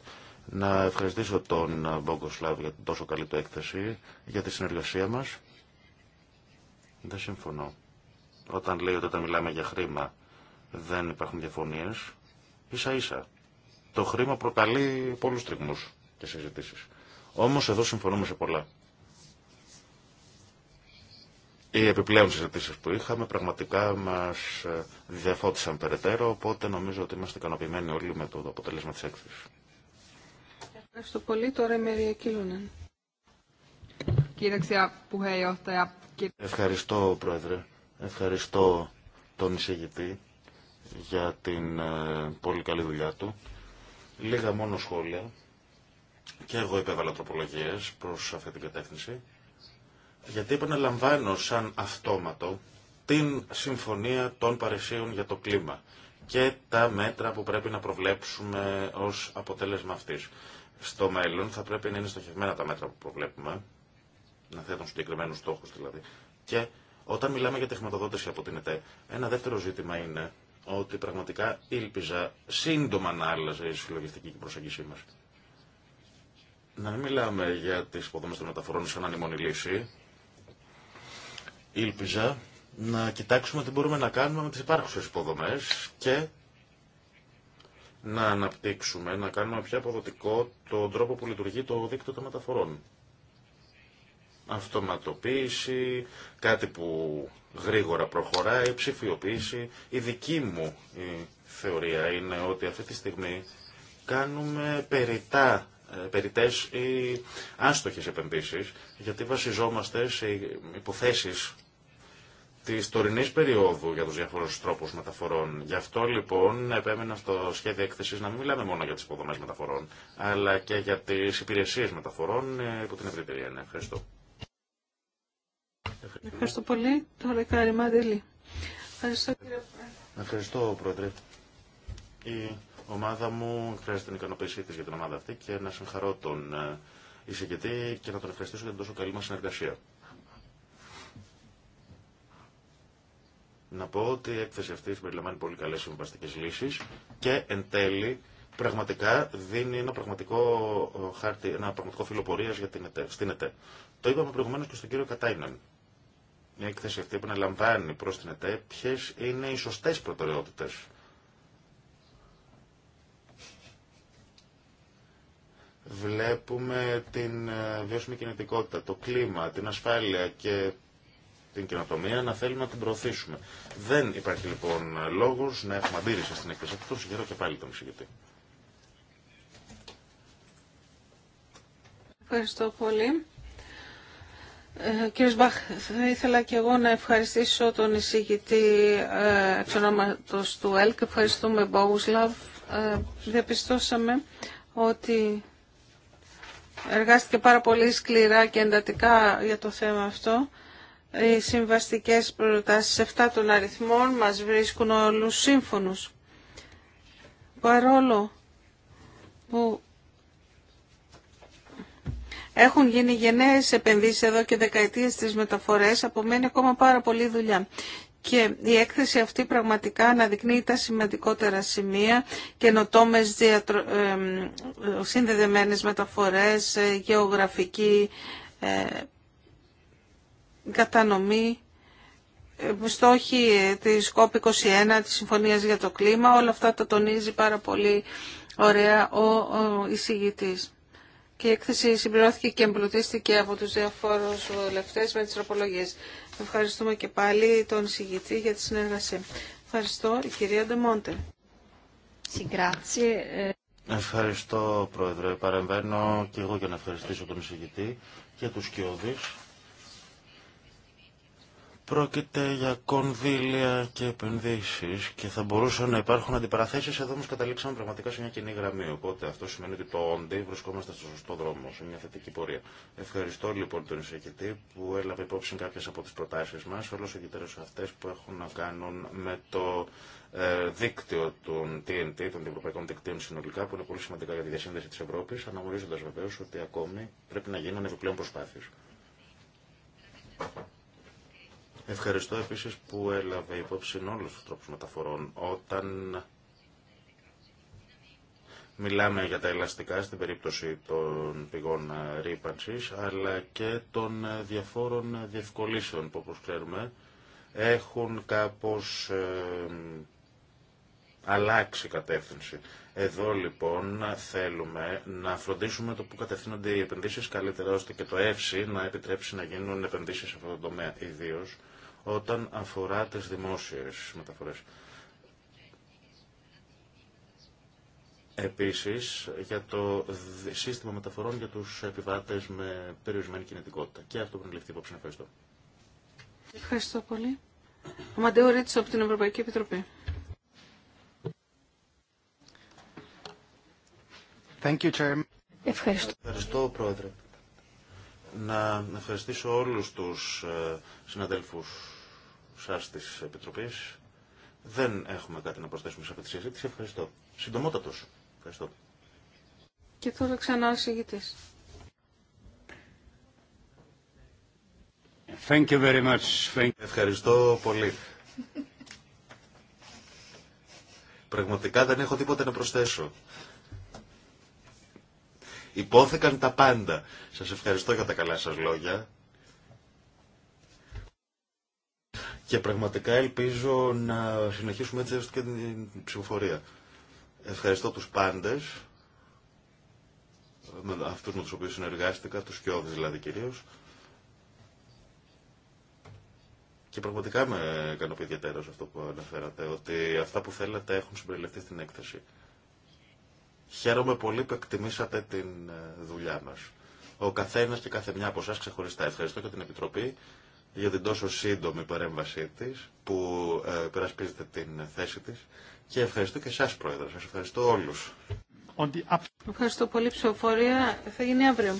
C: Να ευχαριστήσω τον Μπόγκοσλαβ για την τόσο καλή του έκθεση, για τη συνεργασία μας. Δεν συμφωνώ. Όταν λέει ότι όταν μιλάμε για χρήμα δεν υπάρχουν διαφωνίες, ίσα ίσα. Το χρήμα προκαλεί πολλούς τριγμούς και συζητήσεις. Όμως εδώ συμφωνούμε σε πολλά. Οι επιπλέον συζητήσεις που είχαμε πραγματικά μας ε, διαφώτισαν περαιτέρω, οπότε νομίζω ότι είμαστε ικανοποιημένοι όλοι με το αποτέλεσμα της έκθεσης.
B: Ευχαριστώ πολύ. Τώρα η Μερία
C: Ευχαριστώ, Πρόεδρε. Ευχαριστώ τον εισηγητή για την ε, πολύ καλή δουλειά του. Λίγα μόνο σχόλια. Και εγώ υπέβαλα τροπολογίες προς αυτή την κατεύθυνση. Γιατί επαναλαμβάνω σαν αυτόματο την Συμφωνία των Παρισίων για το κλίμα και τα μέτρα που πρέπει να προβλέψουμε ως αποτέλεσμα αυτής στο μέλλον θα πρέπει να είναι στοχευμένα τα μέτρα που προβλέπουμε, να θέτουν συγκεκριμένου στόχου δηλαδή. Και όταν μιλάμε για τη χρηματοδότηση από την ΕΤΕ, ένα δεύτερο ζήτημα είναι ότι πραγματικά ήλπιζα σύντομα να άλλαζε η συλλογιστική και η προσέγγιση μα. Να μην μιλάμε για τι υποδομέ των μεταφορών σαν ανημονή λύση. Ήλπιζα να κοιτάξουμε τι μπορούμε να κάνουμε με τι υπάρχουσε υποδομέ και να αναπτύξουμε, να κάνουμε πιο αποδοτικό τον τρόπο που λειτουργεί το δίκτυο των μεταφορών. Αυτοματοποίηση, κάτι που γρήγορα προχωράει, ψηφιοποίηση. Η δική μου η θεωρία είναι ότι αυτή τη στιγμή κάνουμε περιτά ε, περιτές ή άστοχες επενδύσεις, γιατί βασιζόμαστε σε υποθέσεις τη τωρινή περίοδου για του διαφορού τρόπου μεταφορών. Γι' αυτό λοιπόν επέμενα στο σχέδιο έκθεση να μην μιλάμε μόνο για τι υποδομέ μεταφορών, αλλά και για τι υπηρεσίε μεταφορών ε, που την ευρύτερη έννοια. Ευχαριστώ.
B: Ευχαριστώ πολύ. Τώρα η Μαντελή. Ευχαριστώ κύριε
C: Πρόεδρε. Ευχαριστώ Πρόεδρε. Η ομάδα μου χρειάζεται την ικανοποίησή τη για την ομάδα αυτή και να συγχαρώ τον ε, εισηγητή και να τον ευχαριστήσω για την τόσο καλή μα συνεργασία. Να πω ότι η έκθεση αυτή συμπεριλαμβάνει πολύ καλέ συμβαστικέ λύσει και εν τέλει πραγματικά δίνει ένα πραγματικό ε, χάρτη, ένα πραγματικό φύλλο για την στην ΕΤΕ. Το είπαμε προηγουμένω και στον κύριο Κατάιναν. Η έκθεση αυτή επαναλαμβάνει προ την ΕΤΕ ποιε είναι οι σωστέ προτεραιότητε. Βλέπουμε την ε, βιώσιμη κινητικότητα, το κλίμα, την ασφάλεια και την κοινοτομία να θέλουμε να την προωθήσουμε. Δεν υπάρχει λοιπόν λόγο να έχουμε αντίρρηση στην έκθεση αυτό. γύρω και πάλι τον εισηγητή.
B: Ευχαριστώ πολύ. Ε, Μπαχ, θα ήθελα και εγώ να ευχαριστήσω τον εισηγητή ε, εξ ονόματος του ΕΛΚ. Ευχαριστούμε, Μπόγουσλαβ. Ε, διαπιστώσαμε ότι εργάστηκε πάρα πολύ σκληρά και εντατικά για το θέμα αυτό οι συμβαστικές προτάσεις 7 των αριθμών μας βρίσκουν όλους σύμφωνους. Παρόλο που έχουν γίνει γενναίες επενδύσεις εδώ και δεκαετίες στις μεταφορές, απομένει ακόμα πάρα πολλή δουλειά. Και η έκθεση αυτή πραγματικά αναδεικνύει τα σημαντικότερα σημεία, καινοτόμες διατρο... συνδεδεμένες μεταφορές, ε, γεωγραφική ε, κατανομή, ε, στόχοι ε, της COP21, της Συμφωνίας για το Κλίμα, όλα αυτά τα τονίζει πάρα πολύ ωραία ο, ο εισηγητής. Και η έκθεση συμπληρώθηκε και εμπλουτίστηκε από τους διαφόρους βουλευτές με τις τροπολογίες. Ευχαριστούμε και πάλι τον εισηγητή για τη συνεργασία. Ευχαριστώ, η κυρία Ντεμόντε.
C: Ευχαριστώ, Πρόεδρε. Παρεμβαίνω και εγώ για να ευχαριστήσω τον εισηγητή και τους κοιόδης Πρόκειται για κονδύλια και επενδύσει και θα μπορούσαν να υπάρχουν αντιπαραθέσει. Εδώ όμω καταλήξαμε πραγματικά σε μια κοινή γραμμή. Οπότε αυτό σημαίνει ότι το όντι βρισκόμαστε στο σωστό δρόμο, σε μια θετική πορεία. Ευχαριστώ λοιπόν τον εισηγητή που έλαβε υπόψη κάποιε από τι προτάσει μα, όλο ιδιαίτερε αυτέ που έχουν να κάνουν με το ε, δίκτυο των TNT, των Ευρωπαϊκών Δικτύων συνολικά, που είναι πολύ σημαντικά για τη διασύνδεση τη Ευρώπη, αναγνωρίζοντα βεβαίω ότι ακόμη πρέπει να γίνουν επιπλέον προσπάθειε. Ευχαριστώ επίσης που έλαβε υπόψη όλους τους τρόπους μεταφορών όταν Μιλάμε για τα ελαστικά στην περίπτωση των πηγών ρήπανση, αλλά και των διαφόρων διευκολύσεων που όπως ξέρουμε έχουν κάπως ε, αλλάξει κατεύθυνση. Εδώ λοιπόν θέλουμε να φροντίσουμε το που κατευθύνονται οι επενδύσεις καλύτερα ώστε και το ΕΦΣΥ να επιτρέψει να γίνουν επενδύσεις σε αυτό το τομέα ιδίως όταν αφορά τις δημόσιες μεταφορές. Επίσης, για το σύστημα μεταφορών για τους επιβάτες με περιορισμένη κινητικότητα. Και αυτό πρέπει να ληφθεί υπόψη. Ευχαριστώ.
B: Ευχαριστώ πολύ. Ο Μαντέο Ρίτσο από την Ευρωπαϊκή Επιτροπή. Thank you, Ευχαριστώ.
C: Ευχαριστώ, Πρόεδρε. Να ευχαριστήσω όλους τους ε, συναδέλφους σας της Επιτροπή. Δεν έχουμε κάτι να προσθέσουμε σε αυτή τη συζήτηση. Ευχαριστώ. Συντομότατος. Ευχαριστώ.
B: Και τώρα ξανά ο
C: Thank you very much. Ευχαριστώ πολύ. Πραγματικά δεν έχω τίποτα να προσθέσω. Υπόθηκαν τα πάντα. Σας ευχαριστώ για τα καλά σας λόγια. Και πραγματικά ελπίζω να συνεχίσουμε έτσι και την ψηφοφορία. Ευχαριστώ τους πάντες, με αυτούς με τους οποίους συνεργάστηκα, τους Κιώδης δηλαδή κυρίως. Και πραγματικά με ικανοποιεί ιδιαίτερα αυτό που αναφέρατε, ότι αυτά που θέλατε έχουν συμπεριληφθεί στην έκθεση. Χαίρομαι πολύ που εκτιμήσατε την ε, δουλειά μας. Ο καθένας και κάθε μια από εσάς ξεχωριστά. Ευχαριστώ και την Επιτροπή για την τόσο σύντομη παρέμβασή της που ε, περασπίζεται την θέση τη και ευχαριστώ και εσά Πρόεδρε, σα ευχαριστώ όλου.
B: Ευχαριστώ πολύ ψηφοφορία, θα γίνει αύριο.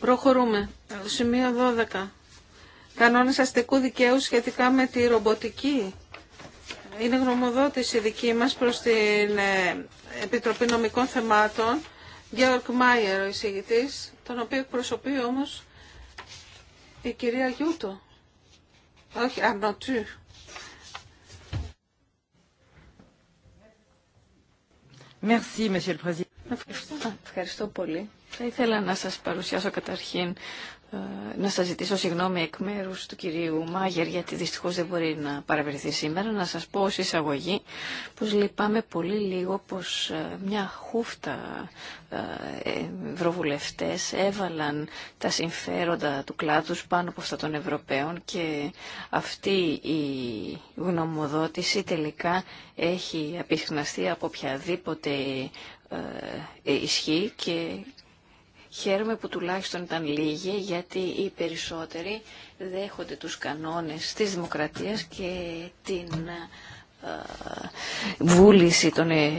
B: Προχωρούμε. Σημείο 12. Κανόνες αστικού δικαίου σχετικά με τη ρομποτική. Είναι γνωμοδότηση δική μας προς την ε, Επιτροπή Νομικών Θεμάτων, Γεωργ Μάιερ ο εισηγητής, τον οποίο εκπροσωπεί όμως η κυρία Γιούτο. Όχι, Αρνοτσού.
E: Merci, Monsieur le Président.
D: Ευχαριστώ. Ευχαριστώ πολύ. Θα ήθελα να σας παρουσιάσω καταρχήν ε, να σας ζητήσω συγγνώμη εκ μέρους του κυρίου Μάγερ γιατί δυστυχώς δεν μπορεί να παραβρεθεί σήμερα να σας πω ως εισαγωγή πως λυπάμαι πολύ λίγο πως ε, μια χούφτα ε, ευρωβουλευτές έβαλαν τα συμφέροντα του κλάδους πάνω από αυτά των Ευρωπαίων και αυτή η γνωμοδότηση τελικά έχει απεισχναστεί από οποιαδήποτε ισχύ και Χαίρομαι που τουλάχιστον ήταν λίγοι γιατί οι περισσότεροι δέχονται τους κανόνες της δημοκρατίας και την ε, ε, βούληση των ε,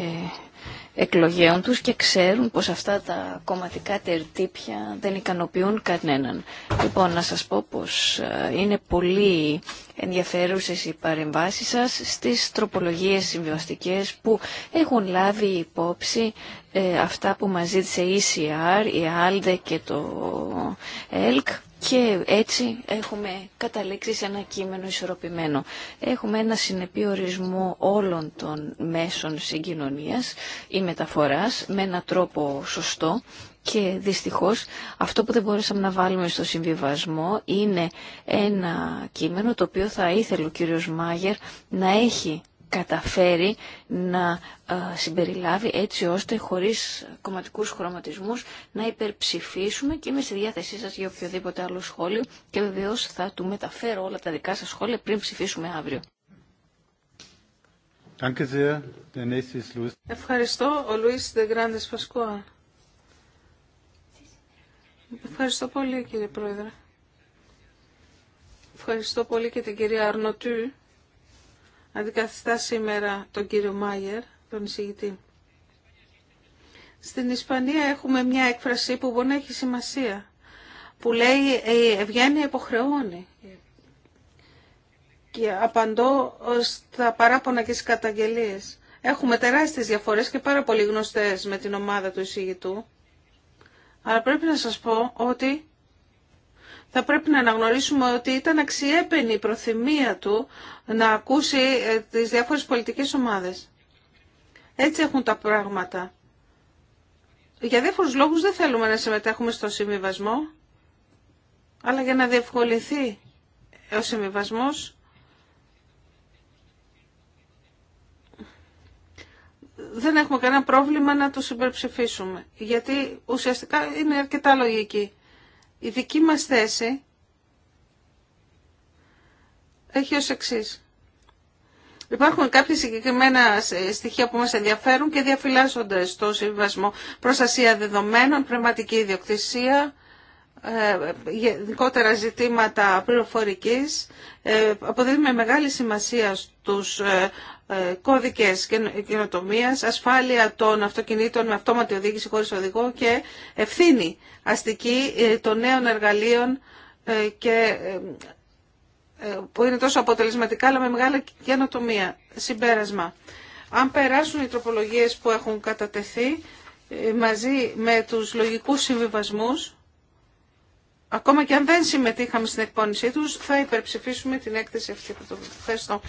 D: εκλογέων τους και ξέρουν πως αυτά τα κομματικά τερτύπια δεν ικανοποιούν κανέναν. Λοιπόν, να σας πω πως ε, είναι πολύ ενδιαφέρουσες οι παρεμβάσεις σας στις τροπολογίες συμβιβαστικές που έχουν λάβει υπόψη ε, αυτά που μας ζήτησε η ECR, η ALDE και το ELK και έτσι έχουμε καταλήξει σε ένα κείμενο ισορροπημένο. Έχουμε ένα συνεπή ορισμό όλων των μέσων συγκοινωνίας ή μεταφοράς με έναν τρόπο σωστό και δυστυχώς αυτό που δεν μπορέσαμε να βάλουμε στο συμβιβασμό είναι ένα κείμενο το οποίο θα ήθελε ο κύριος Μάγερ να έχει καταφέρει να ε, συμπεριλάβει έτσι ώστε χωρίς κομματικούς χρωματισμούς να υπερψηφίσουμε και είμαι στη διάθεσή σας για οποιοδήποτε άλλο σχόλιο και βεβαίως θα του μεταφέρω όλα τα δικά σας σχόλια πριν ψηφίσουμε αύριο.
B: Ευχαριστώ, ο Λουίς Δεγκράντες Πασκουά. Ευχαριστώ πολύ κύριε Πρόεδρε. Ευχαριστώ πολύ και την κυρία Αρνοτού αντικαθιστά σήμερα τον κύριο Μάιερ, τον εισηγητή. Στην Ισπανία έχουμε μια έκφραση που μπορεί να έχει σημασία, που λέει «Η «Ε, ευγένεια υποχρεώνει». Και απαντώ στα παράπονα και στις καταγγελίες. Έχουμε τεράστιες διαφορές και πάρα πολύ γνωστές με την ομάδα του εισηγητού. Αλλά πρέπει να σας πω ότι θα πρέπει να αναγνωρίσουμε ότι ήταν αξιέπαινη η προθυμία του να ακούσει ε, τις διάφορες πολιτικές ομάδες. Έτσι έχουν τα πράγματα. Για διάφορους λόγους δεν θέλουμε να συμμετέχουμε στο συμβιβασμό, αλλά για να διευκολυνθεί ο συμβιβασμό. Δεν έχουμε κανένα πρόβλημα να το συμπεριψηφίσουμε, γιατί ουσιαστικά είναι αρκετά λογική. Η δική μας θέση έχει ως εξής. Υπάρχουν κάποια συγκεκριμένα στοιχεία που μας ενδιαφέρουν και διαφυλάσσονται στο συμβασμό προστασία δεδομένων, πνευματική ιδιοκτησία, ε, γενικότερα ζητήματα πληροφορικής. Ε, Αποδίδουμε μεγάλη σημασία στους ε, ε, κώδικες καινοτομία, ασφάλεια των αυτοκινήτων με αυτόματη οδήγηση χωρίς οδηγό και ευθύνη αστική ε, των νέων εργαλείων ε, και που είναι τόσο αποτελεσματικά αλλά με μεγάλη καινοτομία. Συμπέρασμα. Αν περάσουν οι τροπολογίες που έχουν κατατεθεί μαζί με τους λογικούς συμβιβασμούς, ακόμα και αν δεν συμμετείχαμε στην εκπόνησή τους, θα υπερψηφίσουμε την έκθεση αυτή. Ευχαριστώ.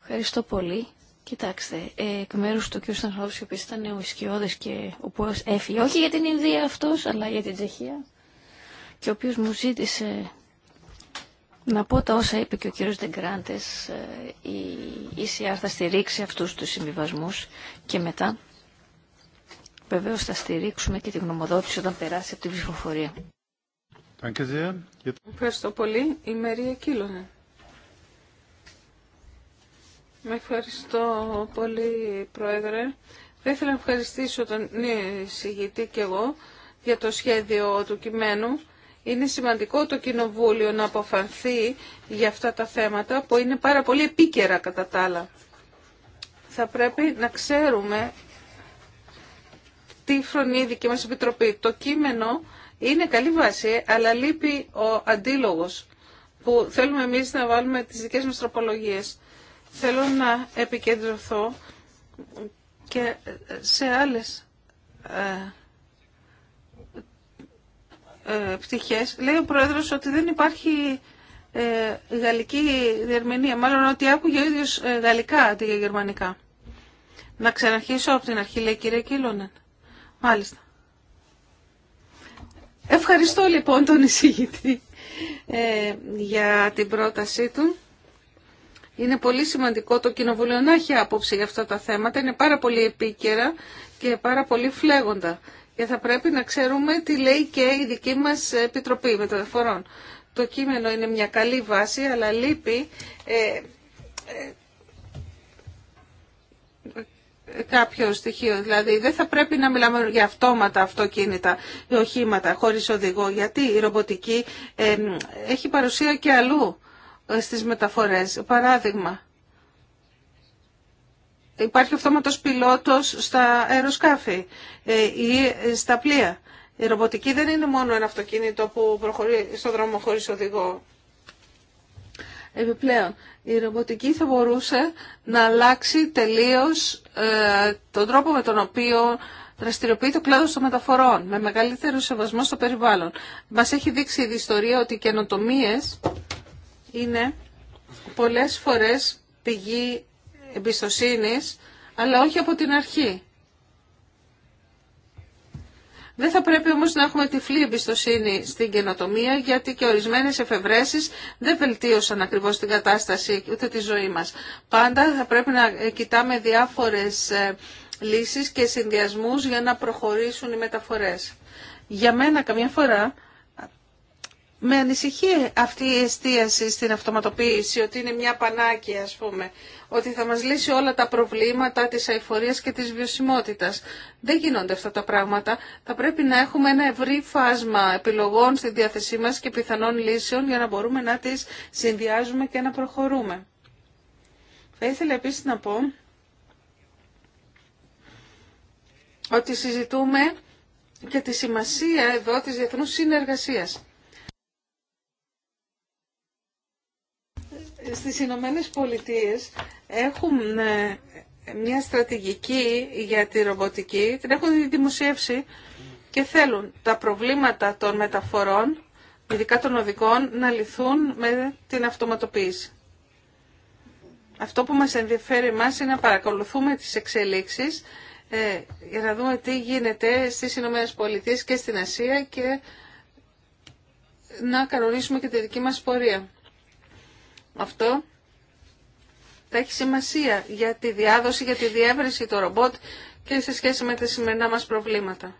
D: Ευχαριστώ πολύ. Κοιτάξτε, εκ μέρου του κ. Στανχόπης, ο οποίο ήταν ο Ισκιώδης και ο οποίο έφυγε, όχι για την Ινδία αυτό, αλλά για την Τσεχία, και ο οποίο μου ζήτησε να πω τα όσα είπε και ο κ. Δεγκράντες, ε, η ECR θα στηρίξει αυτού του συμβιβασμού, και μετά Βεβαίω θα στηρίξουμε και τη γνωμοδότηση όταν περάσει από την ψηφοφορία.
B: Ευχαριστώ πολύ. Η Μερία Κύλωνε. Με ευχαριστώ πολύ, Πρόεδρε. Θα ήθελα να ευχαριστήσω τον συγητή και εγώ για το σχέδιο του κειμένου. Είναι σημαντικό το Κοινοβούλιο να αποφανθεί για αυτά τα θέματα που είναι πάρα πολύ επίκαιρα κατά τα άλλα. Θα πρέπει να ξέρουμε τι φρονεί η μας Επιτροπή. Το κείμενο είναι καλή βάση, αλλά λείπει ο αντίλογος που θέλουμε εμείς να βάλουμε τις δικές μας τροπολογίες. Θέλω να επικεντρωθώ και σε άλλες ε, ε, πτυχές. Λέει ο Πρόεδρος ότι δεν υπάρχει ε, γαλλική διερμηνία, μάλλον ότι άκουγε ο ίδιος γαλλικά αντί για γερμανικά. Να ξαναρχίσω από την αρχή, λέει κυρία Κίλωνεν. Μάλιστα. Ευχαριστώ λοιπόν τον εισηγητή ε, για την πρότασή του. Είναι πολύ σημαντικό το Κοινοβουλίο να έχει άποψη για αυτά τα θέματα. Είναι πάρα πολύ επίκαιρα και πάρα πολύ φλέγοντα. Και θα πρέπει να ξέρουμε τι λέει και η δική μας Επιτροπή Μεταφορών. Το κείμενο είναι μια καλή βάση, αλλά λείπει ε, ε, κάποιο στοιχείο. Δηλαδή δεν θα πρέπει να μιλάμε για αυτόματα αυτοκίνητα ή οχήματα χωρίς οδηγό, γιατί η ρομποτική ε, έχει παρουσία και αλλού ε, στις μεταφορές. Παράδειγμα, υπάρχει αυτόματος πιλότος στα αεροσκάφη ε, ή ε, στα πλοία. Η ρομποτική δεν είναι μόνο ένα αυτοκίνητο που προχωρεί στον δρόμο χωρίς οδηγό. Επιπλέον, η ρομποτική θα μπορούσε να αλλάξει τελείως ε, τον τρόπο με τον οποίο δραστηριοποιεί το κλάδο των μεταφορών, με μεγαλύτερο σεβασμό στο περιβάλλον. Μας έχει δείξει η ιστορία ότι οι καινοτομίες είναι πολλές φορές πηγή εμπιστοσύνης, αλλά όχι από την αρχή. Δεν θα πρέπει όμως να έχουμε τυφλή εμπιστοσύνη στην καινοτομία, γιατί και ορισμένες εφευρέσεις δεν βελτίωσαν ακριβώς την κατάσταση ούτε τη ζωή μας. Πάντα θα πρέπει να κοιτάμε διάφορες ε, λύσεις και συνδυασμούς για να προχωρήσουν οι μεταφορές. Για μένα καμιά φορά με ανησυχεί αυτή η εστίαση στην αυτοματοποίηση, ότι είναι μια πανάκια ας πούμε, ότι θα μας λύσει όλα τα προβλήματα της αηφορίας και της βιωσιμότητας. Δεν γίνονται αυτά τα πράγματα. Θα πρέπει να έχουμε ένα ευρύ φάσμα επιλογών στη διάθεσή μας και πιθανών λύσεων για να μπορούμε να τις συνδυάζουμε και να προχωρούμε. Θα ήθελα επίσης να πω ότι συζητούμε και τη σημασία εδώ της διεθνούς συνεργασίας Στις Ηνωμένε Πολιτείες έχουν ε, μια στρατηγική για τη ρομποτική, την έχουν δημοσιεύσει και θέλουν τα προβλήματα των μεταφορών, ειδικά των οδικών, να λυθούν με την αυτοματοποίηση. Αυτό που μας ενδιαφέρει εμάς είναι να παρακολουθούμε τις εξελίξεις ε, για να δούμε τι γίνεται στις Ηνωμένες Πολιτείες και στην Ασία και να κανονίσουμε και τη δική μας πορεία. Αυτό θα έχει σημασία για τη διάδοση, για τη διεύρυνση του ρομπότ και σε σχέση με τα σημερινά μας προβλήματα.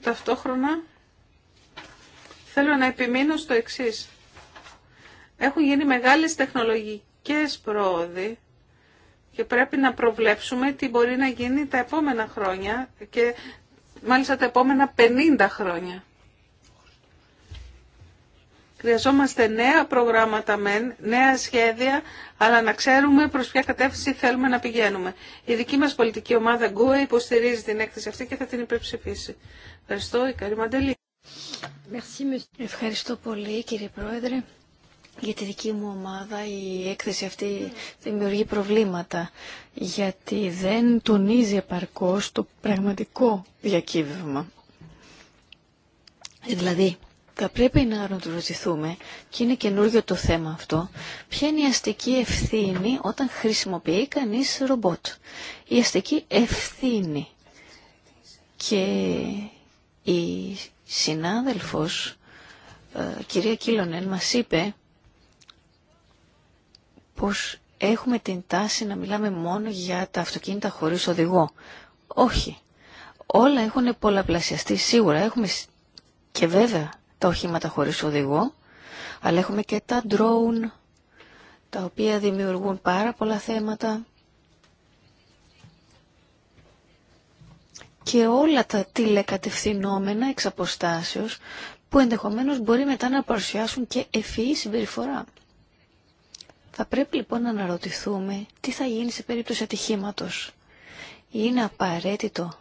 B: Ταυτόχρονα θέλω να επιμείνω στο εξής. Έχουν γίνει μεγάλες τεχνολογικές πρόοδοι και πρέπει να προβλέψουμε τι μπορεί να γίνει τα επόμενα χρόνια και μάλιστα τα επόμενα 50 χρόνια. Χρειαζόμαστε νέα προγράμματα μεν, νέα σχέδια, αλλά να ξέρουμε προ ποια κατεύθυνση θέλουμε να πηγαίνουμε. Η δική μα πολιτική ομάδα Γκουε υποστηρίζει την έκθεση αυτή και θα την υπερψηφίσει. Ευχαριστώ, η Καρή Μαντελή. Ευχαριστώ πολύ,
D: κύριε Πρόεδρε. Για τη δική μου ομάδα η έκθεση αυτή δημιουργεί προβλήματα γιατί δεν τονίζει επαρκώς το πραγματικό διακύβευμα. Δηλαδή, θα πρέπει να ρωτηθούμε, και είναι καινούργιο το θέμα αυτό, ποια είναι η αστική ευθύνη όταν χρησιμοποιεί κανείς ρομπότ. Η αστική ευθύνη. Και η συνάδελφος, ε, κυρία Κίλονεν, μας είπε πως έχουμε την τάση να μιλάμε μόνο για τα αυτοκίνητα χωρίς οδηγό. Όχι. Όλα έχουν πολλαπλασιαστεί σίγουρα. Έχουμε και βέβαια τα οχήματα χωρίς οδηγό, αλλά έχουμε και τα drone, τα οποία δημιουργούν πάρα πολλά θέματα. Και όλα τα τηλεκατευθυνόμενα εξ αποστάσεως, που ενδεχομένως μπορεί μετά να παρουσιάσουν και ευφυή συμπεριφορά. Θα πρέπει λοιπόν να αναρωτηθούμε τι θα γίνει σε περίπτωση ατυχήματος. Είναι απαραίτητο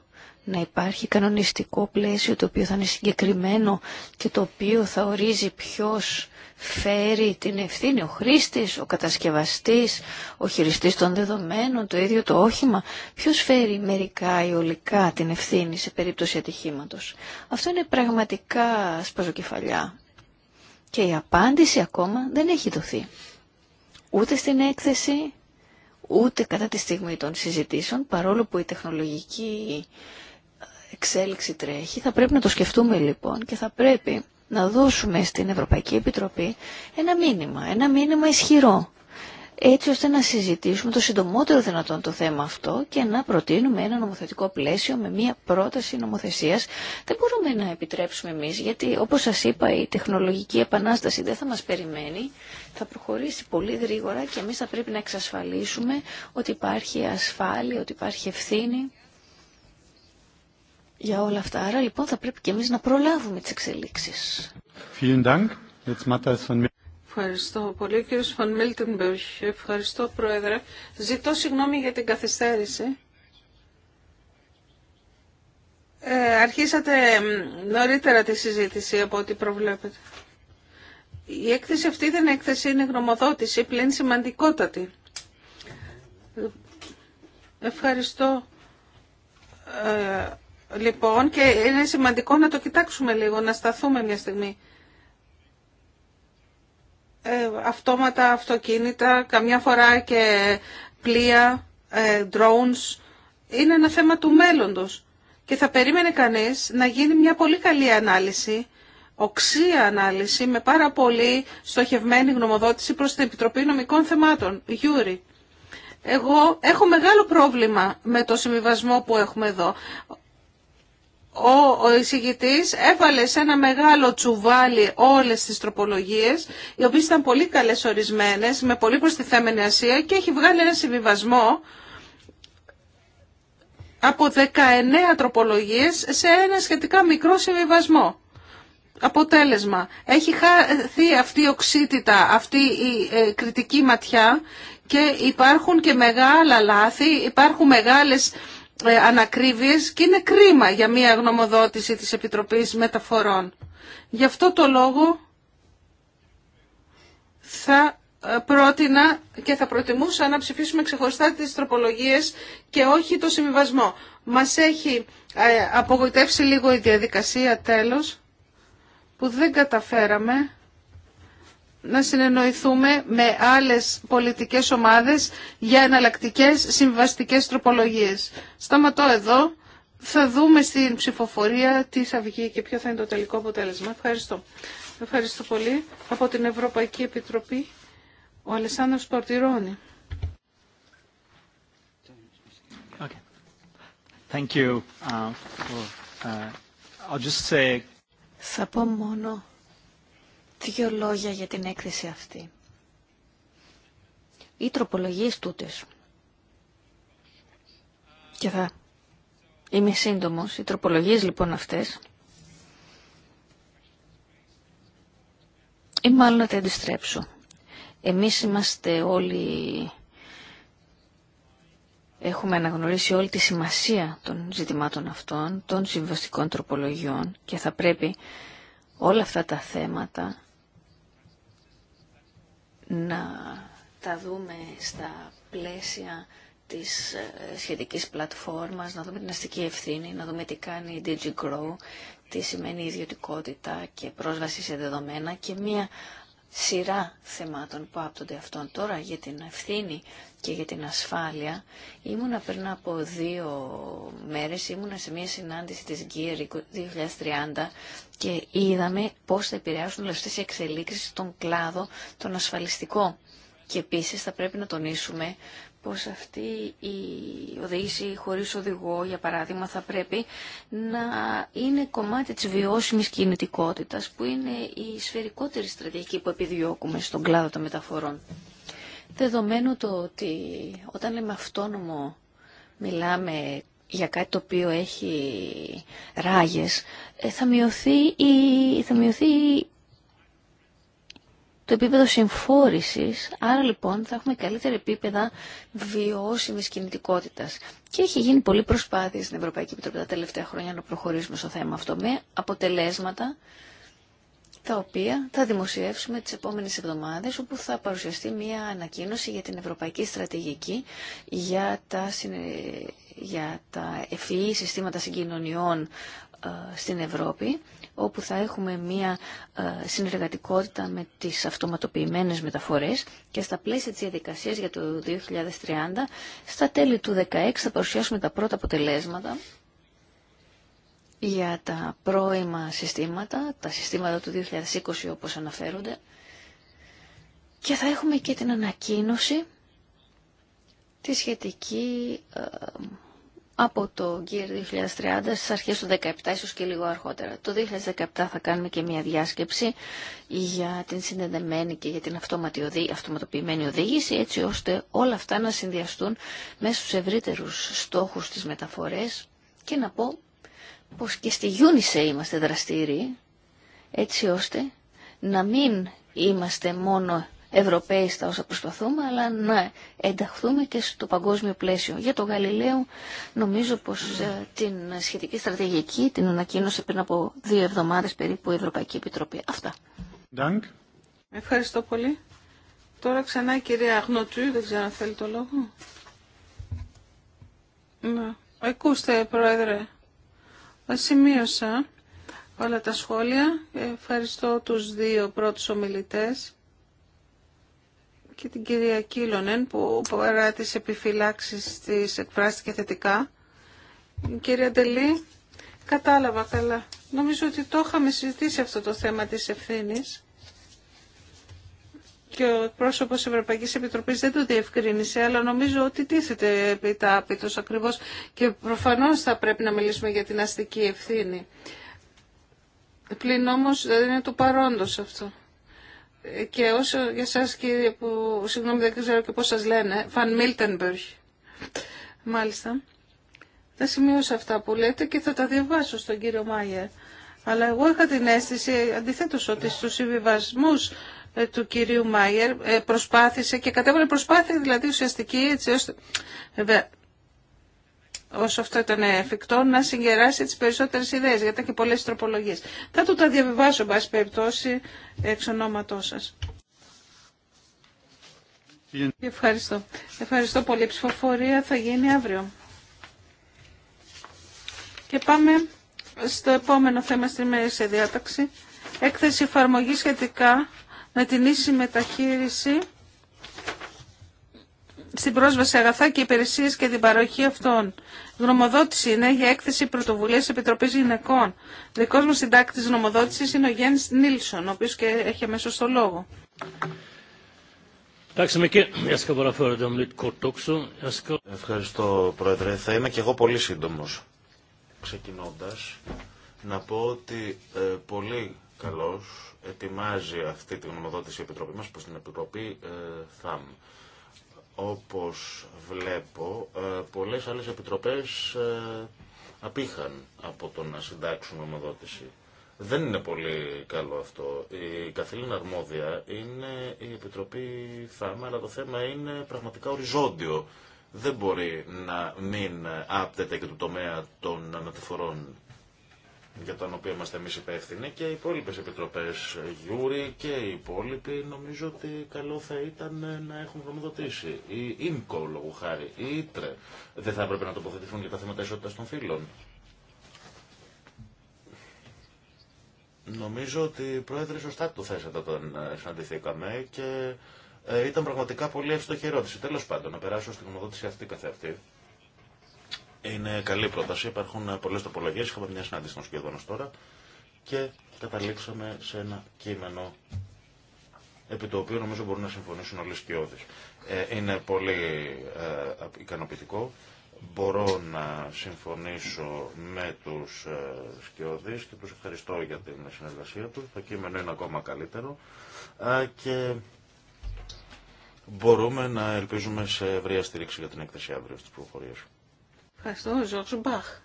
D: να υπάρχει κανονιστικό πλαίσιο το οποίο θα είναι συγκεκριμένο και το οποίο θα ορίζει ποιος φέρει την ευθύνη, ο χρήστης, ο κατασκευαστής, ο χειριστής των δεδομένων, το ίδιο το όχημα, ποιος φέρει μερικά ή ολικά την ευθύνη σε περίπτωση ατυχήματος. Αυτό είναι πραγματικά σπαζοκεφαλιά. Και η απάντηση ακόμα δεν έχει δοθεί. Ούτε στην έκθεση, ούτε κατά τη στιγμή των συζητήσεων, παρόλο που η τεχνολογική εξέλιξη τρέχει. Θα πρέπει να το σκεφτούμε λοιπόν και θα πρέπει να δώσουμε στην Ευρωπαϊκή Επιτροπή ένα μήνυμα, ένα μήνυμα ισχυρό έτσι ώστε να συζητήσουμε το συντομότερο δυνατόν το θέμα αυτό και να προτείνουμε ένα νομοθετικό πλαίσιο με μια πρόταση νομοθεσίας. Δεν μπορούμε να επιτρέψουμε εμείς, γιατί όπως σας είπα η τεχνολογική επανάσταση δεν θα μας περιμένει, θα προχωρήσει πολύ γρήγορα και εμείς θα πρέπει να εξασφαλίσουμε ότι υπάρχει ασφάλεια, ότι υπάρχει ευθύνη για όλα αυτά. Άρα λοιπόν θα πρέπει και εμείς να προλάβουμε τις
B: εξελίξεις. Ευχαριστώ πολύ κύριο Σφαν Μίλτενμπεργκ. Ευχαριστώ Πρόεδρε. Ζητώ συγγνώμη για την καθυστέρηση. Ε, αρχίσατε νωρίτερα τη συζήτηση από ό,τι προβλέπετε. Η έκθεση αυτή δεν είναι έκθεση, είναι γνωμοδότηση, πλην σημαντικότατη. Ε, ευχαριστώ ε, λοιπόν και είναι σημαντικό να το κοιτάξουμε λίγο, να σταθούμε μια στιγμή. Ε, αυτόματα αυτοκίνητα, καμιά φορά και πλοία, ε, drones, είναι ένα θέμα του μέλλοντος. Και θα περίμενε κανείς να γίνει μια πολύ καλή ανάλυση, οξία ανάλυση, με πάρα πολύ στοχευμένη γνωμοδότηση προς την Επιτροπή Νομικών Θεμάτων, Γιούρι. Εγώ έχω μεγάλο πρόβλημα με το συμβιβασμό που έχουμε εδώ ο εισηγητής έβαλε σε ένα μεγάλο τσουβάλι όλες τις τροπολογίες, οι οποίες ήταν πολύ καλές ορισμένες, με πολύ προστιθέμενη ασία και έχει βγάλει ένα συμβιβασμό από 19 τροπολογίες σε ένα σχετικά μικρό συμβιβασμό. Αποτέλεσμα, έχει χαθεί αυτή η οξύτητα, αυτή η ε, κριτική ματιά και υπάρχουν και μεγάλα λάθη, υπάρχουν μεγάλες ε, ανακρίβειες και είναι κρίμα για μια γνωμοδότηση της Επιτροπής Μεταφορών. Γι' αυτό το λόγο θα ε, πρότεινα και θα προτιμούσα να ψηφίσουμε ξεχωριστά τις τροπολογίες και όχι το συμβιβασμό. Μας έχει ε, απογοητεύσει λίγο η διαδικασία τέλος που δεν καταφέραμε να συνεννοηθούμε με άλλες πολιτικές ομάδες για εναλλακτικέ συμβαστικές τροπολογίες. Σταματώ εδώ. Θα δούμε στην ψηφοφορία τι θα βγει και ποιο θα είναι το τελικό αποτέλεσμα. Ευχαριστώ. Ευχαριστώ πολύ. Από την Ευρωπαϊκή Επιτροπή, ο Αλεσάνδρος Παρτιρώνη.
C: Okay.
D: Thank uh, uh, say... Θα πω μόνο Δύο λόγια για την έκθεση αυτή. Οι τροπολογίες τούτες. Και θα είμαι σύντομος. Οι τροπολογίες λοιπόν αυτές ή μάλλον να τα αντιστρέψω. Εμείς είμαστε όλοι... Έχουμε αναγνωρίσει όλη τη σημασία των ζητημάτων αυτών, των συμβαστικών τροπολογιών και θα πρέπει όλα αυτά τα θέματα να τα δούμε στα πλαίσια της ε, σχετικής πλατφόρμας, να δούμε την αστική ευθύνη, να δούμε τι κάνει η DigiGrow, τι σημαίνει ιδιωτικότητα και πρόσβαση σε δεδομένα και μία σειρά θεμάτων που άπτονται αυτών τώρα για την ευθύνη και για την ασφάλεια. Ήμουνα πριν από δύο μέρες, ήμουνα σε μια συνάντηση της Gear 2030 και είδαμε πώς θα επηρεάσουν όλες αυτές οι εξελίξεις στον κλάδο τον ασφαλιστικό. Και επίσης θα πρέπει να τονίσουμε πως αυτή η οδήγηση χωρίς οδηγό, για παράδειγμα, θα πρέπει να είναι κομμάτι της βιώσιμης κινητικότητας, που είναι η σφαιρικότερη στρατηγική που επιδιώκουμε στον κλάδο των μεταφορών. Δεδομένου το ότι όταν λέμε αυτόνομο μιλάμε για κάτι το οποίο έχει ράγες, ε, θα μειωθεί η, θα μειωθεί το επίπεδο συμφόρηση, άρα λοιπόν θα έχουμε καλύτερα επίπεδα βιώσιμη κινητικότητας. Και έχει γίνει πολλή προσπάθεια στην Ευρωπαϊκή Επιτροπή τα τελευταία χρόνια να προχωρήσουμε στο θέμα αυτό με αποτελέσματα τα οποία θα δημοσιεύσουμε τις επόμενες εβδομάδες, όπου θα παρουσιαστεί μία ανακοίνωση για την Ευρωπαϊκή Στρατηγική για τα, για τα συστήματα συγκοινωνιών ε, στην Ευρώπη, όπου θα έχουμε μία ε, συνεργατικότητα με τις αυτοματοποιημένες μεταφορές και στα πλαίσια της διαδικασίας για το 2030, στα τέλη του 2016 θα παρουσιάσουμε τα πρώτα αποτελέσματα για τα πρώιμα συστήματα, τα συστήματα του 2020 όπως αναφέρονται και θα έχουμε και την ανακοίνωση τη σχετική ε, από το Gear 2030 στις αρχές του 2017, ίσως και λίγο αργότερα. Το 2017 θα κάνουμε και μια διάσκεψη για την συνδεδεμένη και για την αυτοματοποιημένη οδήγηση, έτσι ώστε όλα αυτά να συνδυαστούν μέσα στους ευρύτερους στόχους της μεταφορές και να πω πως και στη Γιούνισε είμαστε δραστήριοι, έτσι ώστε να μην είμαστε μόνο Ευρωπαίοι στα όσα προσπαθούμε, αλλά να ενταχθούμε και στο παγκόσμιο πλαίσιο. Για τον Γαλιλαίο νομίζω πως ε, την σχετική στρατηγική την ανακοίνωσε πριν από δύο εβδομάδες περίπου
B: η Ευρωπαϊκή Επιτροπή. Αυτά. Ευχαριστώ πολύ. Τώρα ξανά η κυρία Αγνοτού, δεν ξέρω αν θέλει το λόγο. Να. Ακούστε, Πρόεδρε. Σημείωσα όλα τα σχόλια. Ευχαριστώ τους δύο πρώτους ομιλητές και την κυρία Κίλονεν που παρά τις επιφυλάξεις της εκφράστηκε θετικά. κυρία Ντελή, κατάλαβα καλά. Νομίζω ότι το είχαμε συζητήσει αυτό το θέμα της ευθύνη. και ο πρόσωπος Ευρωπαϊκή Επιτροπής δεν το διευκρίνησε, αλλά νομίζω ότι τίθεται επί τα άπητος και προφανώς θα πρέπει να μιλήσουμε για την αστική ευθύνη. Πλην όμως δεν δηλαδή, είναι το παρόντος αυτό και όσο για σας κύριε που συγγνώμη δεν ξέρω και πώς σας λένε, Φαν Μίλτενμπεργκ. Μάλιστα. θα σημειώσω αυτά που λέτε και θα τα διαβάσω στον κύριο Μάιερ. Αλλά εγώ είχα την αίσθηση αντιθέτως ότι στους συμβιβασμούς ε, του κυρίου Μάιερ ε, προσπάθησε και κατέβαλε προσπάθεια δηλαδή ουσιαστική έτσι ώστε βέβαια όσο αυτό ήταν εφικτό, να συγκεράσει τις περισσότερες ιδέες, γιατί έχει πολλέ τροπολογίε. Θα του τα διαβιβάσω, εν πάση περιπτώσει, εξ ονόματό σα. Ευχαριστώ. Ευχαριστώ πολύ. Η ψηφοφορία θα γίνει αύριο. Και πάμε στο επόμενο θέμα στη μέρη σε διάταξη. Έκθεση εφαρμογή σχετικά με την ίση μεταχείριση στην πρόσβαση αγαθά και υπηρεσίε και την παροχή αυτών. Γνωμοδότηση είναι για έκθεση πρωτοβουλία Επιτροπή Γυναικών. Δικό μου συντάκτη γνωμοδότηση είναι ο Γιάννη Νίλσον, ο οποίο και έχει αμέσω το λόγο.
C: Ευχαριστώ, Πρόεδρε. Θα είμαι και εγώ πολύ σύντομο. Ξεκινώντα, να πω ότι ε, πολύ καλώ ετοιμάζει αυτή τη γνωμοδότηση η Επιτροπή μα προ την Επιτροπή ε, ΘΑΜ όπως βλέπω, ε, πολλές άλλες επιτροπές ε, απήχαν από το να συντάξουν ομοδότηση. Δεν είναι πολύ καλό αυτό. Η καθήλυνα αρμόδια είναι η Επιτροπή θάμα, αλλά το θέμα είναι πραγματικά οριζόντιο. Δεν μπορεί να μην άπτεται και το τομέα των ανατηφορών για τον οποίο είμαστε εμεί υπεύθυνοι και οι υπόλοιπε επιτροπέ Γιούρι και οι υπόλοιποι νομίζω ότι καλό θα ήταν να έχουν γνωμοδοτήσει. Η ΙΜΚΟ λόγου χάρη, η ΙΤΡΕ δεν θα έπρεπε να τοποθετηθούν για τα θέματα ισότητα των φύλων. Νομίζω ότι πρόεδρε σωστά το θέσατε όταν ε, συναντηθήκαμε και ε, ήταν πραγματικά πολύ εύστοχη ερώτηση. Τέλο πάντων, να περάσω στην γνωμοδότηση αυτή καθεαυτή. αυτή είναι καλή πρόταση. Υπάρχουν πολλέ τοπολογίε. Είχαμε μια συνάντηση των σχεδόν τώρα και καταλήξαμε σε ένα κείμενο επί το οποίο νομίζω μπορούν να συμφωνήσουν όλοι οι σκιώδει. Ε, είναι πολύ ε, ικανοποιητικό. Μπορώ να συμφωνήσω με τους ε, και τους ευχαριστώ για την συνεργασία του. Το κείμενο είναι ακόμα καλύτερο ε, και μπορούμε να ελπίζουμε σε ευρεία στήριξη για την έκθεση αύριο στις προφορίες.
B: Ευχαριστώ, Ζόρτζου Μπαχ.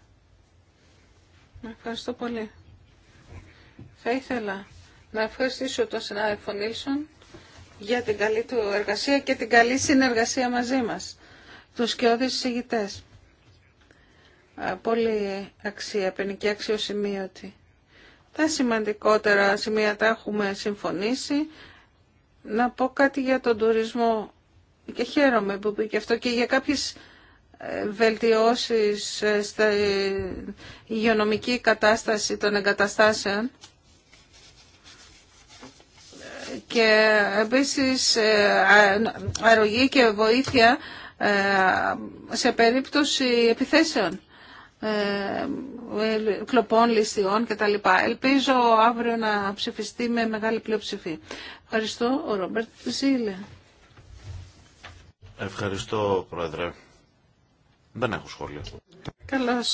B: Ευχαριστώ πολύ. Θα ήθελα να ευχαριστήσω τον συνάδελφο Νίλσον για την καλή του εργασία και την καλή συνεργασία μαζί μας, τους κοιόδης συγητές. Πολύ αξία, σημείο αξιοσημείωτη. Τα σημαντικότερα σημεία τα έχουμε συμφωνήσει. Να πω κάτι για τον τουρισμό και χαίρομαι που πήγε αυτό και για κάποιες βελτιώσεις στα υγειονομική κατάσταση των εγκαταστάσεων και επίσης ε, αρρωγή και βοήθεια ε, σε περίπτωση επιθέσεων ε, κλοπών, ληστιών κτλ. Ελπίζω αύριο να ψηφιστεί με μεγάλη πλειοψηφία. Ευχαριστώ, ο Ρόμπερτ Ζήλε.
C: Ευχαριστώ, Πρόεδρε. Δεν έχω σχόλια.
B: Καλώ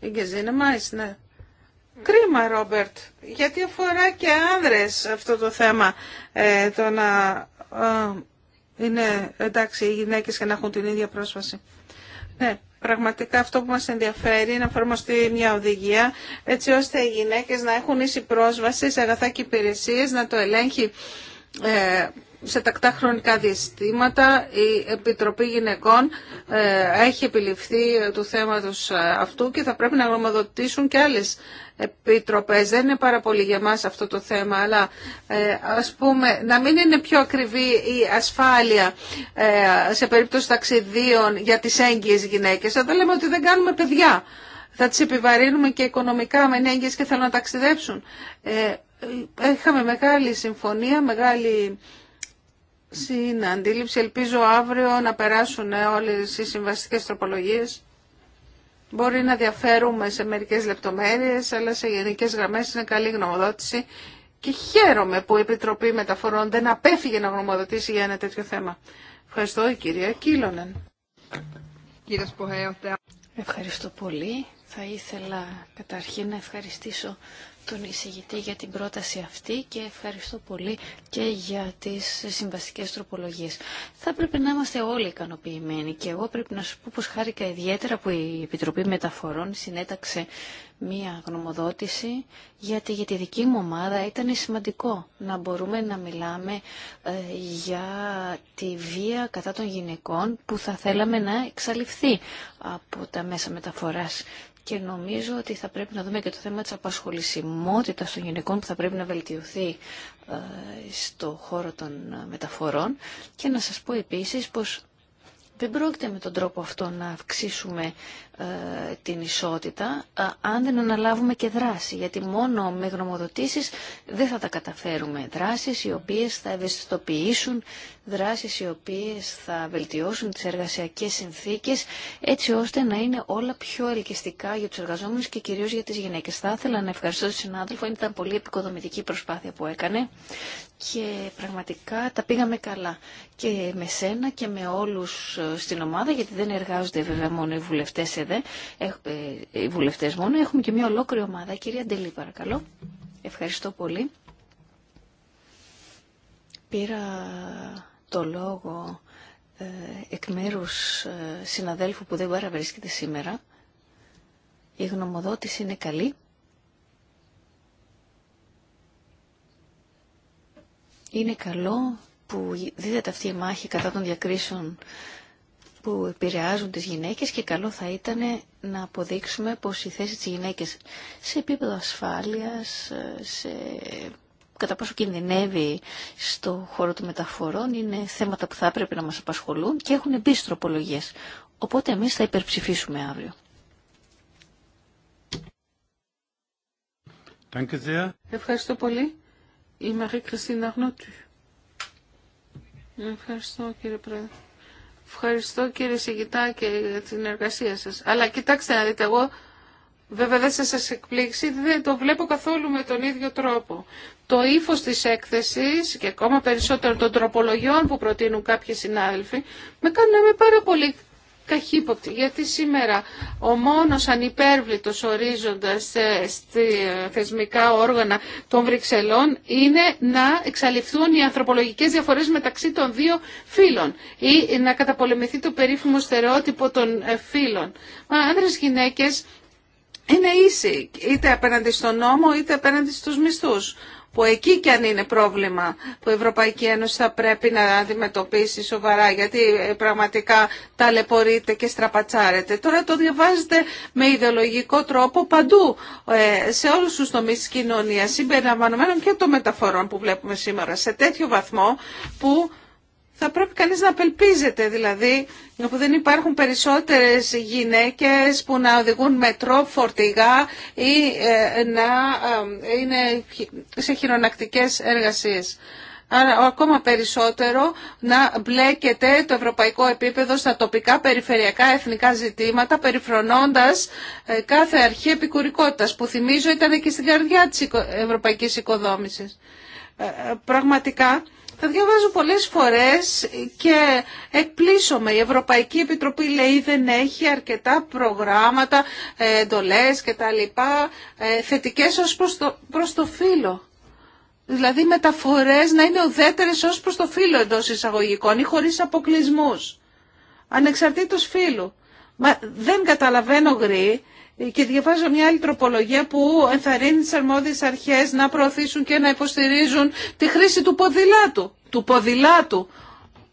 B: Η Γκεζίνα ναι. Κρίμα, Ρόμπερτ. Γιατί αφορά και άνδρες αυτό το θέμα. Ε, το να ε, είναι εντάξει οι γυναίκε και να έχουν την ίδια πρόσβαση. Ναι, πραγματικά αυτό που μας ενδιαφέρει είναι να εφαρμοστεί μια οδηγία έτσι ώστε οι γυναίκες να έχουν ίση πρόσβαση σε αγαθά και υπηρεσίες, να το ελέγχει ε, σε τακτά χρονικά διαστήματα η Επιτροπή Γυναικών ε, έχει επιληφθεί ε, του θέματος ε, αυτού και θα πρέπει να γνωμοδοτήσουν και άλλες επιτροπές. Δεν είναι πάρα πολύ για μας αυτό το θέμα, αλλά ας πούμε να μην είναι πιο ακριβή η ασφάλεια σε περίπτωση ταξιδίων για τις έγκυες γυναίκες. Αν λέμε ότι δεν κάνουμε παιδιά, θα τις επιβαρύνουμε και οικονομικά με έγκυες και θέλουν να ταξιδέψουν. Είχαμε μεγάλη συμφωνία, μεγάλη στην αντίληψη. Ελπίζω αύριο να περάσουν όλες οι συμβαστικές τροπολογίες. Μπορεί να διαφέρουμε σε μερικές λεπτομέρειες, αλλά σε γενικές γραμμές είναι καλή γνωμοδότηση. Και χαίρομαι που η Επιτροπή Μεταφορών δεν απέφυγε να γνωμοδοτήσει για ένα τέτοιο θέμα. Ευχαριστώ η κυρία Κίλωνεν. Ευχαριστώ
D: πολύ. Θα ήθελα καταρχήν να ευχαριστήσω τον εισηγητή για την πρόταση αυτή και ευχαριστώ πολύ και για τις συμβαστικές τροπολογίες. Θα πρέπει να είμαστε όλοι ικανοποιημένοι και εγώ πρέπει να σου πω πως χάρηκα ιδιαίτερα που η Επιτροπή Μεταφορών συνέταξε μία γνωμοδότηση γιατί για τη δική μου ομάδα ήταν σημαντικό να μπορούμε να μιλάμε ε, για τη βία κατά των γυναικών που θα θέλαμε να εξαλειφθεί από τα μέσα μεταφοράς και νομίζω ότι θα πρέπει να δούμε και το θέμα της απασχολησιμότητας των γυναικών που θα πρέπει να βελτιωθεί ε, στο χώρο των ε, μεταφορών και να σας πω επίσης πως δεν πρόκειται με τον τρόπο αυτό να αυξήσουμε ε, την ισότητα αν δεν αναλάβουμε και δράση. Γιατί μόνο με γνωμοδοτήσεις δεν θα τα καταφέρουμε. Δράσεις οι οποίες θα ευαισθητοποιήσουν δράσεις οι οποίες θα βελτιώσουν τις εργασιακές συνθήκες έτσι ώστε να είναι όλα πιο ελκυστικά για τους εργαζόμενους και κυρίως για τις γυναίκες. Θα ήθελα να ευχαριστώ τον συνάδελφο, ήταν πολύ επικοδομητική προσπάθεια που έκανε και πραγματικά τα πήγαμε καλά και με σένα και με όλους ε, στην ομάδα γιατί δεν εργάζονται βέβαια μόνο οι βουλευτές εδώ, ε, ε, οι βουλευτές μόνο, έχουμε και μια ολόκληρη ομάδα. Κυρία Ντελή παρακαλώ, ευχαριστώ πολύ. Πήρα το λόγο ε, εκ μέρους ε, συναδέλφου που δεν παραβρίσκεται σήμερα. Η γνωμοδότηση είναι καλή. Είναι καλό που δίδεται αυτή η μάχη κατά των διακρίσεων που επηρεάζουν τις γυναίκες και καλό θα ήταν να αποδείξουμε πως η θέση της γυναίκες σε επίπεδο ασφάλειας, ε, σε κατά πόσο κινδυνεύει στο χώρο των μεταφορών είναι θέματα που θα έπρεπε να μας απασχολούν και έχουν εμπίσει τροπολογίες. Οπότε εμείς θα υπερψηφίσουμε αύριο.
B: Ευχαριστώ πολύ. Η Μαρή Κριστίνα Ευχαριστώ κύριε Πρόεδρε. Ευχαριστώ κύριε Σιγητά και για την εργασία σας. Αλλά κοιτάξτε να δείτε εγώ, βέβαια δεν σας εκπλήξει, δεν το βλέπω καθόλου με τον ίδιο τρόπο το ύφο τη έκθεση και ακόμα περισσότερο των τροπολογιών που προτείνουν κάποιοι συνάδελφοι με κάνουν να είμαι πάρα πολύ καχύποπτη γιατί σήμερα ο μόνος ανυπέρβλητος ορίζοντας ε, στη ε, θεσμικά όργανα των Βρυξελών είναι να εξαλειφθούν οι ανθρωπολογικέ διαφορέ μεταξύ των δύο φύλων ή να καταπολεμηθεί το περίφημο στερεότυπο των ε, φύλων. Μα άνδρες γυναίκες είναι ίσοι είτε απέναντι στον νόμο είτε απέναντι στους μισθούς που εκεί κι αν είναι πρόβλημα που η Ευρωπαϊκή Ένωση θα πρέπει να αντιμετωπίσει σοβαρά, γιατί ε, πραγματικά ταλαιπωρείται και στραπατσάρεται. Τώρα το διαβάζετε με ιδεολογικό τρόπο παντού, ε, σε όλους τους τομείς της κοινωνίας, συμπεριλαμβανομένων και των μεταφορών που βλέπουμε σήμερα, σε τέτοιο βαθμό που θα πρέπει κανείς να απελπίζεται δηλαδή που δεν υπάρχουν περισσότερες γυναίκες που να οδηγούν μετρό φορτηγά ή ε, να ε, είναι σε χειρονακτικές εργασίες. Άρα ακόμα περισσότερο να μπλέκεται το ευρωπαϊκό επίπεδο στα τοπικά, περιφερειακά, εθνικά ζητήματα, περιφρονώντας ε, κάθε αρχή επικουρικότητας που θυμίζω ήταν και στην καρδιά της ευρωπαϊκής οικοδόμησης. Πραγματικά τα διαβάζω πολλές φορές και εκπλήσωμαι. Η Ευρωπαϊκή Επιτροπή λέει δεν έχει αρκετά προγράμματα, ε, εντολές και τα λοιπά, ε, θετικές ως προς το, προς το φύλλο. Δηλαδή μεταφορές να είναι ουδέτερες ως προς το φύλλο εντός εισαγωγικών ή χωρίς αποκλεισμούς. Ανεξαρτήτως φύλλου. Μα δεν καταλαβαίνω γρή και διαβάζω μια άλλη τροπολογία που ενθαρρύνει τις αρμόδιες αρχές να προωθήσουν και να υποστηρίζουν τη χρήση του ποδηλάτου. Του ποδηλάτου.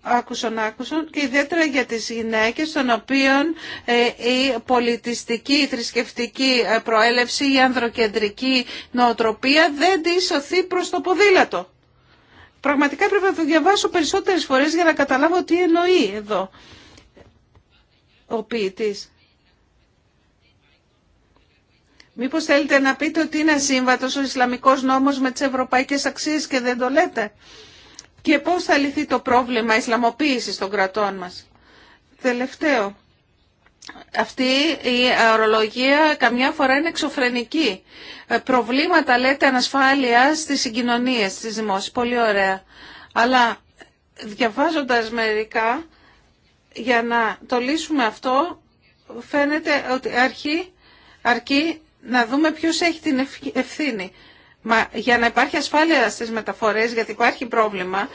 B: Άκουσαν, άκουσαν και ιδιαίτερα για τις γυναίκες των οποίων ε, η πολιτιστική, η θρησκευτική ε, προέλευση, η ανδροκεντρική νοοτροπία δεν τη σωθεί προς το ποδήλατο. Πραγματικά πρέπει να το διαβάσω περισσότερες φορές για να καταλάβω τι εννοεί εδώ ο ποιητής. Μήπως θέλετε να πείτε ότι είναι σύμβατος ο Ισλαμικός νόμος με τις ευρωπαϊκές αξίες και δεν το λέτε. Και πώς θα λυθεί το πρόβλημα Ισλαμοποίησης των κρατών μας. Τελευταίο. Αυτή η ορολογία καμιά φορά είναι εξωφρενική. Ε, προβλήματα λέτε ανασφάλειας στις συγκοινωνίες, στις δημόσιες. Πολύ ωραία. Αλλά διαβάζοντας μερικά, για να το λύσουμε αυτό, φαίνεται ότι αρχή, αρκεί να δούμε ποιο έχει την ευθύνη. για να υπάρχει ασφάλεια στις μεταφορές, γιατί υπάρχει πρόβλημα,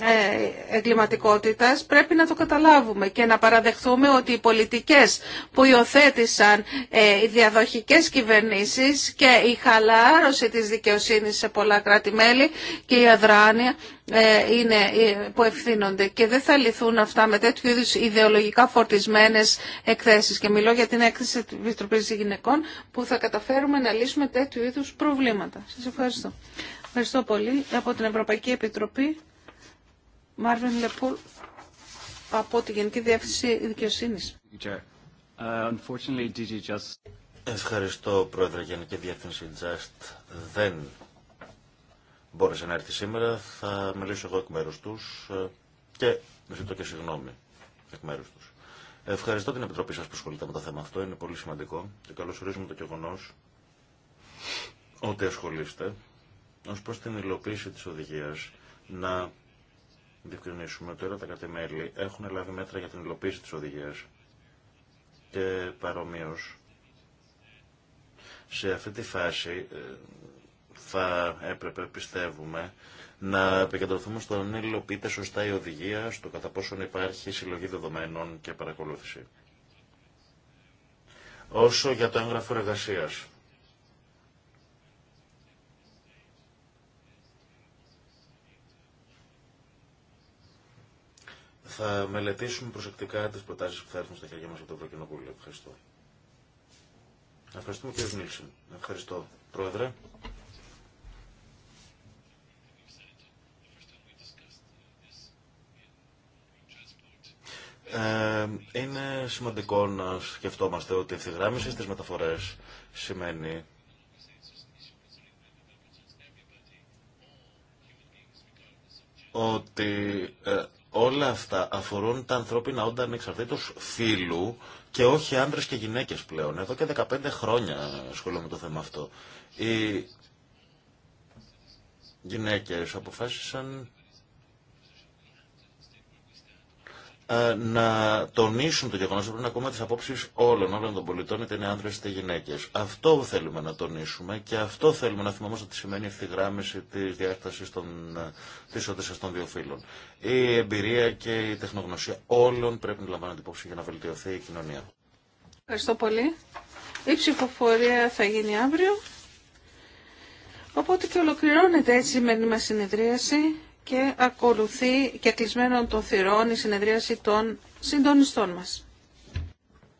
B: ε, εγκληματικότητας πρέπει να το καταλάβουμε και να παραδεχθούμε ότι οι πολιτικές που υιοθέτησαν ε, οι διαδοχικές κυβερνήσεις και η χαλάρωση της δικαιοσύνης σε πολλά κράτη-μέλη και η αδράνεια ε, είναι που ευθύνονται και δεν θα λυθούν αυτά με τέτοιου είδους ιδεολογικά φορτισμένες εκθέσεις και μιλώ για την έκθεση της Επιτροπής Γυναικών που θα καταφέρουμε να λύσουμε τέτοιου είδους προβλήματα. Σας ευχαριστώ. Ευχαριστώ πολύ. Από την Ευρωπαϊκή Επιτροπή Μάρβιν Λεπούλ από τη Γενική Διεύθυνση Δικαιοσύνης.
E: Uh,
C: Ευχαριστώ, Πρόεδρε Γενική Διεύθυνση Just. Δεν μπόρεσε να έρθει σήμερα. Θα μιλήσω εγώ εκ μέρους τους ε, και ζητώ και συγγνώμη εκ μέρους τους. Ευχαριστώ την Επιτροπή σας που ασχολείται με το θέμα αυτό. Είναι πολύ σημαντικό και καλωσορίζουμε το γεγονό ότι ασχολείστε ως προς την υλοποίηση της οδηγίας να διευκρινίσουμε ότι όλα τα μέλη έχουν λάβει μέτρα για την υλοποίηση της οδηγίας και παρομοίως σε αυτή τη φάση ε, θα έπρεπε, πιστεύουμε, να επικεντρωθούμε στο να υλοποιείται σωστά η οδηγία, στο κατά πόσο υπάρχει συλλογή δεδομένων και παρακολούθηση. Όσο για το έγγραφο εργασίας, Θα μελετήσουμε προσεκτικά τι προτάσει που θα έρθουν στα χέρια μα από το Ευρωκοινοβούλιο. Ευχαριστώ. Ευχαριστούμε κύριε Νίλσον. Ευχαριστώ πρόεδρε. Ε, είναι σημαντικό να σκεφτόμαστε ότι η ευθυγράμμιση στις μεταφορές σημαίνει ότι ε, Όλα αυτά αφορούν τα ανθρώπινα όντα ανεξαρτήτως φίλου και όχι άντρες και γυναίκες πλέον. Εδώ και 15 χρόνια ασχολούμαι με το θέμα αυτό. Οι γυναίκες αποφάσισαν Ε, να τονίσουν το γεγονό ότι πρέπει να ακούμε τι απόψει όλων, όλων των πολιτών, είτε είναι άνδρε είτε γυναίκε. Αυτό θέλουμε να τονίσουμε και αυτό θέλουμε να θυμόμαστε ότι σημαίνει η ευθυγράμμιση τη διάσταση ε, τη όταση των δύο φύλων. Η εμπειρία και η τεχνογνωσία όλων πρέπει να λαμβάνονται υπόψη για να βελτιωθεί η κοινωνία.
B: Ευχαριστώ πολύ. Η ψηφοφορία θα γίνει αύριο. Οπότε και ολοκληρώνεται έτσι η σημερινή μα συνεδρίαση και ακολουθεί και κλεισμένον των θυρών η συνεδρίαση των συντονιστών μας.